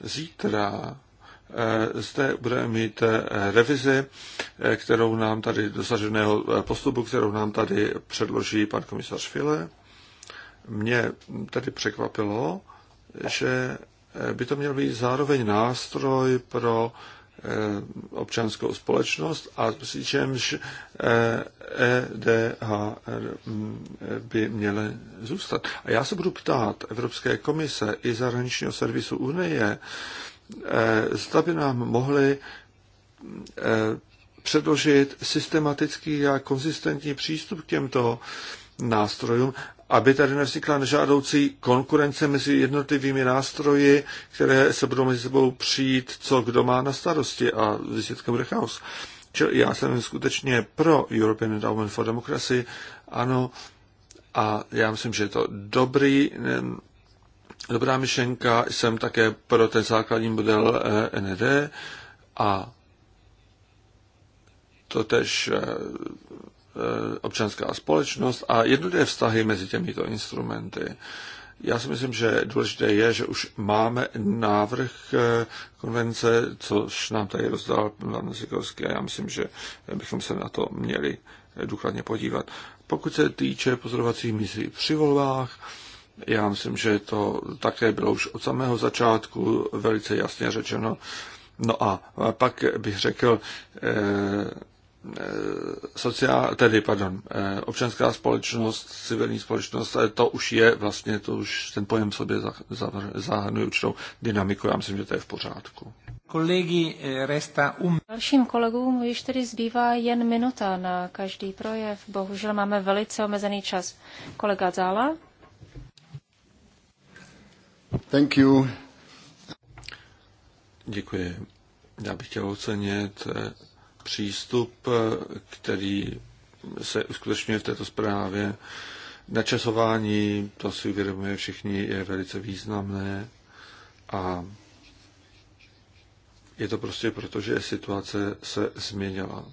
S3: Zítra Eh, zde budeme mít eh, revizi, eh, kterou nám tady dosaženého postupu, kterou nám tady předloží pan komisař File. Mě tedy překvapilo, že by to měl být zároveň nástroj pro občanskou společnost a přičemž EDH e mm, by měly zůstat. A já se budu ptát Evropské komise i zahraničního servisu Unie, Eh, zda by nám mohli eh, předložit systematický a konzistentní přístup k těmto nástrojům, aby tady nevznikla nežádoucí konkurence mezi jednotlivými nástroji, které se budou mezi sebou přijít, co kdo má na starosti a výsledkem bude chaos. Čili já jsem skutečně pro European Endowment for Democracy, ano, a já myslím, že je to dobrý Dobrá myšlenka, jsem také pro ten základní model eh, NED a totež eh, eh, občanská společnost a jednoduché vztahy mezi těmito instrumenty. Já si myslím, že důležité je, že už máme návrh konvence, což nám tady rozdal pan Sikorský a já myslím, že bychom se na to měli důkladně podívat. Pokud se týče pozorovacích misí při volbách, já myslím, že to také bylo už od samého začátku velice jasně řečeno. No a pak bych řekl, eh, eh, sociál, tedy, pardon, eh, občanská společnost, civilní společnost, to už je vlastně, to už ten pojem sobě zahrnuje určitou dynamiku, já myslím, že to je v pořádku.
S1: Kolegy resta um...
S2: Dalším kolegům již tedy zbývá jen minuta na každý projev. Bohužel máme velice omezený čas. Kolega Zála?
S3: Thank you. Děkuji. Já bych chtěl ocenit eh, přístup, eh, který se uskutečňuje v této zprávě. Načasování, to si uvědomuje všichni, je velice významné a je to prostě proto, že situace se změnila.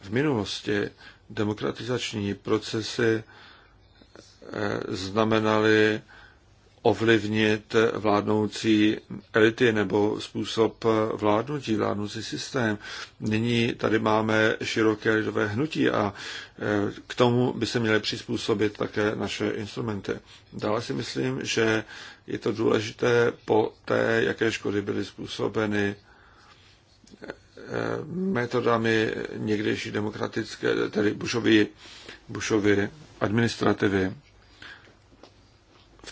S3: V minulosti demokratizační procesy eh, znamenaly ovlivnit vládnoucí elity nebo způsob vládnutí, vládnoucí systém. Nyní tady máme široké lidové hnutí a e, k tomu by se měly přizpůsobit také naše instrumenty. Dále si myslím, že je to důležité po té, jaké škody byly způsobeny e, metodami někdejší demokratické, tedy Bushovy, Bushovy administrativy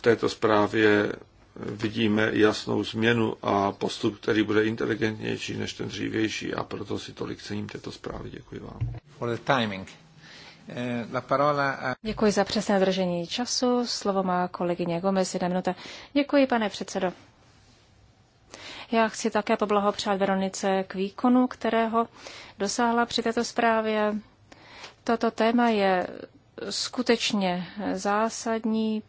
S3: této zprávě vidíme jasnou změnu a postup, který bude inteligentnější než ten dřívější a proto si tolik cením této zprávy. Děkuji vám.
S1: For the timing. Eh, Děkuji
S2: za přesné držení času. Slovo má kolegyně Gomez, jedna minuta. Děkuji, pane předsedo. Já chci také poblahopřát Veronice k výkonu, kterého dosáhla při této zprávě. Toto téma je skutečně zásadní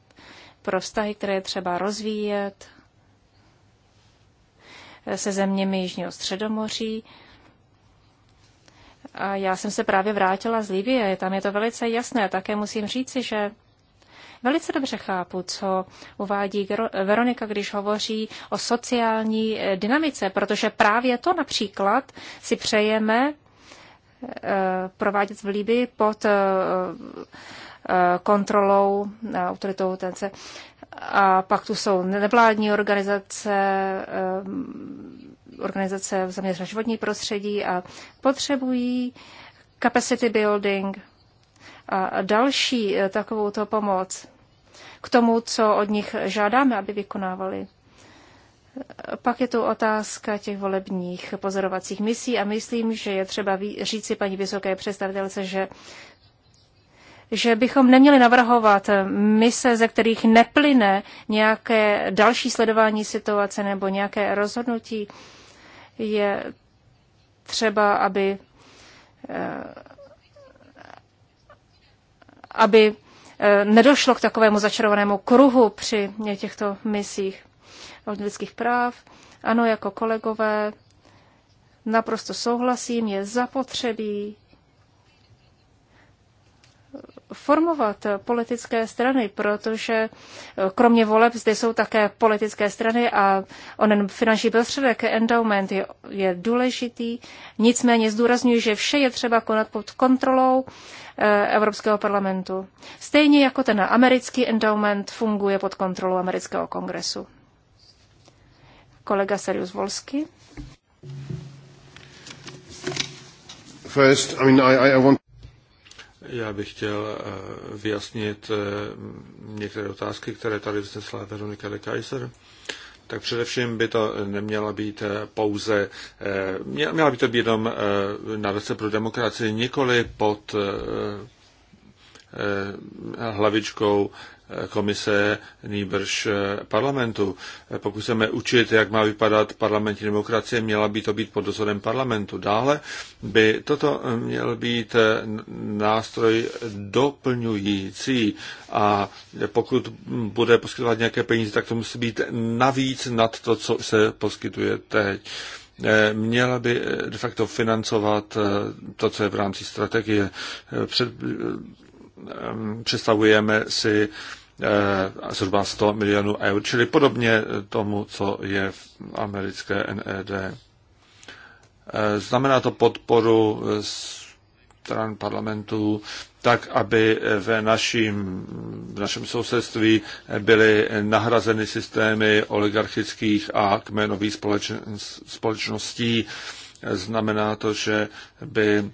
S2: pro vztahy, které je třeba rozvíjet se zeměmi Jižního středomoří. A já jsem se právě vrátila z Libie, tam je to velice jasné. Také musím říci, že velice dobře chápu, co uvádí Veronika, když hovoří o sociální eh, dynamice, protože právě to například si přejeme eh, provádět v Libii pod eh, Eh, kontrolou, eh, autoritou tence. A pak tu jsou nevládní organizace, eh, organizace zaměřené na životní prostředí a potřebují capacity building a další takovou to pomoc k tomu, co od nich žádáme, aby vykonávali. Pak je tu otázka těch volebních pozorovacích misí a myslím, že je třeba říci paní vysoké představitelce, že že bychom neměli navrhovat mise, ze kterých neplyne nějaké další sledování situace nebo nějaké rozhodnutí. Je třeba, aby, eh, aby eh, nedošlo k takovému začarovanému kruhu při těchto misích od lidských práv. Ano, jako kolegové, naprosto souhlasím, je zapotřebí formovat politické strany, protože eh, kromě voleb zde jsou také politické strany a onen finanční prostředek endowment je, je důležitý. Nicméně zdůraznuju, že vše je třeba konat pod kontrolou eh, Evropského parlamentu. Stejně jako ten americký endowment funguje pod kontrolou amerického kongresu. Kolega Serius Volsky.
S3: First, I mean, I, I want... Já bych chtěl eh, vyjasnit eh, některé otázky, které tady vznesla Veronika de Kaiser. Tak především by to neměla být eh, pouze, měla by to být jenom nadace pro demokracii, nikoli pod hlavičkou komise, nýbrž eh, parlamentu. Pokud chceme učit, jak má vypadat parlamentní demokracie, měla by to být pod dozorem parlamentu. Dále by toto měl být eh, nástroj doplňující a pokud bude poskytovat nějaké peníze, tak to musí být navíc nad to, co se poskytuje teď eh, měla by de facto financovat to, co je v rámci strategie. Před, Ehm, představujeme si eh, zhruba 100 milionů eur, čili podobně tomu, co je v americké NED. Eh, znamená to podporu eh, stran parlamentů, tak aby v, našem v našem sousedství byly nahrazeny systémy oligarchických a kmenových společen, společností. Znamená to, že by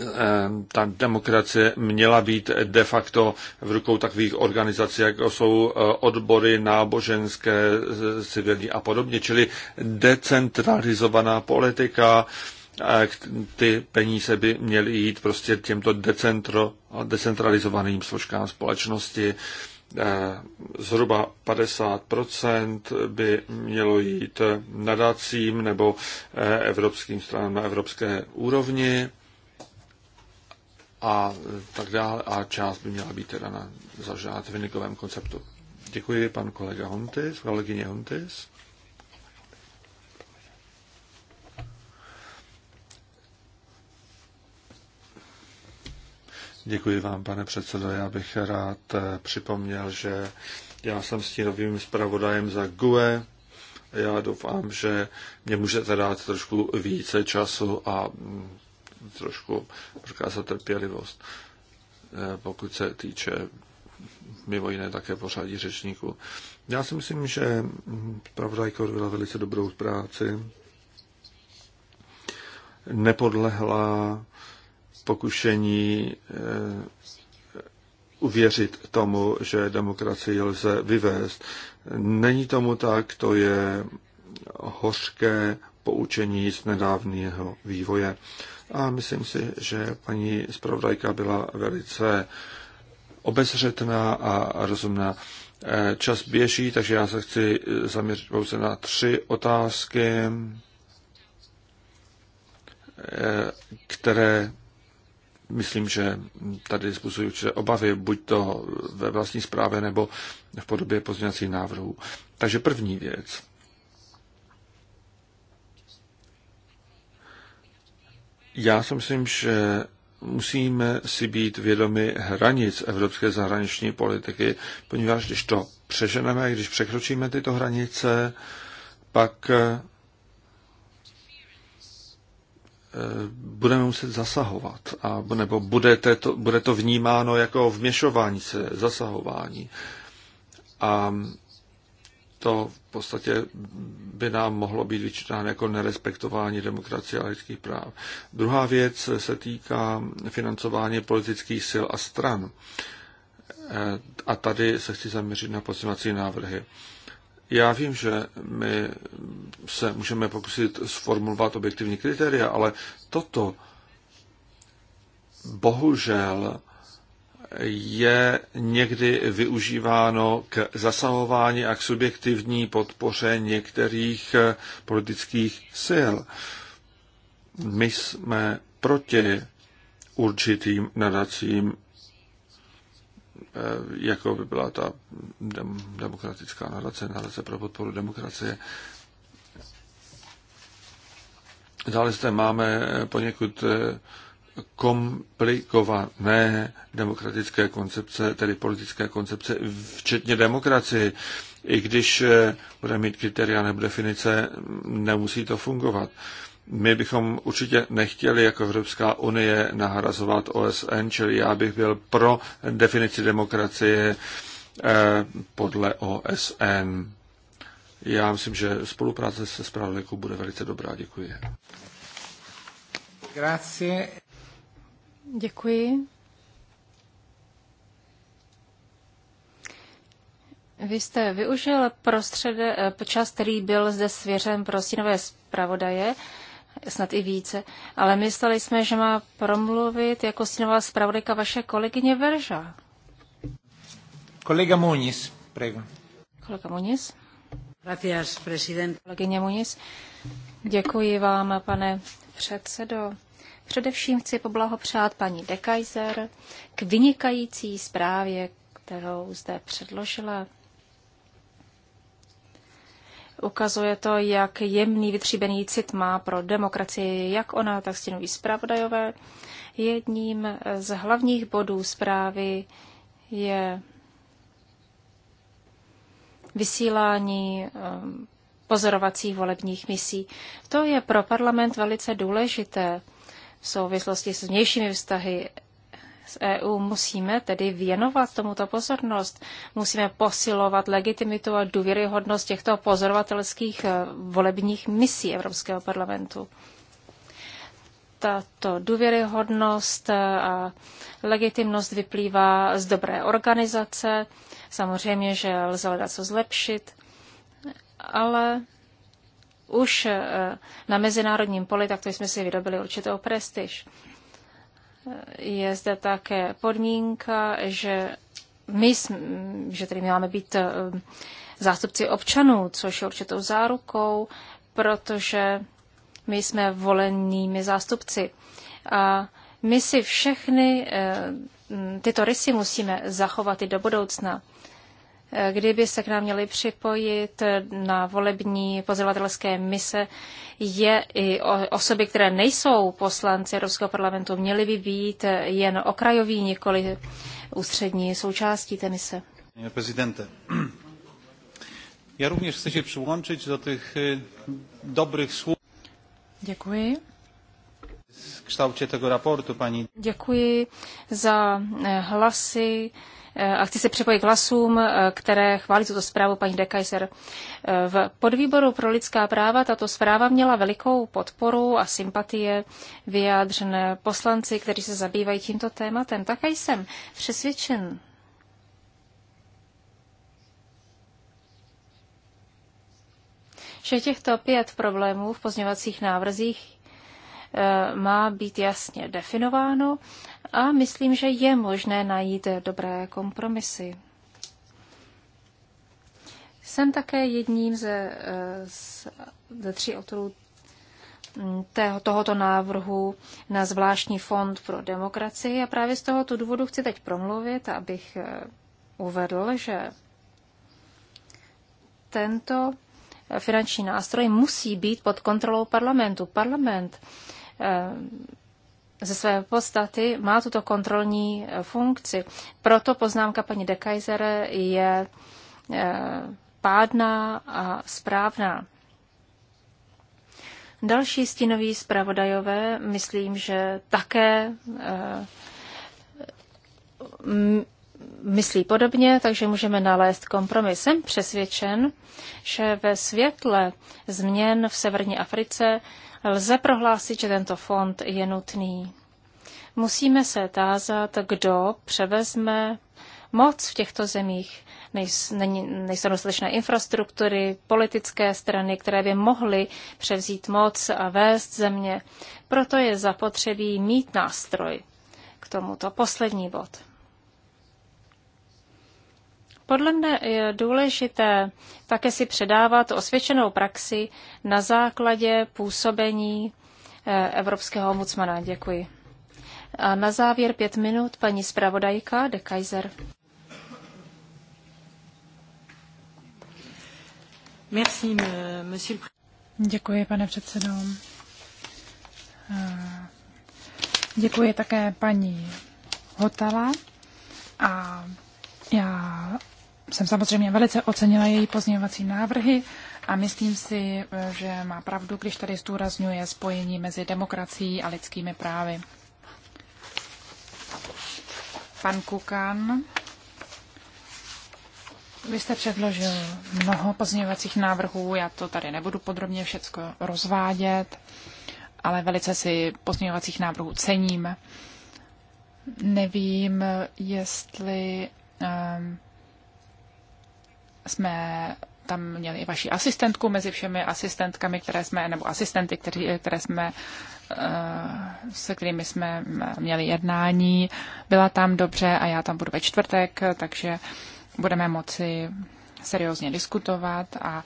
S3: Ehm, ta demokracie měla být de facto v rukou takových organizací, jako jsou eh, odbory náboženské, eh, civilní a podobně, čili decentralizovaná politika, eh, ty peníze by měly jít prostě těmto decentro, decentralizovaným složkám společnosti. Zhruba 50% by mělo jít nadacím nebo evropským stranám na evropské úrovni a tak dále. A část by měla být teda na, v vynikovém konceptu. Děkuji pan kolega Hontis, kolegyně Hontis. Děkuji vám, pane předsedo. Já bych rád eh, připomněl, že já jsem novým zpravodajem za GUE. Já doufám, že mě můžete dát trošku více času a mm, trošku prokázat trpělivost, eh, pokud se týče mimo jiné také pořádí řečníků. Já si myslím, že pravdajka byla velice dobrou práci. Nepodlehla pokušení eh, uvěřit tomu, že demokracii lze vyvést. Není tomu tak, to je hořké poučení z nedávného vývoje. A myslím si, že paní zpravodajka byla velice obezřetná a rozumná. Eh, čas běží, takže já se chci zaměřit pouze na tři otázky, eh, které myslím, že tady způsobují určité obavy, buď to ve vlastní zprávě nebo v podobě pozměňovacích návrhů. Takže první věc. Já si myslím, že musíme si být vědomi hranic evropské zahraniční politiky, poněvadž když to přeženeme, když překročíme tyto hranice, pak eh, budeme muset zasahovat, a, nebo bude, to, bude to vnímáno jako vměšování se, zasahování. A to v podstatě by nám mohlo být vyčítáno jako nerespektování demokracie a lidských práv. Druhá věc se týká financování politických sil a stran. E, a tady se chci zaměřit na pozměňovací návrhy. Já vím, že my se můžeme pokusit sformulovat objektivní kritéria, ale toto bohužel je někdy využíváno k zasahování a k subjektivní podpoře některých eh, politických sil. My jsme proti určitým nadacím, eh, jako by byla ta demokratická nadace, nadace pro podporu demokracie. Dále zde máme poněkud eh, komplikované demokratické koncepce, tedy politické koncepce, včetně demokracii. I když eh, bude mít kritéria nebo definice, nemusí to fungovat. My bychom určitě nechtěli jako Evropská unie nahrazovat OSN, čili já bych byl pro definici demokracie eh, podle OSN. Já myslím, že spolupráce se zpravodajkou bude velice dobrá. Děkuji.
S1: Grazie. Děkuji.
S2: Vy jste využil prostřede, eh, čas, který byl zde svěřen pro stínové zpravodaje, snad i více, ale mysleli jsme, že má promluvit jako stínová zpravodajka vaše kolegyně Verža.
S1: Kolega Muniz, prego.
S2: Kolega Muniz. Gracias, president. Kolegyně Muniz. Děkuji vám, pane předsedo. Především chci poblahopřát paní Kaiser k vynikající zprávě, kterou zde předložila. Ukazuje to, jak jemný vytříbený cit má pro demokracii, jak ona, tak stěnují zpravodajové. Jedním z hlavních bodů zprávy je vysílání um, pozorovacích volebních misí. To je pro parlament velice důležité v souvislosti s vnějšími vztahy z EU musíme tedy věnovat tomuto pozornost. Musíme posilovat legitimitu a důvěryhodnost těchto pozorovatelských eh, volebních misí Evropského parlamentu. Tato důvěryhodnost eh, a legitimnost vyplývá z dobré organizace. Samozřejmě, že lze hledat co zlepšit, ale už eh, na mezinárodním poli, tak to jsme si vydobili určitou prestiž. Eh, je zde také podmínka, že my, jsme, že tedy máme být eh, zástupci občanů, což je určitou zárukou, protože my jsme volenými zástupci. A my si všechny tyto rysy musíme zachovat i do budoucna kdyby se k nám měli připojit na volební pozorovatelské mise, je i osoby, které nejsou poslanci Evropského parlamentu, měly by být jen okrajoví, nikoli ústřední součástí té mise.
S3: Pane prezidente, já rovněž chci se přiłączyć do těch eh, dobrých slov. Děkuji. Z kształcie tego raportu pani.
S2: Děkuji za eh, hlasy Eh, a chci se připojit k hlasům, eh, které chválí tuto zprávu paní Dekajzer. Eh, v podvýboru pro lidská práva tato zpráva měla velikou podporu a sympatie vyjádřené poslanci, kteří se zabývají tímto tématem. Také jsem přesvědčen že těchto pět problémů v pozněvacích návrzích Eh, má být jasně definováno a myslím, že je možné najít dobré kompromisy. Jsem také jedním ze, eh, ze tří autorů mm, tohoto návrhu na zvláštní fond pro demokracii a právě z tohoto důvodu chci teď promluvit, abych eh, uvedl, že tento finanční nástroj musí být pod kontrolou parlamentu. Parlament Eh, ze své podstaty má tuto kontrolní eh, funkci. Proto poznámka paní de Kaiser je eh, pádná a správná. Další stínoví zpravodajové, myslím, že také myslí podobně, takže můžeme nalézt kompromis. Jsem přesvědčen, že ve světle změn v severní Africe lze prohlásit, že tento fond je nutný. Musíme se tázat, kdo převezme moc v těchto zemích. Nejsou dostatečné infrastruktury, politické strany, které by mohly převzít moc a vést země. Proto je zapotřebí mít nástroj k tomuto. Poslední bod. Podle mne je důležité také si předávat osvědčenou praxi na základě působení eh, Evropského ombudsmana. Děkuji. A na závěr pět minut paní zpravodajka de Kaiser. Merci,
S4: Děkuji, pane předsedo. Děkuji také paní Hotala a já jsem samozřejmě velice ocenila její pozměňovací návrhy a myslím si, že má pravdu, když tady zdůrazňuje spojení mezi demokracií a lidskými právy. Pan Kukan, vy jste předložil mnoho pozměňovacích návrhů, já to tady nebudu podrobně všecko rozvádět, ale velice si pozměňovacích návrhů cením. Nevím, jestli Ehm, jsme tam měli i vaši asistentku mezi všemi asistentkami, které jsme, nebo asistenty, kteří, které jsme, eh, se kterými jsme měli jednání. Byla tam dobře a já tam budu ve čtvrtek, takže budeme moci seriózně diskutovat a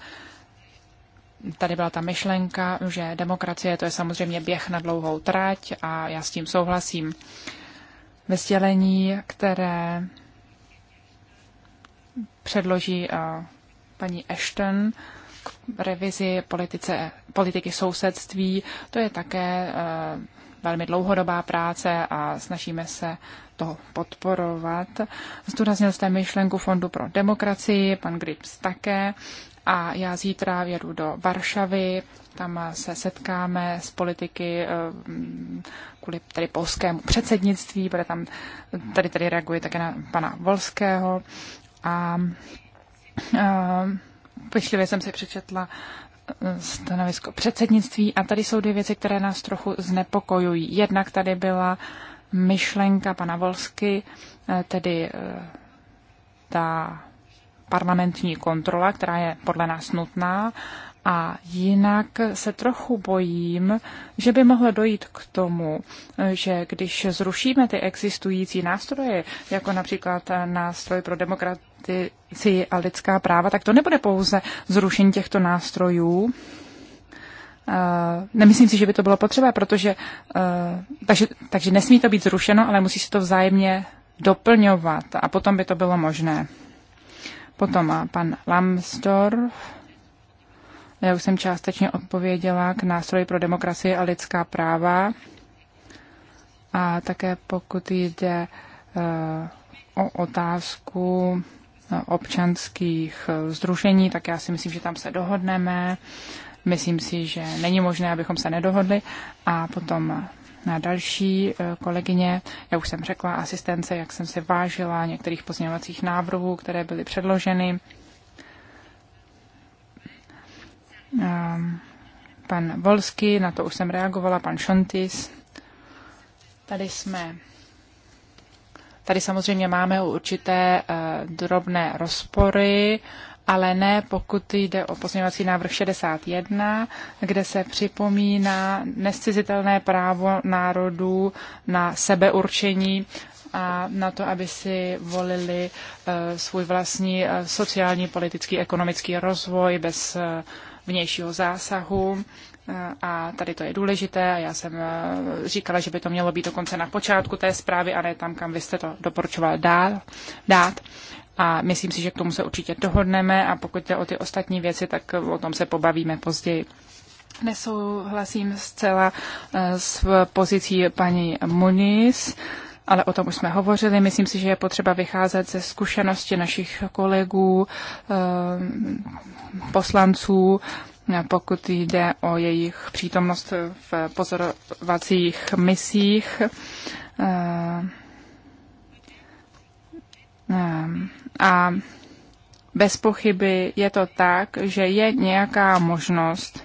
S4: tady byla ta myšlenka, že demokracie to je samozřejmě běh na dlouhou trať a já s tím souhlasím. Ve sdělení, které předloží paní Ashton k revizi politice, politiky sousedství. To je také e, velmi dlouhodobá práce a snažíme se to podporovat. Zdůraznil jste myšlenku Fondu pro demokracii, pan Grips také. A já zítra jedu do Varšavy, tam se setkáme s politiky e, kvůli tady polskému předsednictví, bude tam, tady, tady reaguje také na pana Volského a eh, pečlivě jsem si přečetla eh, stanovisko předsednictví a tady jsou dvě věci, které nás trochu znepokojují. Jednak tady byla myšlenka pana Volsky, eh, tedy ta parlamentní kontrola, která je podle nás nutná a jinak se trochu bojím, že by mohlo dojít k tomu, že když zrušíme ty existující nástroje, jako například nástroj pro demokracii a lidská práva, tak to nebude pouze zrušení těchto nástrojů, Uh, nemyslím si, že by to bylo potřeba, protože uh, takže, takže nesmí to být zrušeno, ale musí se to vzájemně doplňovat a potom by to bylo možné. Potom uh, pan Lambsdorff já už jsem částečně odpověděla k nástroji pro demokracii a lidská práva. A také pokud jde eh, o otázku eh, občanských združení, eh, tak já si myslím, že tam se dohodneme. Myslím si, že není možné, abychom se nedohodli. A potom na další kolegyně, já už jsem řekla asistence, jak jsem si vážila některých pozměňovacích návrhů, které byly předloženy. Ehm, pan Volsky, na to už jsem reagovala, pan Šontis. Tady jsme. Tady samozřejmě máme určité eh, drobné rozpory, ale ne pokud jde o pozměňovací návrh 61, kde se připomíná nescizitelné právo národů na sebeurčení a na to, aby si volili eh, svůj vlastní eh, sociální, politický, ekonomický rozvoj bez vnějšího zásahu. A tady to je důležité a já jsem eh, říkala, že by to mělo být dokonce na počátku té zprávy a ne tam, kam vy jste to doporučoval dát. dát. A myslím si, že k tomu se určitě dohodneme a pokud jde o ty ostatní věci, tak o tom se pobavíme později. Nesouhlasím zcela eh, s pozicí paní Muniz ale o tom už jsme hovořili. Myslím si, že je potřeba vycházet ze zkušenosti našich kolegů, eh, poslanců, pokud jde o jejich přítomnost v pozorovacích misích. Eh, eh, a bez pochyby je to tak, že je nějaká možnost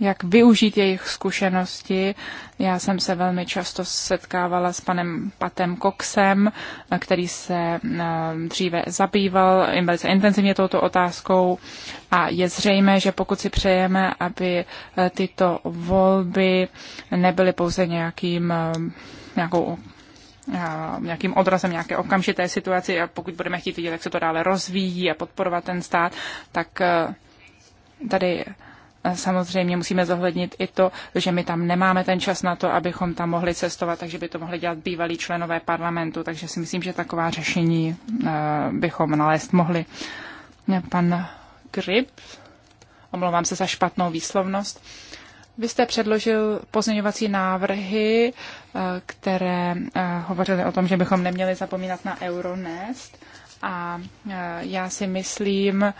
S4: jak využít jejich zkušenosti. Já jsem se velmi často setkávala s panem Patem Coxem, který se eh, dříve zabýval velice intenzivně touto otázkou a je zřejmé, že pokud si přejeme, aby eh, tyto volby nebyly pouze nějakým, eh, nějakou nějakým odrazem nějaké okamžité situaci a pokud budeme chtít vidět, jak se to dále rozvíjí a podporovat ten stát, tak tady samozřejmě musíme zohlednit i to, že my tam nemáme ten čas na to, abychom tam mohli cestovat, takže by to mohli dělat bývalí členové parlamentu. Takže si myslím, že taková řešení eh, bychom nalézt mohli. Pan Grip, omlouvám se za špatnou výslovnost. Vy jste předložil pozměňovací návrhy, eh, které eh, hovořily o tom, že bychom neměli zapomínat na Euronest. A já si myslím,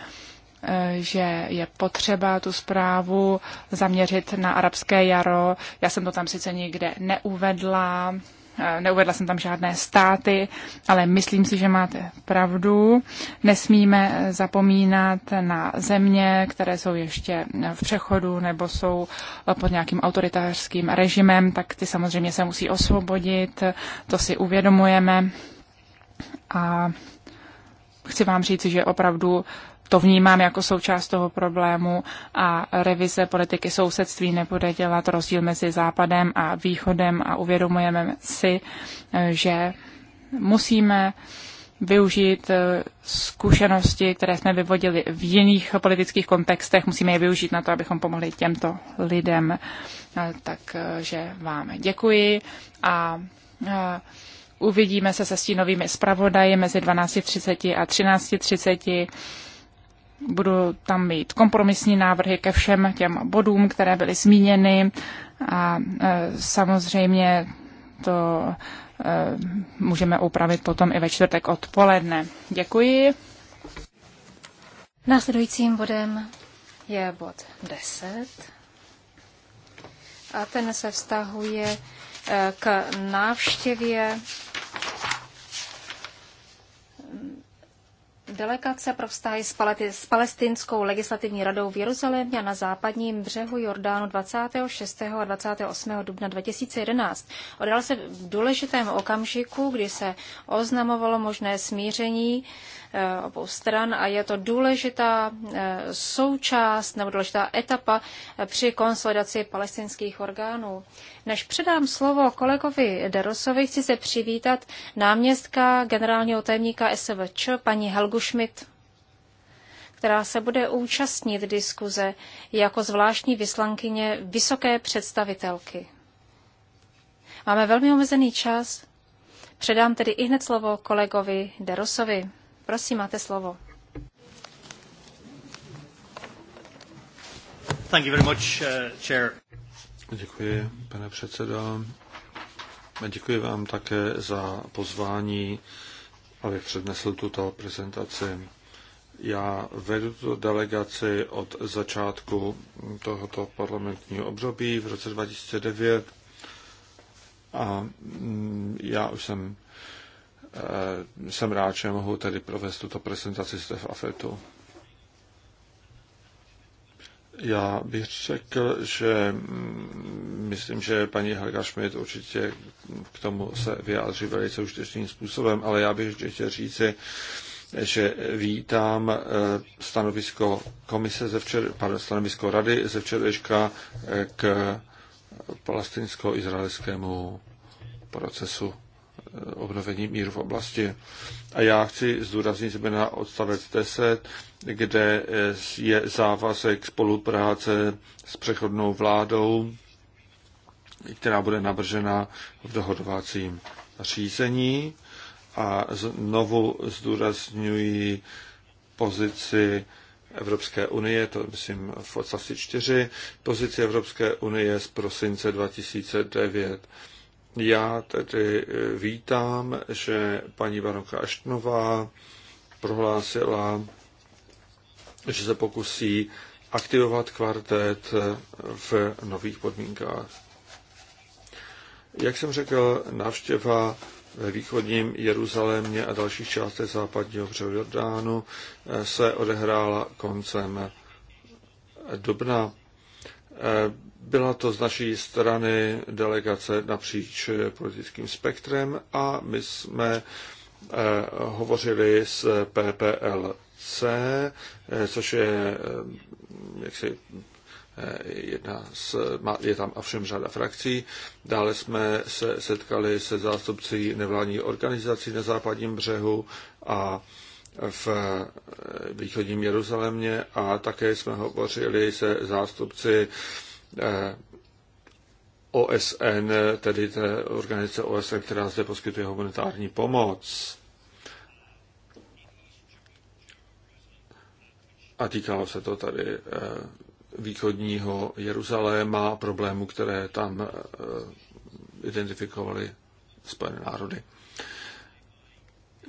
S4: Eh, že je potřeba tu zprávu zaměřit na arabské jaro. Já jsem to tam sice nikde neuvedla, eh, neuvedla jsem tam žádné státy, ale myslím si, že máte pravdu. Nesmíme eh, zapomínat na země, které jsou ještě v přechodu nebo jsou pod nějakým autoritářským režimem, tak ty samozřejmě se musí osvobodit, to si uvědomujeme. A chci vám říct, že opravdu to vnímám jako součást toho problému a revize politiky sousedství nebude dělat rozdíl mezi Západem a Východem a uvědomujeme si, že musíme využít eh, zkušenosti, které jsme vyvodili v jiných politických kontextech. Musíme je využít na to, abychom pomohli těmto lidem. Eh, takže vám děkuji a eh, uvidíme se se stínovými zpravodaji mezi 12.30 a 13.30 Budu tam mít kompromisní návrhy ke všem těm bodům, které byly zmíněny a e, samozřejmě to e, můžeme upravit potom i ve čtvrtek odpoledne.
S2: Děkuji. Následujícím bodem je bod 10 a ten se vztahuje e, k návštěvě Delegace pro vztahy s, palestinskou legislativní radou v Jeruzalémě na západním břehu Jordánu 26. a 28. dubna 2011 odjela se v důležitém okamžiku, kdy se oznamovalo možné smíření Eh, obou stran a je to důležitá eh, součást nebo důležitá etapa eh, při konsolidaci palestinských orgánů. Než předám slovo kolegovi Derosovi, chci se přivítat náměstka generálního tajemníka SVČ, paní Helgu Schmidt která se bude účastnit diskuze jako zvláštní vyslankyně vysoké představitelky. Máme velmi omezený čas, předám tedy i hned slovo kolegovi Derosovi. Prosím, máte slovo.
S3: Thank you very much, uh, chair. Děkuji, pane předsedo. Děkuji vám také za pozvání, abych přednesl tuto prezentaci. Já vedu tuto delegaci od začátku tohoto parlamentního období v roce 2009 a mm, já už jsem Eh, jsem rád, že mohu tedy provést tuto prezentaci z v Afetu. Já bych řekl, že mm, myslím, že paní Helga Schmidt určitě k tomu se vyjádří velice užitečným způsobem, ale já bych ještě chtěl říci, že vítám eh, stanovisko komise ze včer, pardon, stanovisko rady ze včerejška eh, k palestinsko-izraelskému procesu. Eh, obnovení míru v oblasti. A já chci zdůraznit zejména odstavec 10, kde eh, je závazek spolupráce s přechodnou vládou, která bude nabržena v dohodovacím řízení. A znovu zdůrazňuji pozici Evropské unie, to myslím v odstavci 4, pozici Evropské unie z prosince 2009. Já tedy e, vítám, že paní Baroka Aštnová prohlásila, že se pokusí aktivovat kvartet v nových podmínkách. Jak jsem řekl, návštěva ve východním Jeruzalémě a dalších částech západního břehu Jordánu e, se odehrála koncem dubna. Eh, byla to z naší strany delegace napříč politickým spektrem a my jsme eh, hovořili s PPLC, eh, což je jaksi jedna z, je tam a všem řada frakcí. Dále jsme se setkali se zástupci nevládní organizací na západním břehu a v východním Jeruzalémě a také jsme hovořili se zástupci eh, OSN, tedy té organizace OSN, která zde poskytuje humanitární pomoc. A týkalo se to tady eh, východního Jeruzaléma, problémů, které tam eh, identifikovali Spojené národy.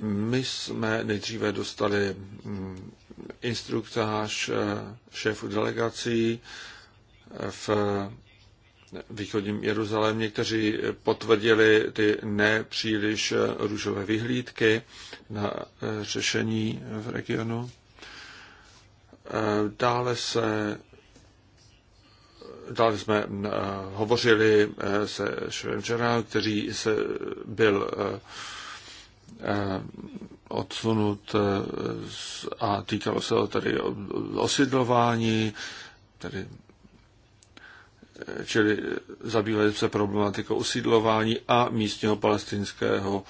S3: My jsme nejdříve dostali mm, instruktář eh, šéfu delegací eh, v východním Jeruzalém. kteří potvrdili ty nepříliš eh, růžové vyhlídky na řešení v regionu. Dále se Dále jsme hovořili se Švenčera, který se byl Eh, odsunut eh, a týkalo se to tady osidlování, tedy eh, čili zabývali se problematikou usídlování a místního palestinského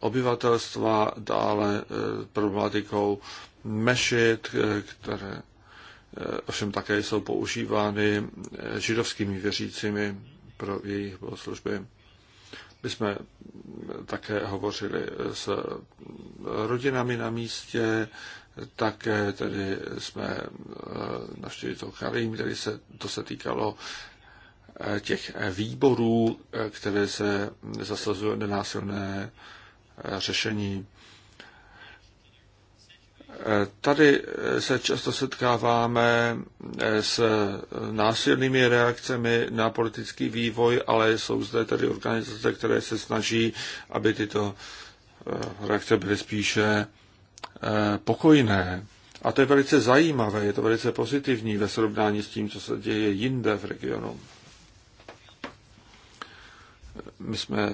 S3: obyvatelstva, dále problematikou mešit, které ovšem také jsou používány židovskými věřícími pro jejich bohoslužby. My jsme také hovořili s rodinami na místě, také tedy jsme eh, naštívili to Karim, tedy se, to se týkalo eh, těch eh, výborů, které se zasazují nenásilné řešení. Tady eh, se často setkáváme eh, s eh, násilnými reakcemi na politický vývoj, ale jsou zde tady organizace, které se snaží, aby tyto reakce byly spíše pokojné. A to je velice zajímavé, je to velice pozitivní ve srovnání s tím, co se děje jinde v regionu. My jsme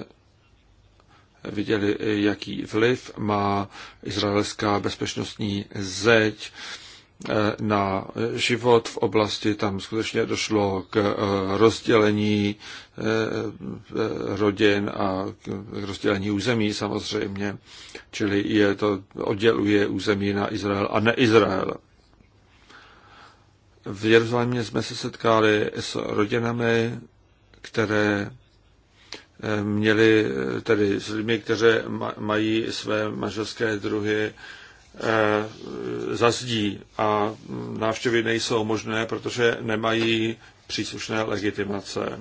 S3: viděli, jaký vliv má izraelská bezpečnostní zeď eh, na život v oblasti. Tam skutečně došlo k eh, rozdělení eh, rodin a k rozdělení území samozřejmě, čili je to odděluje území na Izrael a neizrael. V Jeruzalémě jsme se setkali s rodinami, které měli tedy s lidmi, kteří mají své manželské druhy eh, za zdí a návštěvy nejsou možné, protože nemají příslušné legitimace.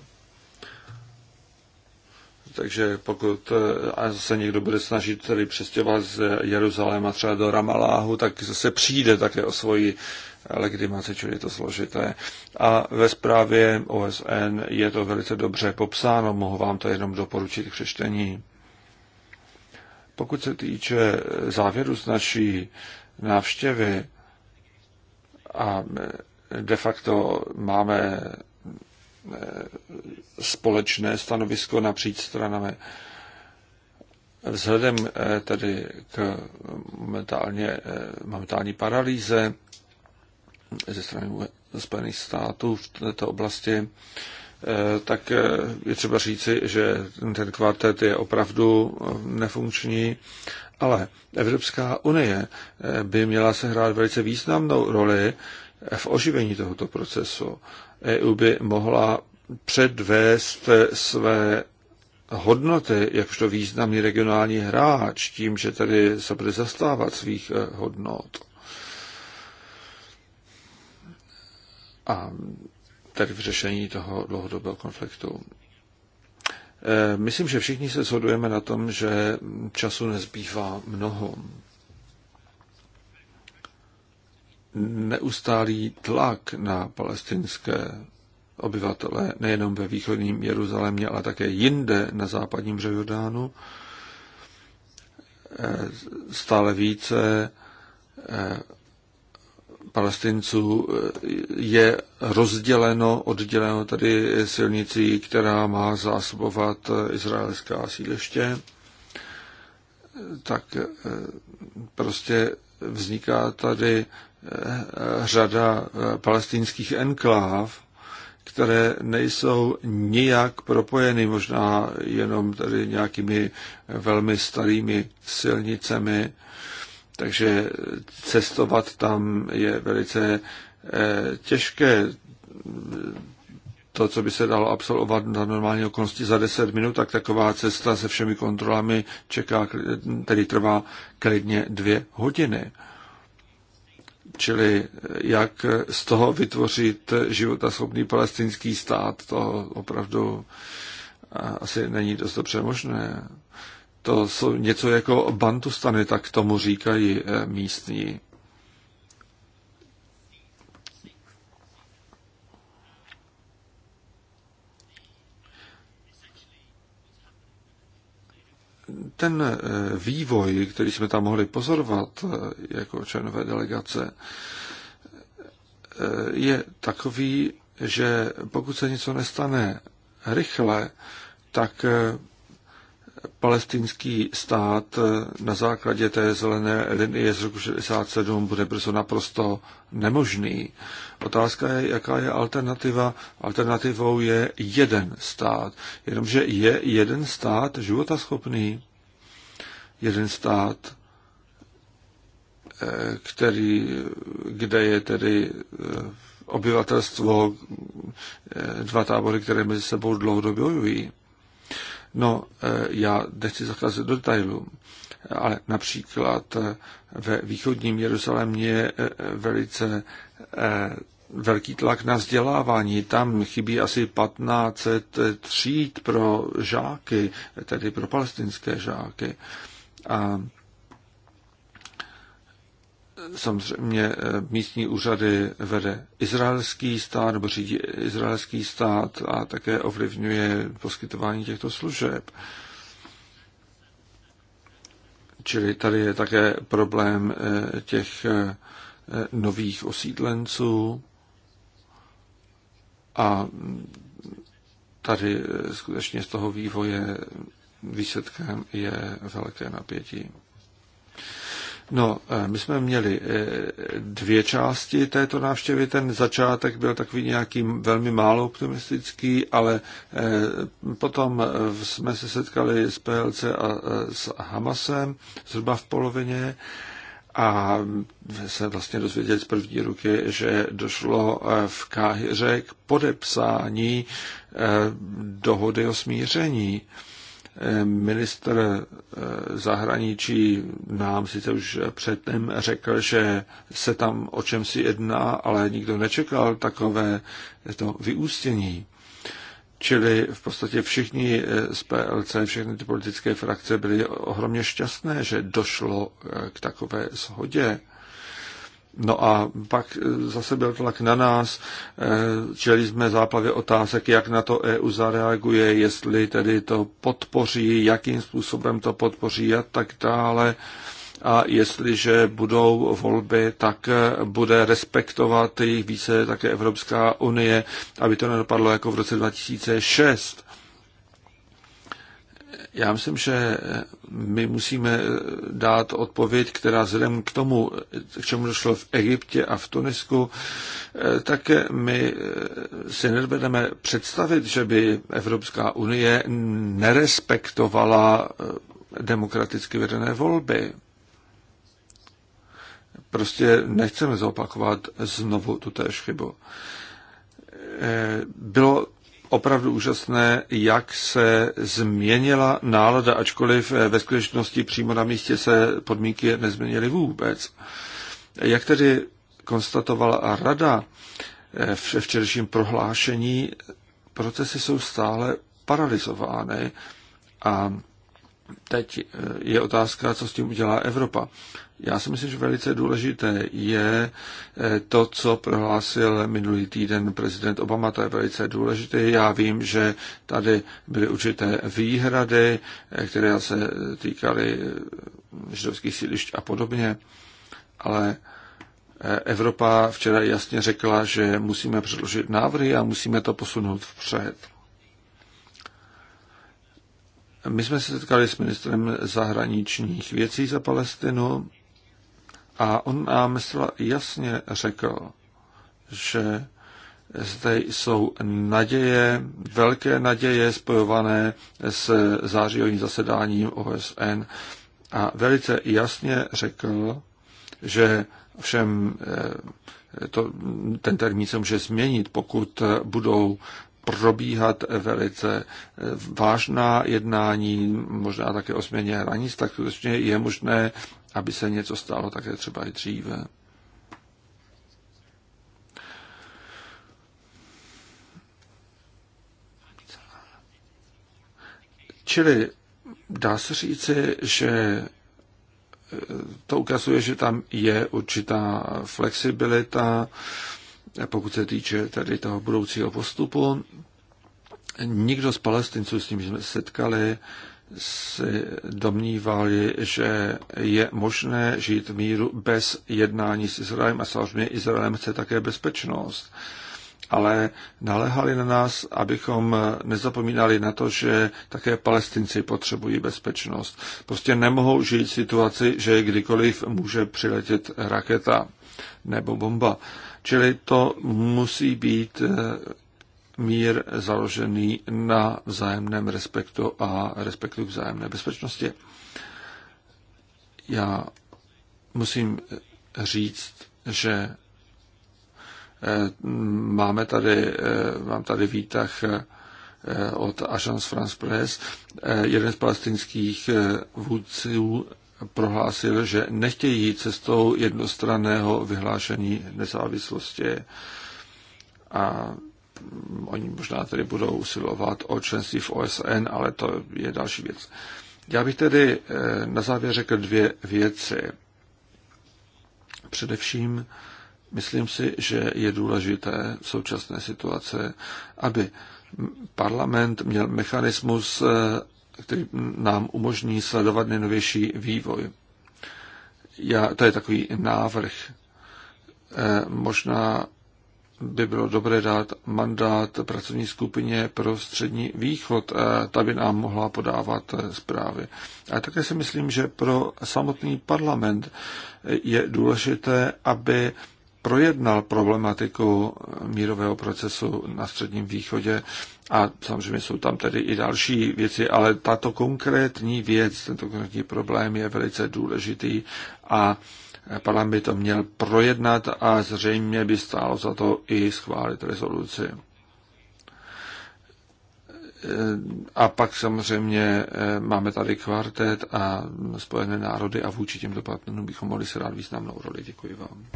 S3: Takže pokud eh, a se někdo bude snažit tedy přestěhovat z Jeruzaléma třeba do Ramaláhu, tak se přijde také o svoji legitimace, čili je to složité. A ve zprávě OSN je to velice dobře popsáno, mohu vám to jenom doporučit k přečtení. Pokud se týče závěru z naší návštěvy, a de facto máme eh, společné stanovisko napříč stranami. Vzhledem eh, tedy k momentálně, eh, momentální paralýze ze strany e- Spojených států v této oblasti, eh, tak eh, je třeba říci, že ten kvartet je opravdu eh, nefunkční, ale Evropská unie by měla sehrát velice významnou roli v oživení tohoto procesu. EU by mohla předvést své hodnoty jakožto významný regionální hráč tím, že tady se bude zastávat svých hodnot. a tedy v řešení toho dlouhodobého konfliktu. E, myslím, že všichni se shodujeme na tom, že času nezbývá mnoho. Neustálý tlak na palestinské obyvatele, nejenom ve východním Jeruzalémě, ale také jinde na západním Jordánu, e, stále více e, palestinců eh, je rozděleno, odděleno tady silnicí, která má zásobovat eh, izraelská sídliště, tak eh, prostě vzniká tady řada palestinských enkláv, které nejsou nijak propojeny, možná jenom tady nějakými velmi starými silnicemi, takže cestovat tam je velice eh, těžké. To, co by se dalo absolvovat na normální okolnosti za 10 minut, tak taková cesta se všemi kontrolami čeká, tedy trvá klidně dvě hodiny. Čili eh, jak z toho vytvořit životaschopný palestinský stát, to opravdu eh, asi není dost dobře možné. To jsou něco jako bantustany, tak tomu říkají eh, místní. ten eh, vývoj, který jsme tam mohli pozorovat eh, jako členové delegace, je takový, že pokud se něco nestane rychle, tak palestinský stát na základě té zelené linie z roku 67 bude brzo naprosto nemožný. Otázka je, jaká je alternativa. Alternativou je jeden stát. Jenomže je jeden stát životaschopný? Jeden stát, eh, který, kde je tedy eh, obyvatelstvo, eh, dva tábory, které mezi sebou dlouhodobě bojují No, eh, já nechci zacházet do detailů, ale například eh, ve východním Jeruzalémě je eh, velice velký tlak na vzdělávání. Tam chybí asi 15 tříd pro žáky, tedy pro palestinské žáky. A samozřejmě eh, místní úřady vede izraelský stát nebo řídí izraelský stát a také ovlivňuje poskytování těchto služeb. Čili tady je také problém eh, těch eh, nových osídlenců a tady skutečně z toho vývoje výsledkem je velké napětí. No, eh, my jsme měli eh, dvě části této návštěvy. Ten začátek byl takový nějaký velmi málo optimistický, ale eh, potom jsme se setkali s PLC a s Hamasem zhruba v polovině a se vlastně dozvěděli z první ruky, že došlo v Káhyře k podepsání dohody o smíření. Minister eh, zahraničí nám sice už předtím řekl, že se tam o čem si jedná, ale nikdo nečekal takové to vyústění. Čili v podstatě všichni eh, z PLC, všechny ty politické frakce byly ohromně šťastné, že došlo eh, k takové shodě. No a pak e, zase byl tlak na nás, e, čeli jsme záplavě otázek, jak na to EU zareaguje, jestli tedy to podpoří, jakým způsobem to podpoří a tak dále. A jestliže budou volby, tak e, bude respektovat jejich více také Evropská unie, aby to nedopadlo jako v roce 2006 já myslím, že eh, my musíme eh, dát odpověď, která vzhledem k tomu, eh, k čemu došlo v Egyptě a v Tunisku, tak my si nedovedeme představit, že by Evropská unie nerespektovala demokraticky vedené volby. Prostě nechceme zopakovat znovu tutéž chybu. Bylo opravdu úžasné, jak se změnila nálada, ačkoliv eh, ve skutečnosti přímo na místě se podmínky nezměnily vůbec. Jak tedy konstatovala rada eh, v včerejším prohlášení, procesy jsou stále paralizovány a teď eh, je otázka, co s tím udělá Evropa. Já si myslím, že velice důležité je eh, to, co prohlásil minulý týden prezident Obama, to je velice důležité. Já vím, že tady byly určité výhrady, eh, které se týkaly eh, židovských sídlišť a podobně, ale Evropa včera jasně řekla, že musíme předložit návrhy a musíme to posunout vpřed. My jsme se setkali s ministrem zahraničních věcí za Palestinu a on nám jasně řekl, že zde jsou naděje, velké naděje spojované s zářijovým zasedáním OSN a velice jasně řekl, že všem eh, to, ten termín se může změnit, pokud budou probíhat velice eh, vážná jednání, možná také o změně hranic, tak skutečně je možné aby se něco stalo také třeba i dříve. Čili dá se říci, že eh, to ukazuje, že tam je určitá flexibilita, pokud se týče tady toho budoucího postupu. Nikdo z palestinců, s ním jsme setkali, si domnívali, že je možné žít v míru bez jednání s Izraelem a samozřejmě Izraelem chce také bezpečnost. Ale naléhali na nás, abychom nezapomínali na to, že také palestinci potřebují bezpečnost. Prostě nemohou žít situaci, že kdykoliv může přiletět raketa nebo bomba. Čili to musí být mír založený na vzájemném respektu a respektu k vzájemné bezpečnosti. Já musím říct, že eh, máme tady, eh, mám tady výtah eh, od Agence France Press. Jeden z palestinských vůdců prohlásil, že nechtějí jít cestou jednostranného vyhlášení nezávislosti. A oni možná tedy budou usilovat o členství v OSN, ale to je další věc. Já bych tedy eh, na závěr řekl dvě věci. Především myslím si, že je důležité v současné situace, aby parlament měl mechanismus, eh, který nám umožní sledovat nejnovější vývoj. Já, to je takový návrh. Eh, možná by bylo dobré dát mandát pracovní skupině pro střední východ. Eh, ta by nám mohla podávat eh, zprávy. A také si myslím, že pro samotný parlament eh, je důležité, aby projednal problematiku mírového procesu na Středním východě a samozřejmě jsou tam tedy i další věci, ale tato konkrétní věc, tento konkrétní problém je velice důležitý a parlament by to měl projednat a zřejmě by stálo za to i schválit rezoluci. A pak samozřejmě eh, máme tady kvartet a Spojené národy a vůči těmto partnerům bychom mohli se rád významnou roli. Děkuji vám.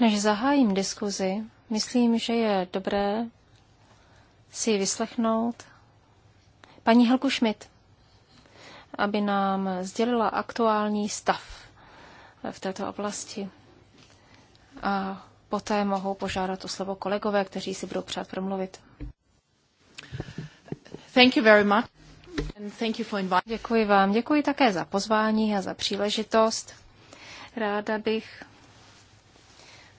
S2: Než zahájím diskuzi, myslím, že je dobré si ji vyslechnout. Paní Helku Schmidt aby nám sdělila aktuální stav v této oblasti. A poté mohou požádat o slovo kolegové, kteří si budou přát promluvit. Thank you very much. And thank you for děkuji vám, děkuji také za pozvání a za příležitost. Ráda bych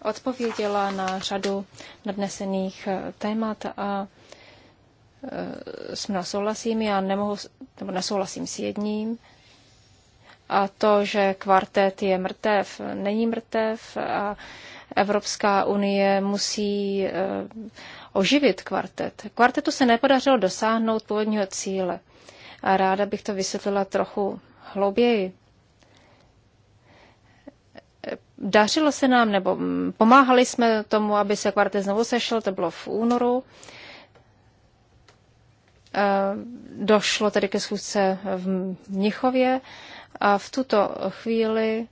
S2: odpověděla na řadu nadnesených témat a s mnoha souhlasím, já nemohu, nebo nesouhlasím s jedním. A to, že kvartet je mrtev, není mrtev a Evropská unie musí eh, oživit kvartet. Kvartetu se nepodařilo dosáhnout původního cíle. A ráda bych to vysvětlila trochu hlouběji. Dařilo se nám, nebo pomáhali jsme tomu, aby se kvartet znovu sešel, to bylo v únoru. Eh, došlo tedy ke schůzce v Mnichově a v tuto chvíli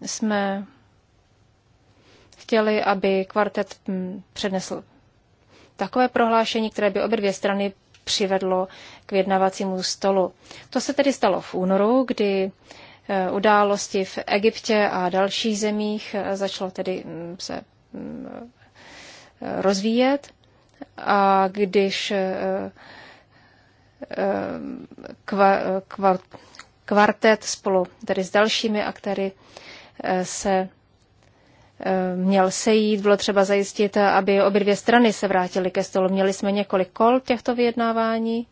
S2: jsme chtěli, aby kvartet hm, přednesl takové prohlášení, které by obě dvě strany přivedlo k vyjednavacímu stolu. To se tedy stalo v únoru, kdy eh, události v Egyptě a dalších zemích eh, začalo tedy hm, se hm, rozvíjet a když eh, eh, kvartet spolu tedy s dalšími aktéry eh, se měl sejít, bylo třeba zajistit, aby obě dvě strany se vrátily ke stolu. Měli jsme několik kol těchto vyjednávání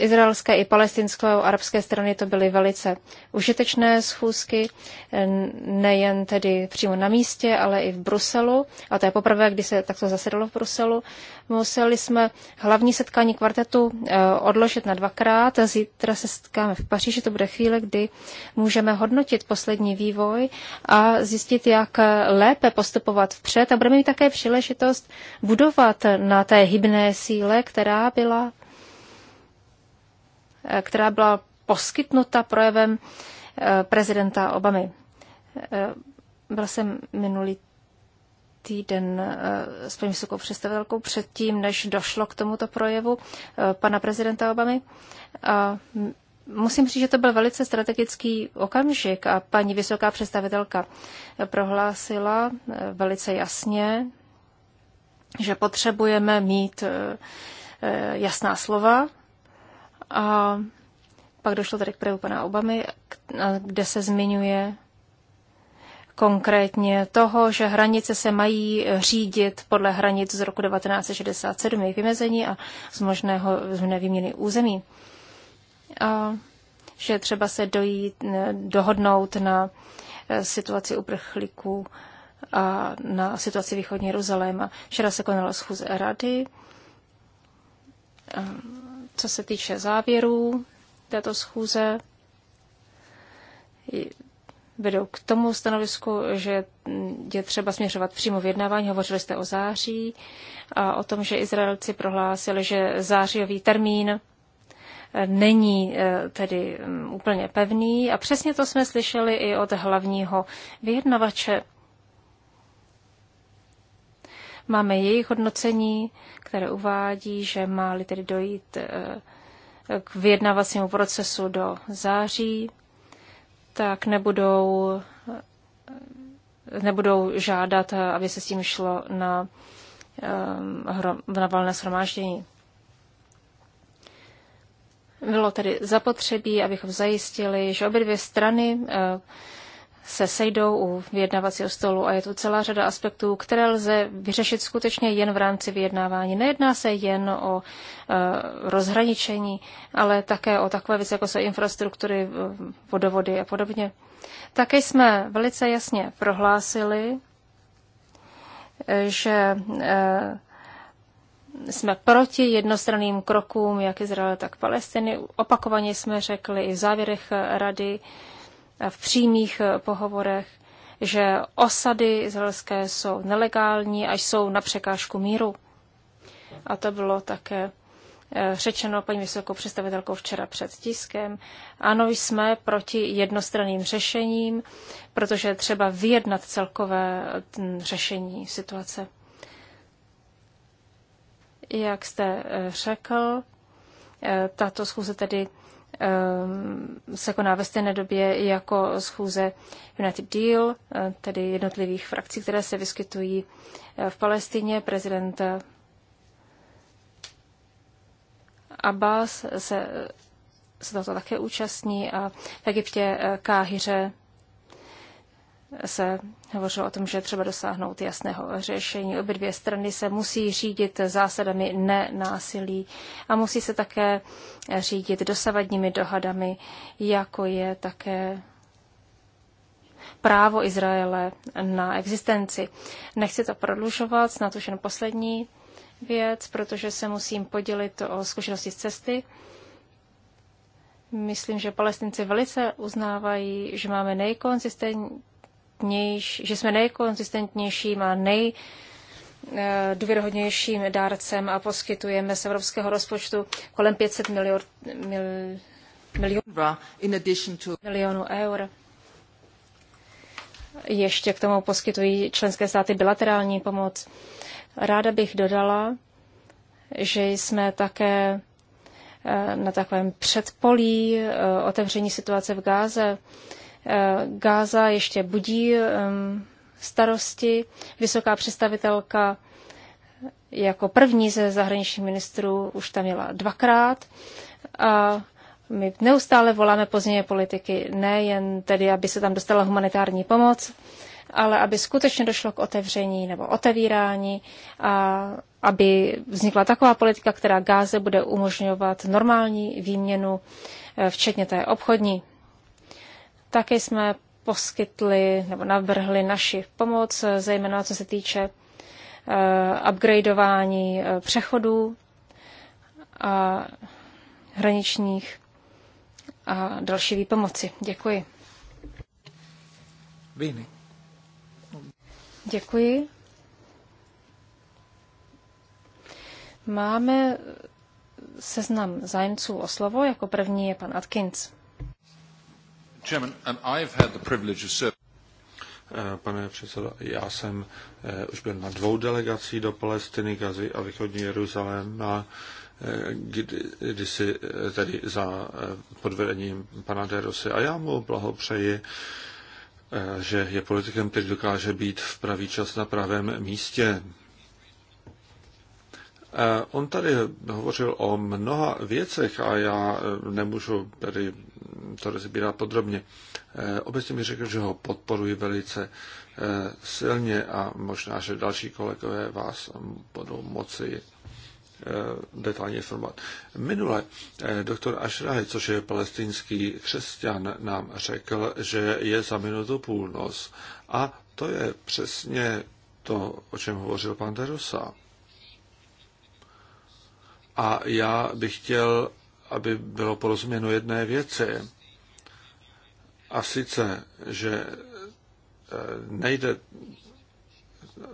S2: izraelské i palestinské a arabské strany to byly velice užitečné schůzky, nejen tedy přímo na místě, ale i v Bruselu. A to je poprvé, kdy se takto zasedalo v Bruselu. Museli jsme hlavní setkání kvartetu e, odložit na dvakrát. Zítra se setkáme v Paříži, to bude chvíle, kdy můžeme hodnotit poslední vývoj a zjistit, jak lépe postupovat vpřed. A budeme mít také příležitost budovat na té hybné síle, která byla která byla poskytnuta projevem eh, prezidenta Obamy. Eh, byl jsem minulý týden eh, s paní vysokou představitelkou předtím, než došlo k tomuto projevu pana prezidenta Obamy. A musím říct, že to byl velice strategický okamžik a paní vysoká představitelka prohlásila velice jasně, že potřebujeme mít jasná slova a pak došlo tady k projevu pana Obamy, kde se zmiňuje konkrétně toho, že hranice se mají řídit podle hranic z roku 1967, jejich vymezení a z možného z výměny území. A že třeba se dojít, dohodnout na eh, situaci uprchlíků a na situaci východní Jeruzaléma. Včera se konala schůze rady. A co se týče závěrů této schůze, vedou k tomu stanovisku, že je třeba směřovat přímo vyjednávání. Hovořili jste o září a o tom, že Izraelci prohlásili, že zářijový termín eh, není eh, tedy mm, úplně pevný. A přesně to jsme slyšeli i od hlavního vyjednavače Máme jejich hodnocení, které uvádí, že má-li tedy dojít eh, k vyjednávacímu procesu do září, tak nebudou, eh, nebudou žádat, eh, aby se s tím šlo na, na valné shromáždění. Bylo tedy zapotřebí, abychom zajistili, že obě dvě strany se sejdou u vyjednavacího stolu a je tu celá řada aspektů, které lze vyřešit skutečně jen v rámci vyjednávání. Nejedná se jen o e, rozhraničení, ale také o takové věci, jako jsou infrastruktury, e, vodovody a podobně. Také jsme velice jasně prohlásili, e, že e, jsme proti jednostranným krokům jak Izraele, tak Palestiny. Opakovaně jsme řekli i v závěrech rady, v přímých eh, pohovorech, že osady izraelské jsou nelegální a jsou na překážku míru. A to bylo také eh, řečeno paní vysokou představitelkou včera před tiskem. Ano, jsme proti jednostranným řešením, protože třeba vyjednat celkové mm, řešení situace. Jak jste eh, řekl, tato schůze tedy Ehm, se koná ve stejné době jako schůze United Deal, eh, tedy jednotlivých frakcí, které se vyskytují eh, v Palestině. Prezident eh, Abbas se, se toto také účastní a v Egyptě Káhyře se hovořilo o tom, že třeba dosáhnout jasného řešení. Obě dvě strany se musí řídit zásadami nenásilí a musí se také řídit dosavadními dohadami, jako je také právo Izraele na existenci. Nechci to prodlužovat, snad už jen poslední věc, protože se musím podělit o zkušenosti z cesty. Myslím, že palestinci velice uznávají, že máme nejkonzistentnější nejkonzistentnější, že jsme nejkonzistentnějším a nej eh, důvěrohodnějším dárcem a poskytujeme z evropského rozpočtu kolem 500 milion, mil, milionů, to... milionů eur. Ještě k tomu poskytují členské státy bilaterální pomoc. Ráda bych dodala, že jsme také eh, na takovém předpolí eh, otevření situace v Gáze. Eh, Gáza ještě budí ehm, starosti. Vysoká představitelka jako první ze zahraničních ministrů už tam jela dvakrát. A my neustále voláme pozdějně politiky, nejen tedy, aby se tam dostala humanitární pomoc, ale aby skutečně došlo k otevření nebo otevírání a aby vznikla taková politika, která Gáze bude umožňovat normální výměnu, eh, včetně té obchodní. Taky jsme poskytli nebo navrhli naši pomoc, zejména co se týče eh, upgradeování eh, přechodů a hraničních a další výpomoci. Děkuji. Víny. Děkuji. Máme seznam zájemců o slovo. Jako první je pan Atkins.
S3: Eh, pane předsedo, já jsem eh, už byl na dvou delegací do Palestiny, Gazy a východní Jeruzaléma, a eh, kdy, kdy tedy za podvedením pana Derosy. A já mu blahopřeji, že je politikem, který dokáže být v pravý čas na pravém místě. Eh, on tady hovořil o mnoha věcech a já eh, nemůžu tedy to rozbírat podrobně. Eh, obecně mi řekl, že ho podporuji velice silně a možná, že další kolegové vás budou moci detailně informovat. Minule doktor Ashrahi, což je palestinský křesťan, nám řekl, že je za minutu půlnoc. A to je přesně to, o čem hovořil pan Derosa. A já bych chtěl, aby bylo porozuměno jedné věci. A sice, že eh, nejde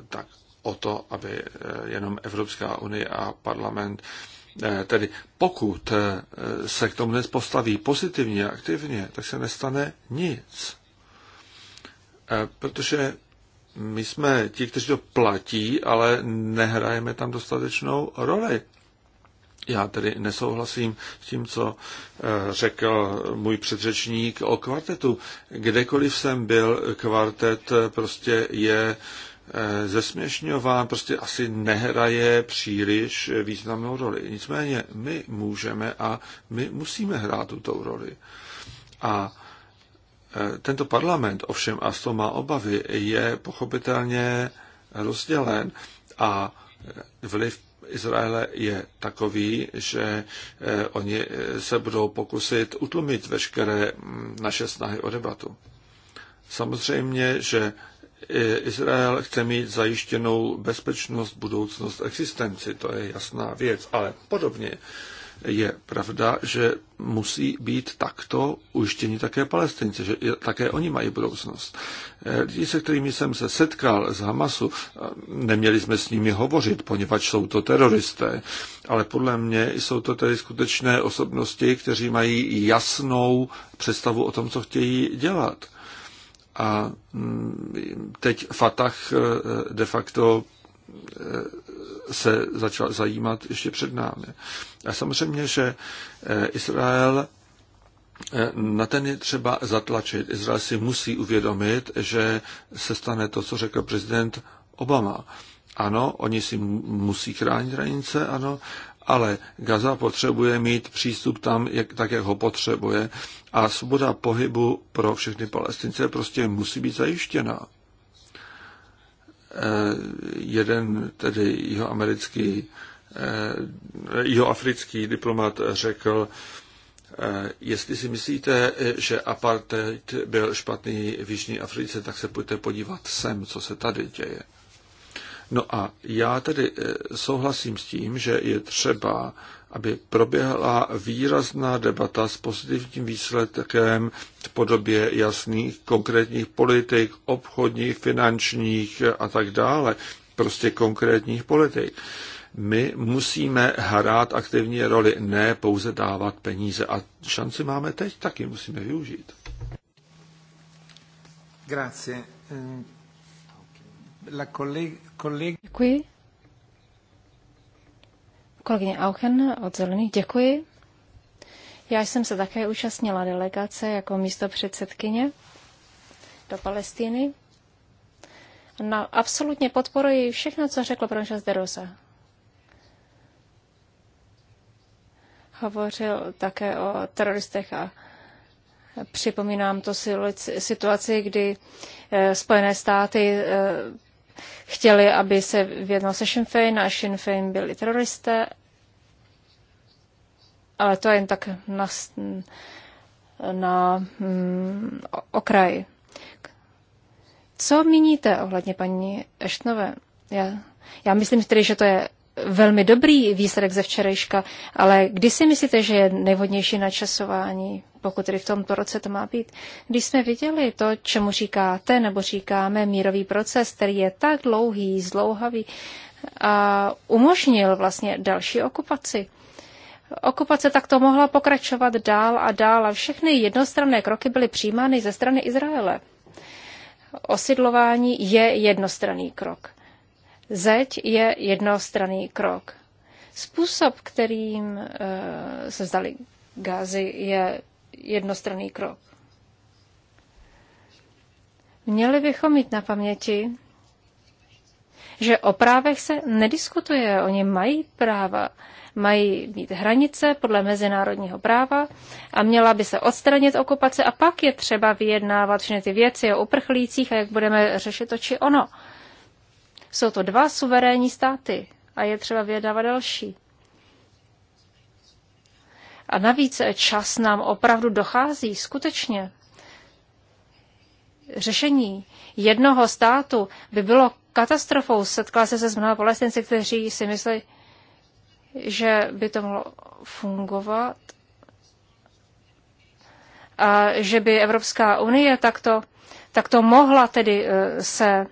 S3: tak o to, aby eh, jenom Evropská unie a parlament, eh, tedy pokud se k tomu nespostaví pozitivně, aktivně, tak se nestane nic. Protože my jsme ti, kteří to platí, ale nehrajeme tam dostatečnou roli. Já tedy nesouhlasím s tím, co eh, řekl můj předřečník o kvartetu. Kdekoliv jsem byl, kvartet eh, prostě je eh, zesměšňován, prostě asi nehraje příliš významnou roli. Nicméně my můžeme a my musíme hrát tuto roli. A tento parlament, ovšem, a s toho má obavy, je pochopitelně rozdělen a vliv Izraele je takový, že eh, oni eh, se budou pokusit utlumit veškeré mm, naše snahy o debatu. Samozřejmě, že eh, Izrael chce mít zajištěnou bezpečnost, budoucnost, existenci, to je jasná věc, ale podobně je pravda, že musí být takto ujištěni také palestinci, že také oni mají budoucnost. Eh, lidi, se kterými jsem se setkal z Hamasu, neměli jsme s nimi hovořit, poněvadž jsou to teroristé, ale podle mě jsou to tedy skutečné osobnosti, kteří mají jasnou představu o tom, co chtějí dělat. A mm, teď Fatah eh, de facto eh, se začal zajímat ještě před námi. A samozřejmě, že eh, Izrael eh, na ten je třeba zatlačit. Izrael si musí uvědomit, že se stane to, co řekl prezident Obama. Ano, oni si musí chránit hranice, ano, ale Gaza potřebuje mít přístup tam, jak, tak, jak ho potřebuje a svoboda pohybu pro všechny palestince prostě musí být zajištěna. Eh, jeden tedy eh, jeho africký diplomat řekl, eh, jestli si myslíte, že apartheid byl špatný v Jižní Africe, tak se pojďte podívat sem, co se tady děje. No a já tedy souhlasím s tím, že je třeba aby proběhla výrazná debata s pozitivním výsledkem v podobě jasných konkrétních politik, obchodních, finančních a tak dále, prostě konkrétních politik. My musíme hrát aktivní roli, ne pouze dávat peníze. A šanci máme teď, taky musíme využít.
S1: Grazie. Eh, la collega. koleg-
S2: Děkuji. Kolegyně Auchen od Zelených, děkuji. Já jsem se také účastnila delegace jako místo předsedkyně do Palestiny. No, absolutně podporuji všechno, co řekl Bronžas de Rosa. Hovořil také o teroristech a připomínám to situaci, kdy eh, Spojené státy eh, chtěli, aby se vědnal se Sinn Féin a Sinn Féin byli teroristé, ale to je jen tak na, na mm, okraji. Co míníte ohledně paní Eštnové? Já, já myslím tedy, že to je velmi dobrý výsledek ze včerejška, ale kdy si myslíte, že je nejvhodnější načasování, pokud tedy v tomto roce to má být? Když jsme viděli to, čemu říkáte nebo říkáme mírový proces, který je tak dlouhý, zlouhavý a umožnil vlastně další okupaci. Okupace takto mohla pokračovat dál a dál a všechny jednostranné kroky byly přijímány ze strany Izraele. Osidlování je jednostranný krok zeď je jednostranný krok. Způsob, kterým eh, se vzdali gázy, je jednostranný krok. Měli bychom mít na paměti, že o právech se nediskutuje. Oni mají práva, mají mít hranice podle mezinárodního práva a měla by se odstranit okupace a pak je třeba vyjednávat všechny ty věci o uprchlících a jak budeme řešit to či ono. Jsou to dva suverénní státy a je třeba vyjednávat další. A navíc čas nám opravdu dochází, skutečně. Řešení jednoho státu by bylo katastrofou. Setkala se se s mnoha palestinci, kteří si myslí, že by to mohlo fungovat a že by Evropská unie takto, takto mohla tedy eh, se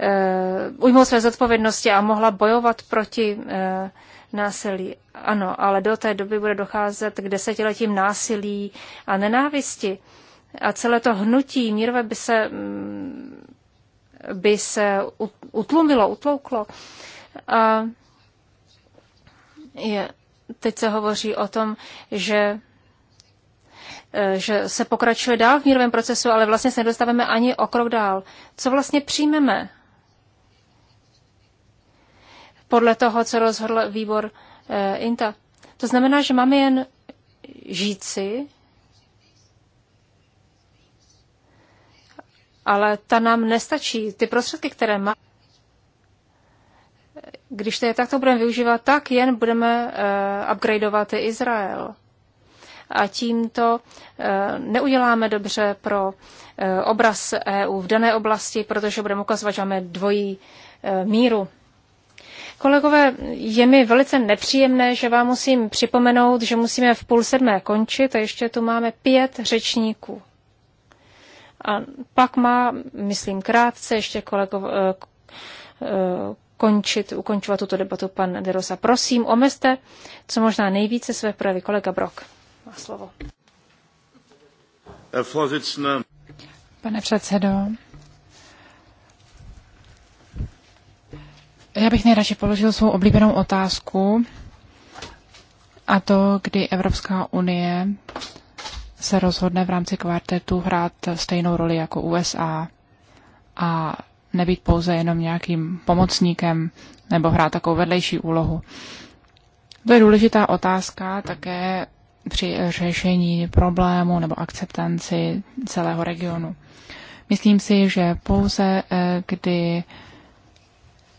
S2: Eh, ujmout své zodpovědnosti a mohla bojovat proti eh, násilí. Ano, ale do té doby bude docházet k desetiletím násilí a nenávisti. A celé to hnutí mírové by se, mm, by se utlumilo, utlouklo. A je, teď se hovoří o tom, že Eh, že se pokračuje dál v mírovém procesu, ale vlastně se nedostaveme ani o krok dál. Co vlastně přijmeme? Podle toho, co rozhodl výbor eh, INTA. To znamená, že máme jen říci, ale ta nám nestačí. Ty prostředky, které má, když to je tak, budeme využívat, tak jen budeme uh, upgradeovat Izrael a tímto eh, neuděláme dobře pro eh, obraz EU v dané oblasti, protože budeme ukazovat, že máme dvojí eh, míru. Kolegové, je mi velice nepříjemné, že vám musím připomenout, že musíme v půl sedmé končit a ještě tu máme pět řečníků. A pak má, myslím krátce, ještě kolego, končit, ukončovat tuto debatu pan Derosa. Prosím, omezte co možná nejvíce své projevy. Kolega Brok má slovo.
S4: Pane předsedo, já bych nejradši položil svou oblíbenou otázku, a to, kdy Evropská unie se rozhodne v rámci kvartetu hrát stejnou roli jako USA a nebýt pouze jenom nějakým pomocníkem nebo hrát takovou vedlejší úlohu. To je důležitá otázka také při řešení problému nebo akceptanci celého regionu. Myslím si, že pouze eh, kdy,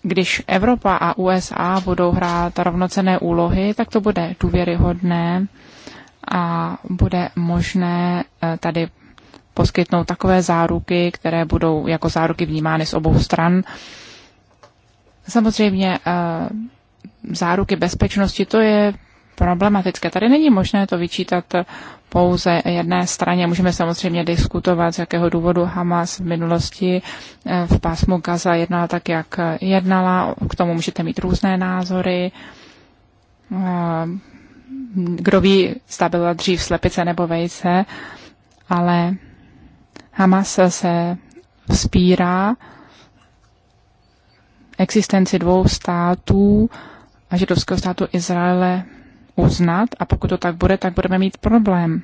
S4: když Evropa a USA budou hrát rovnocené úlohy, tak to bude důvěryhodné a bude možné eh, tady poskytnout takové záruky, které budou jako záruky vnímány z obou stran. Samozřejmě eh, záruky bezpečnosti, to je problematické. Tady není možné to vyčítat pouze jedné straně. Můžeme samozřejmě diskutovat, z jakého důvodu Hamas v minulosti eh, v pásmu Gaza jednala tak, jak jednala. K tomu můžete mít různé názory. Eh, kdo ví, zda byla dřív slepice nebo vejce, ale Hamas se vzpírá existenci dvou států a židovského státu Izraele uznat a pokud to tak bude, tak budeme mít problém.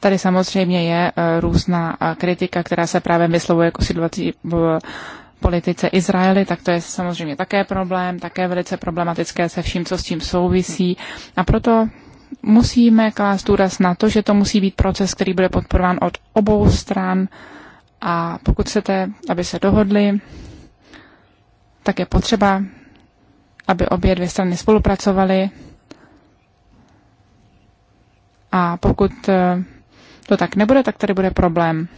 S4: Tady samozřejmě je eh, různá eh, kritika, která se právě vyslovuje k v politice Izraeli, tak to je samozřejmě také problém, také velice problematické se vším, co s tím souvisí. A proto musíme klást důraz na to, že to musí být proces, který bude podporován od obou stran a pokud chcete, aby se dohodli, tak je potřeba aby obě dvě strany spolupracovaly. A pokud eh, to tak nebude, tak tady bude problém.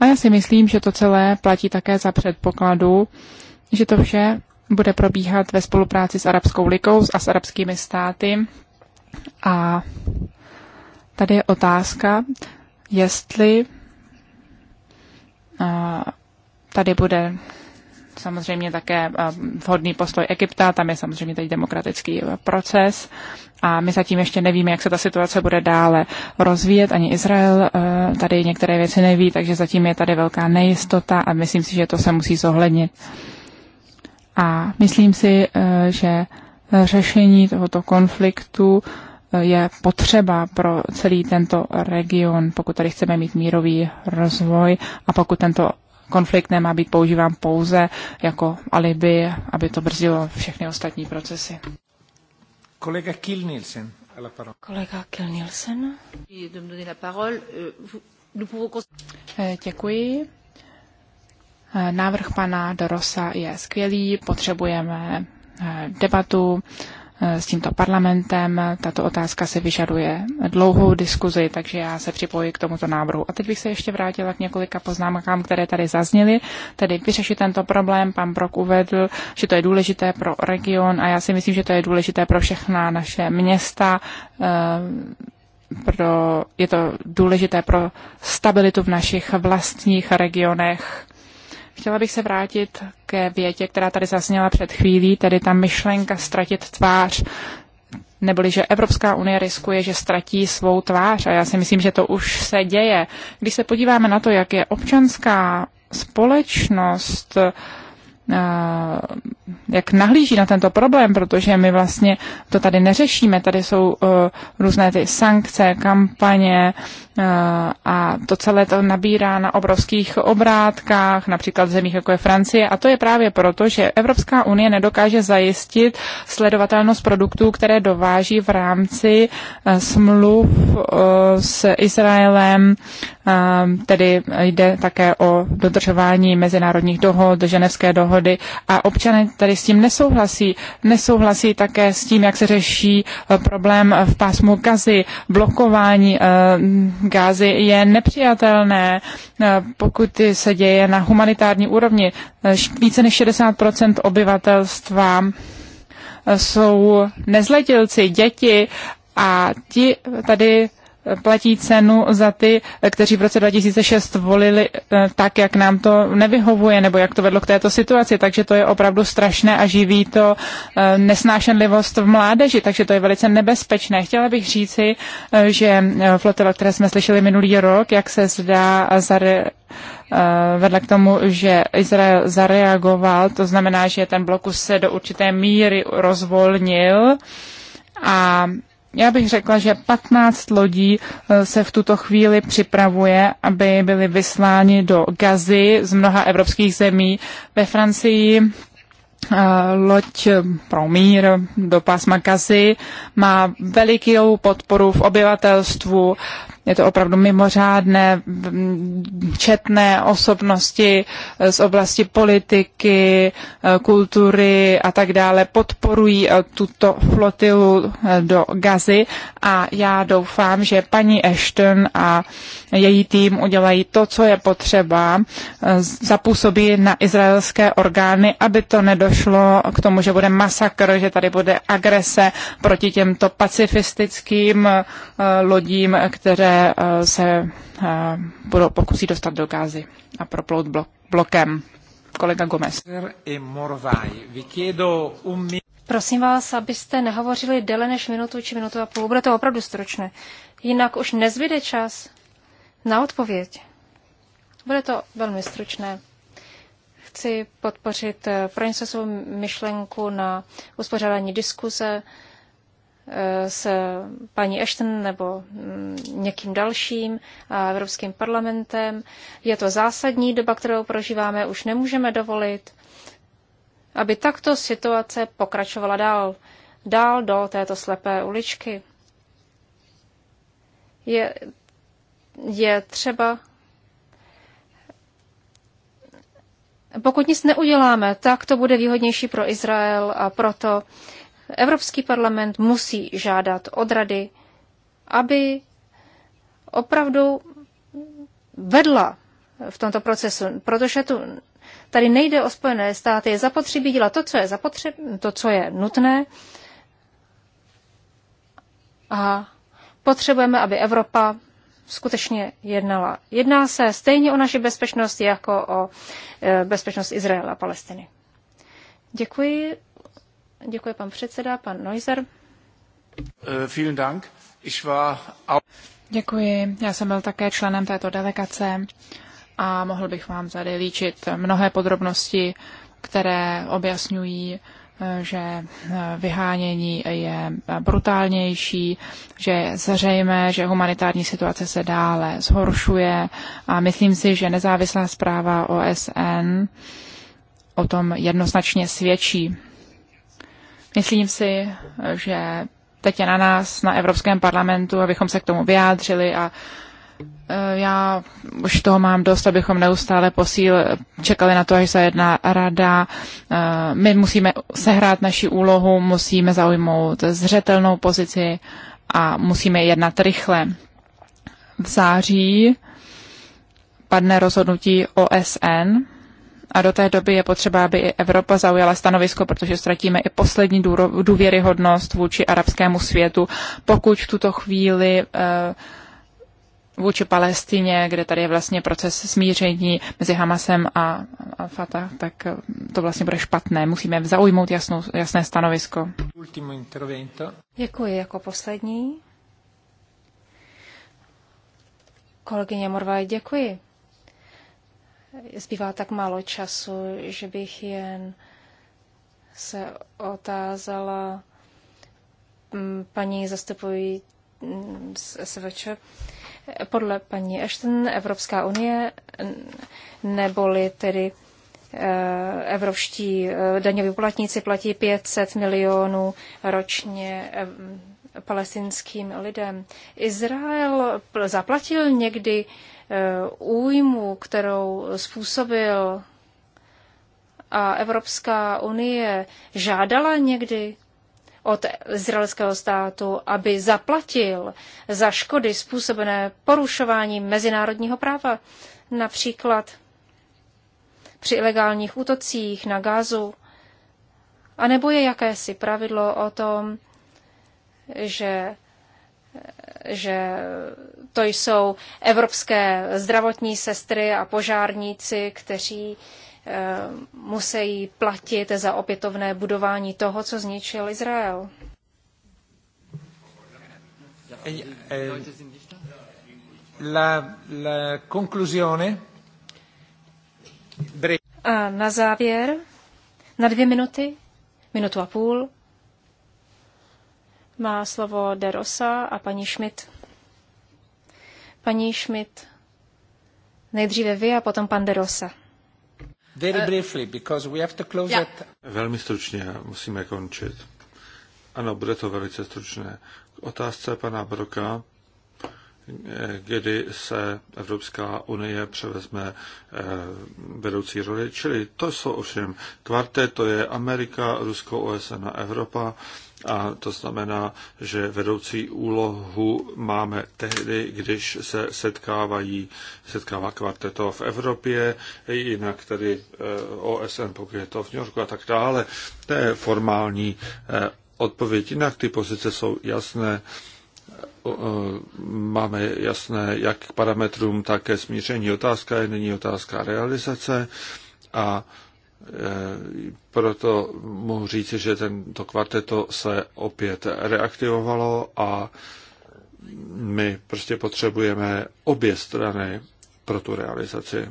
S4: A já si myslím, že to celé platí také za předpokladu, že to vše bude probíhat ve spolupráci s Arabskou likou a s arabskými státy. A tady je otázka, jestli eh, tady bude samozřejmě také eh, vhodný postoj Egypta, tam je samozřejmě teď demokratický eh, proces a my zatím ještě nevíme, jak se ta situace bude dále rozvíjet. Ani Izrael eh, tady některé věci neví, takže zatím je tady velká nejistota a myslím si, že to se musí zohlednit. A myslím si, že řešení tohoto konfliktu je potřeba pro celý tento region, pokud tady chceme mít mírový rozvoj a pokud tento konflikt nemá být používán pouze jako alibi, aby to brzdilo všechny ostatní procesy.
S1: Kolega Kiel Nielsen. Kolega Kiel Nielsen. Euh,
S4: eh, děkuji. Eh, návrh pana Dorosa je skvělý, potřebujeme eh, debatu Eh, s tímto parlamentem. Tato otázka se vyžaduje dlouhou diskuzi, takže já se připoji k tomuto návrhu. A teď bych se ještě vrátila k několika poznámkám, které tady zazněly. Tedy vyřešit tento problém, pan Brok uvedl, že to je důležité pro region a já si myslím, že to je důležité pro všechna naše města, eh, pro, je to důležité pro stabilitu v našich vlastních regionech Chtěla bych se vrátit ke větě, která tady zazněla před chvílí, tedy ta myšlenka ztratit tvář neboli že Evropská unie riskuje, že ztratí svou tvář. A já si myslím, že to už se děje. Když se podíváme na to, jak je občanská společnost uh, Eh, jak nahlíží na tento problém, protože my vlastně to tady neřešíme. Tady jsou eh, různé ty sankce, kampaně eh, a to celé to nabírá na obrovských obrátkách, například v zemích jako je Francie. A to je právě proto, že Evropská unie nedokáže zajistit sledovatelnost produktů, které dováží v rámci smluv s Izraelem. Tedy jde také o dodržování mezinárodních dohod, ženevské dohody dohody a občané tady s tím nesouhlasí. Nesouhlasí také s tím, jak se řeší eh, problém eh, v pásmu gazy. Blokování eh, gazy je nepřijatelné, pokud se děje na humanitární úrovni. Více než 60% obyvatelstva jsou nezletilci, děti a ti tady platí cenu za ty, kteří v roce 2006 volili eh, tak, jak nám to nevyhovuje, nebo jak to vedlo k této situaci. Takže to je opravdu strašné a živí to eh, nesnášenlivost v mládeži, takže to je velice nebezpečné. Chtěla bych říci, eh, že flotila, které jsme slyšeli minulý rok, jak se zdá, zare, vedle k tomu, že Izrael zareagoval, to znamená, že ten blokus se do určité míry rozvolnil a já bych řekla, že 15 lodí eh, se v tuto chvíli připravuje, aby byly vysláni do Gazy z mnoha evropských zemí. Ve Francii eh, loď eh, Promír do pásma Gazy má velikou podporu v obyvatelstvu je to opravdu mimořádné, četné osobnosti z oblasti politiky, kultury a tak dále podporují eh, tuto flotilu eh, do Gazy a já doufám, že paní Ashton a její tým udělají to, co je potřeba, eh, zapůsobí na izraelské orgány, aby to nedošlo k tomu, že bude masakr, že tady bude agrese proti těmto pacifistickým lodím, které Eh, se, se eh, budou pokusí dostat do kázy a proplout blokem. Kolega Gomez.
S1: E
S2: Prosím vás, abyste nehovořili déle než minutu či minutu a půl. Bude to opravdu stručné. Jinak už nezbyde čas na odpověď. Bude to velmi stručné. Chci podpořit eh, pro myšlenku na uspořádání diskuze, Eh, s paní Ashton nebo mm, někým dalším a Evropským parlamentem. Je to zásadní doba, kterou prožíváme, už nemůžeme dovolit, aby takto situace pokračovala dál, dál do této slepé uličky. Je, je třeba pokud nic neuděláme, tak to bude výhodnější pro Izrael a proto uh, Evropský parlament musí žádat od rady, aby opravdu vedla v tomto procesu, protože tu tady nejde o Spojené státy, je zapotřebí dělat to, co je, zapotřeb, to, co je nutné a potřebujeme, aby Evropa skutečně jednala. Jedná se stejně o naši bezpečnost jako o e, bezpečnost Izraela a Palestiny. Děkuji. Děkuji pan předseda, pan Neuser.
S1: Eh, vielen Dank. Ich war
S4: Děkuji. Já jsem byl také členem této delegace a mohl bych vám tady líčit mnohé podrobnosti, které objasňují, eh, že eh, vyhánění je brutálnější, že je zřejmé, že humanitární situace se dále zhoršuje a myslím si, že nezávislá zpráva OSN o tom jednoznačně svědčí. Myslím si, že teď je na nás, na Evropském parlamentu, abychom se k tomu vyjádřili a e, já už toho mám dost, abychom neustále posíl, čekali na to, až jedná rada. E, my musíme sehrát naši úlohu, musíme zaujmout zřetelnou pozici a musíme jednat rychle. V září padne rozhodnutí OSN a do té doby je potřeba, aby i Evropa zaujala stanovisko, protože ztratíme i poslední důvěryhodnost vůči arabskému světu, pokud v tuto chvíli eh, vůči Palestině, kde tady je vlastně proces smíření mezi Hamasem a, a Fatah, tak eh, to vlastně bude špatné. Musíme zaujmout jasnou, jasné stanovisko.
S1: Děkuji
S2: jako poslední. Kolegyně Morvaj, děkuji zbývá tak málo času, že bych jen se otázala mm, paní zastupují mm, SVČ. Podle paní Ashton Evropská unie neboli tedy eh, evropští eh, daňoví poplatníci platí 500 milionů ročně eh, palestinským lidem. Izrael zaplatil někdy Eh, újmu, kterou způsobil a Evropská unie žádala někdy od izraelského státu, aby zaplatil za škody způsobené porušováním mezinárodního práva, například při ilegálních útocích na Gázu, anebo je jakési pravidlo o tom, že že to jsou evropské zdravotní sestry a požárníci, kteří eh, musí platit za opětovné budování toho, co zničil Izrael.
S1: Eh, eh, la, la conclusione. A na
S2: závěr, na dvě minuty, minutu a půl. Má slovo Derosa a paní Schmidt. Paní Schmidt, nejdříve vy a potom pan Derosa.
S1: Very briefly, because we have to close yeah. it.
S3: Velmi stručně musíme končit. Ano, bude to velice stručné. K otázce pana Broka, eh, kdy se Evropská unie převezme eh, vedoucí roli, čili to jsou ovšem kvartet, to je Amerika, Rusko, OSN a Evropa a to znamená, že vedoucí úlohu máme tehdy, když se setkávají, setkává kvarteto v Evropě, jinak tedy eh, OSN, pokud je to v New Yorku a tak dále. To je formální eh, odpověď. Jinak ty pozice jsou jasné. Máme jasné jak k parametrům, tak ke smíření. Otázka je není otázka realizace a Eh, proto mohu říci, že tento kvarteto se opět reaktivovalo a my prostě potřebujeme obě strany pro tu realizaci.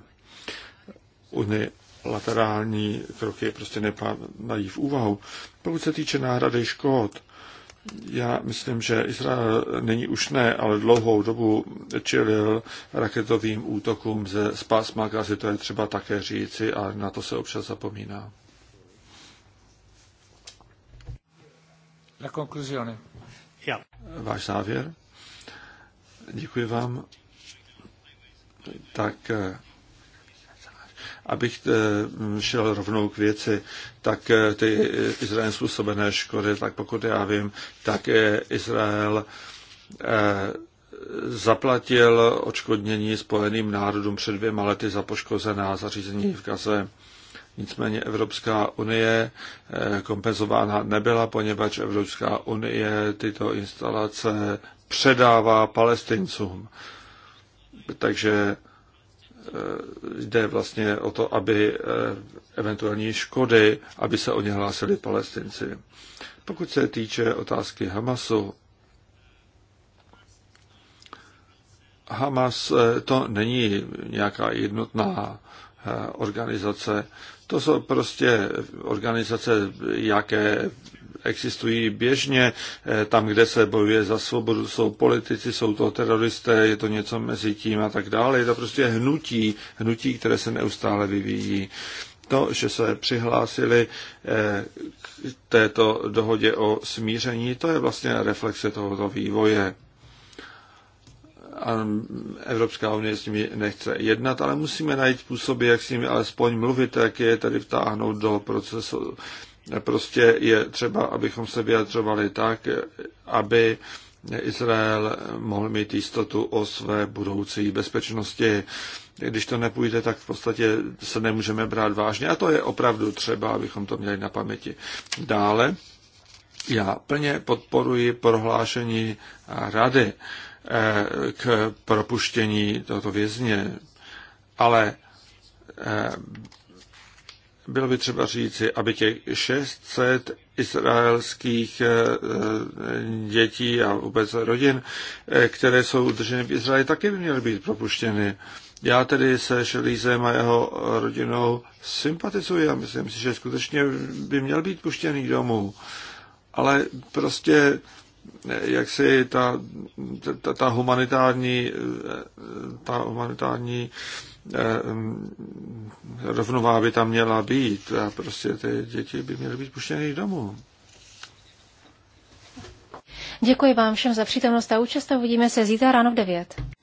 S3: Unilaterální kroky prostě nepadají v úvahu. Pokud se týče náhrady škod, já myslím, že Izrael není už ne, ale dlouhou dobu čelil raketovým útokům ze spásma Gazy, to je třeba také říci a na to se občas zapomíná.
S1: Na conclusione. Ja.
S3: Váš závěr? Děkuji vám. Tak eh, abych eh, šel rovnou k věci, tak eh, ty Izraelem způsobené škody, tak pokud já vím, tak eh, Izrael zaplatil odškodnění Spojeným národům před dvěma lety za poškozená zařízení v Gaze. Nicméně Evropská unie kompenzována nebyla, poněvadž Evropská unie tyto instalace předává palestincům. Takže Eh, jde vlastně o to, aby eh, eventuální škody, aby se o ně hlásili palestinci. Pokud se týče otázky Hamasu, Hamas eh, to není nějaká jednotná organizace, to jsou prostě organizace, jaké existují běžně. Eh, tam, kde se bojuje za svobodu, jsou politici, jsou to teroristé, je to něco mezi tím a tak dále. Je to prostě hnutí, hnutí, které se neustále vyvíjí. To, že se přihlásili eh, k této dohodě o smíření, to je vlastně reflexe tohoto vývoje. A Evropská unie s nimi nechce jednat, ale musíme najít způsoby, jak s nimi alespoň mluvit, jak je tady vtáhnout do procesu Prostě je třeba, abychom se vyjadřovali tak, aby Izrael mohl mít jistotu o své budoucí bezpečnosti. Když to nepůjde, tak v podstatě se nemůžeme brát vážně. A to je opravdu třeba, abychom to měli na paměti. Dále, já plně podporuji prohlášení rady eh, k propuštění tohoto vězně, ale eh, bylo by třeba říci, aby těch 600 izraelských eh, eh, dětí a vůbec rodin, eh, které jsou udrženy v Izraeli, taky by měly být propuštěny. Já tedy se Šelízem a jeho rodinou sympatizuji a myslím si, že skutečně by měl být puštěný domů. Ale prostě jak si ta, ta, ta humanitární, ta humanitární Eh, mm, rovnová by tam měla být a prostě ty děti by měly být puštěny domů.
S2: Děkuji vám všem za přítomnost a účast a uvidíme se zítra ráno v 9.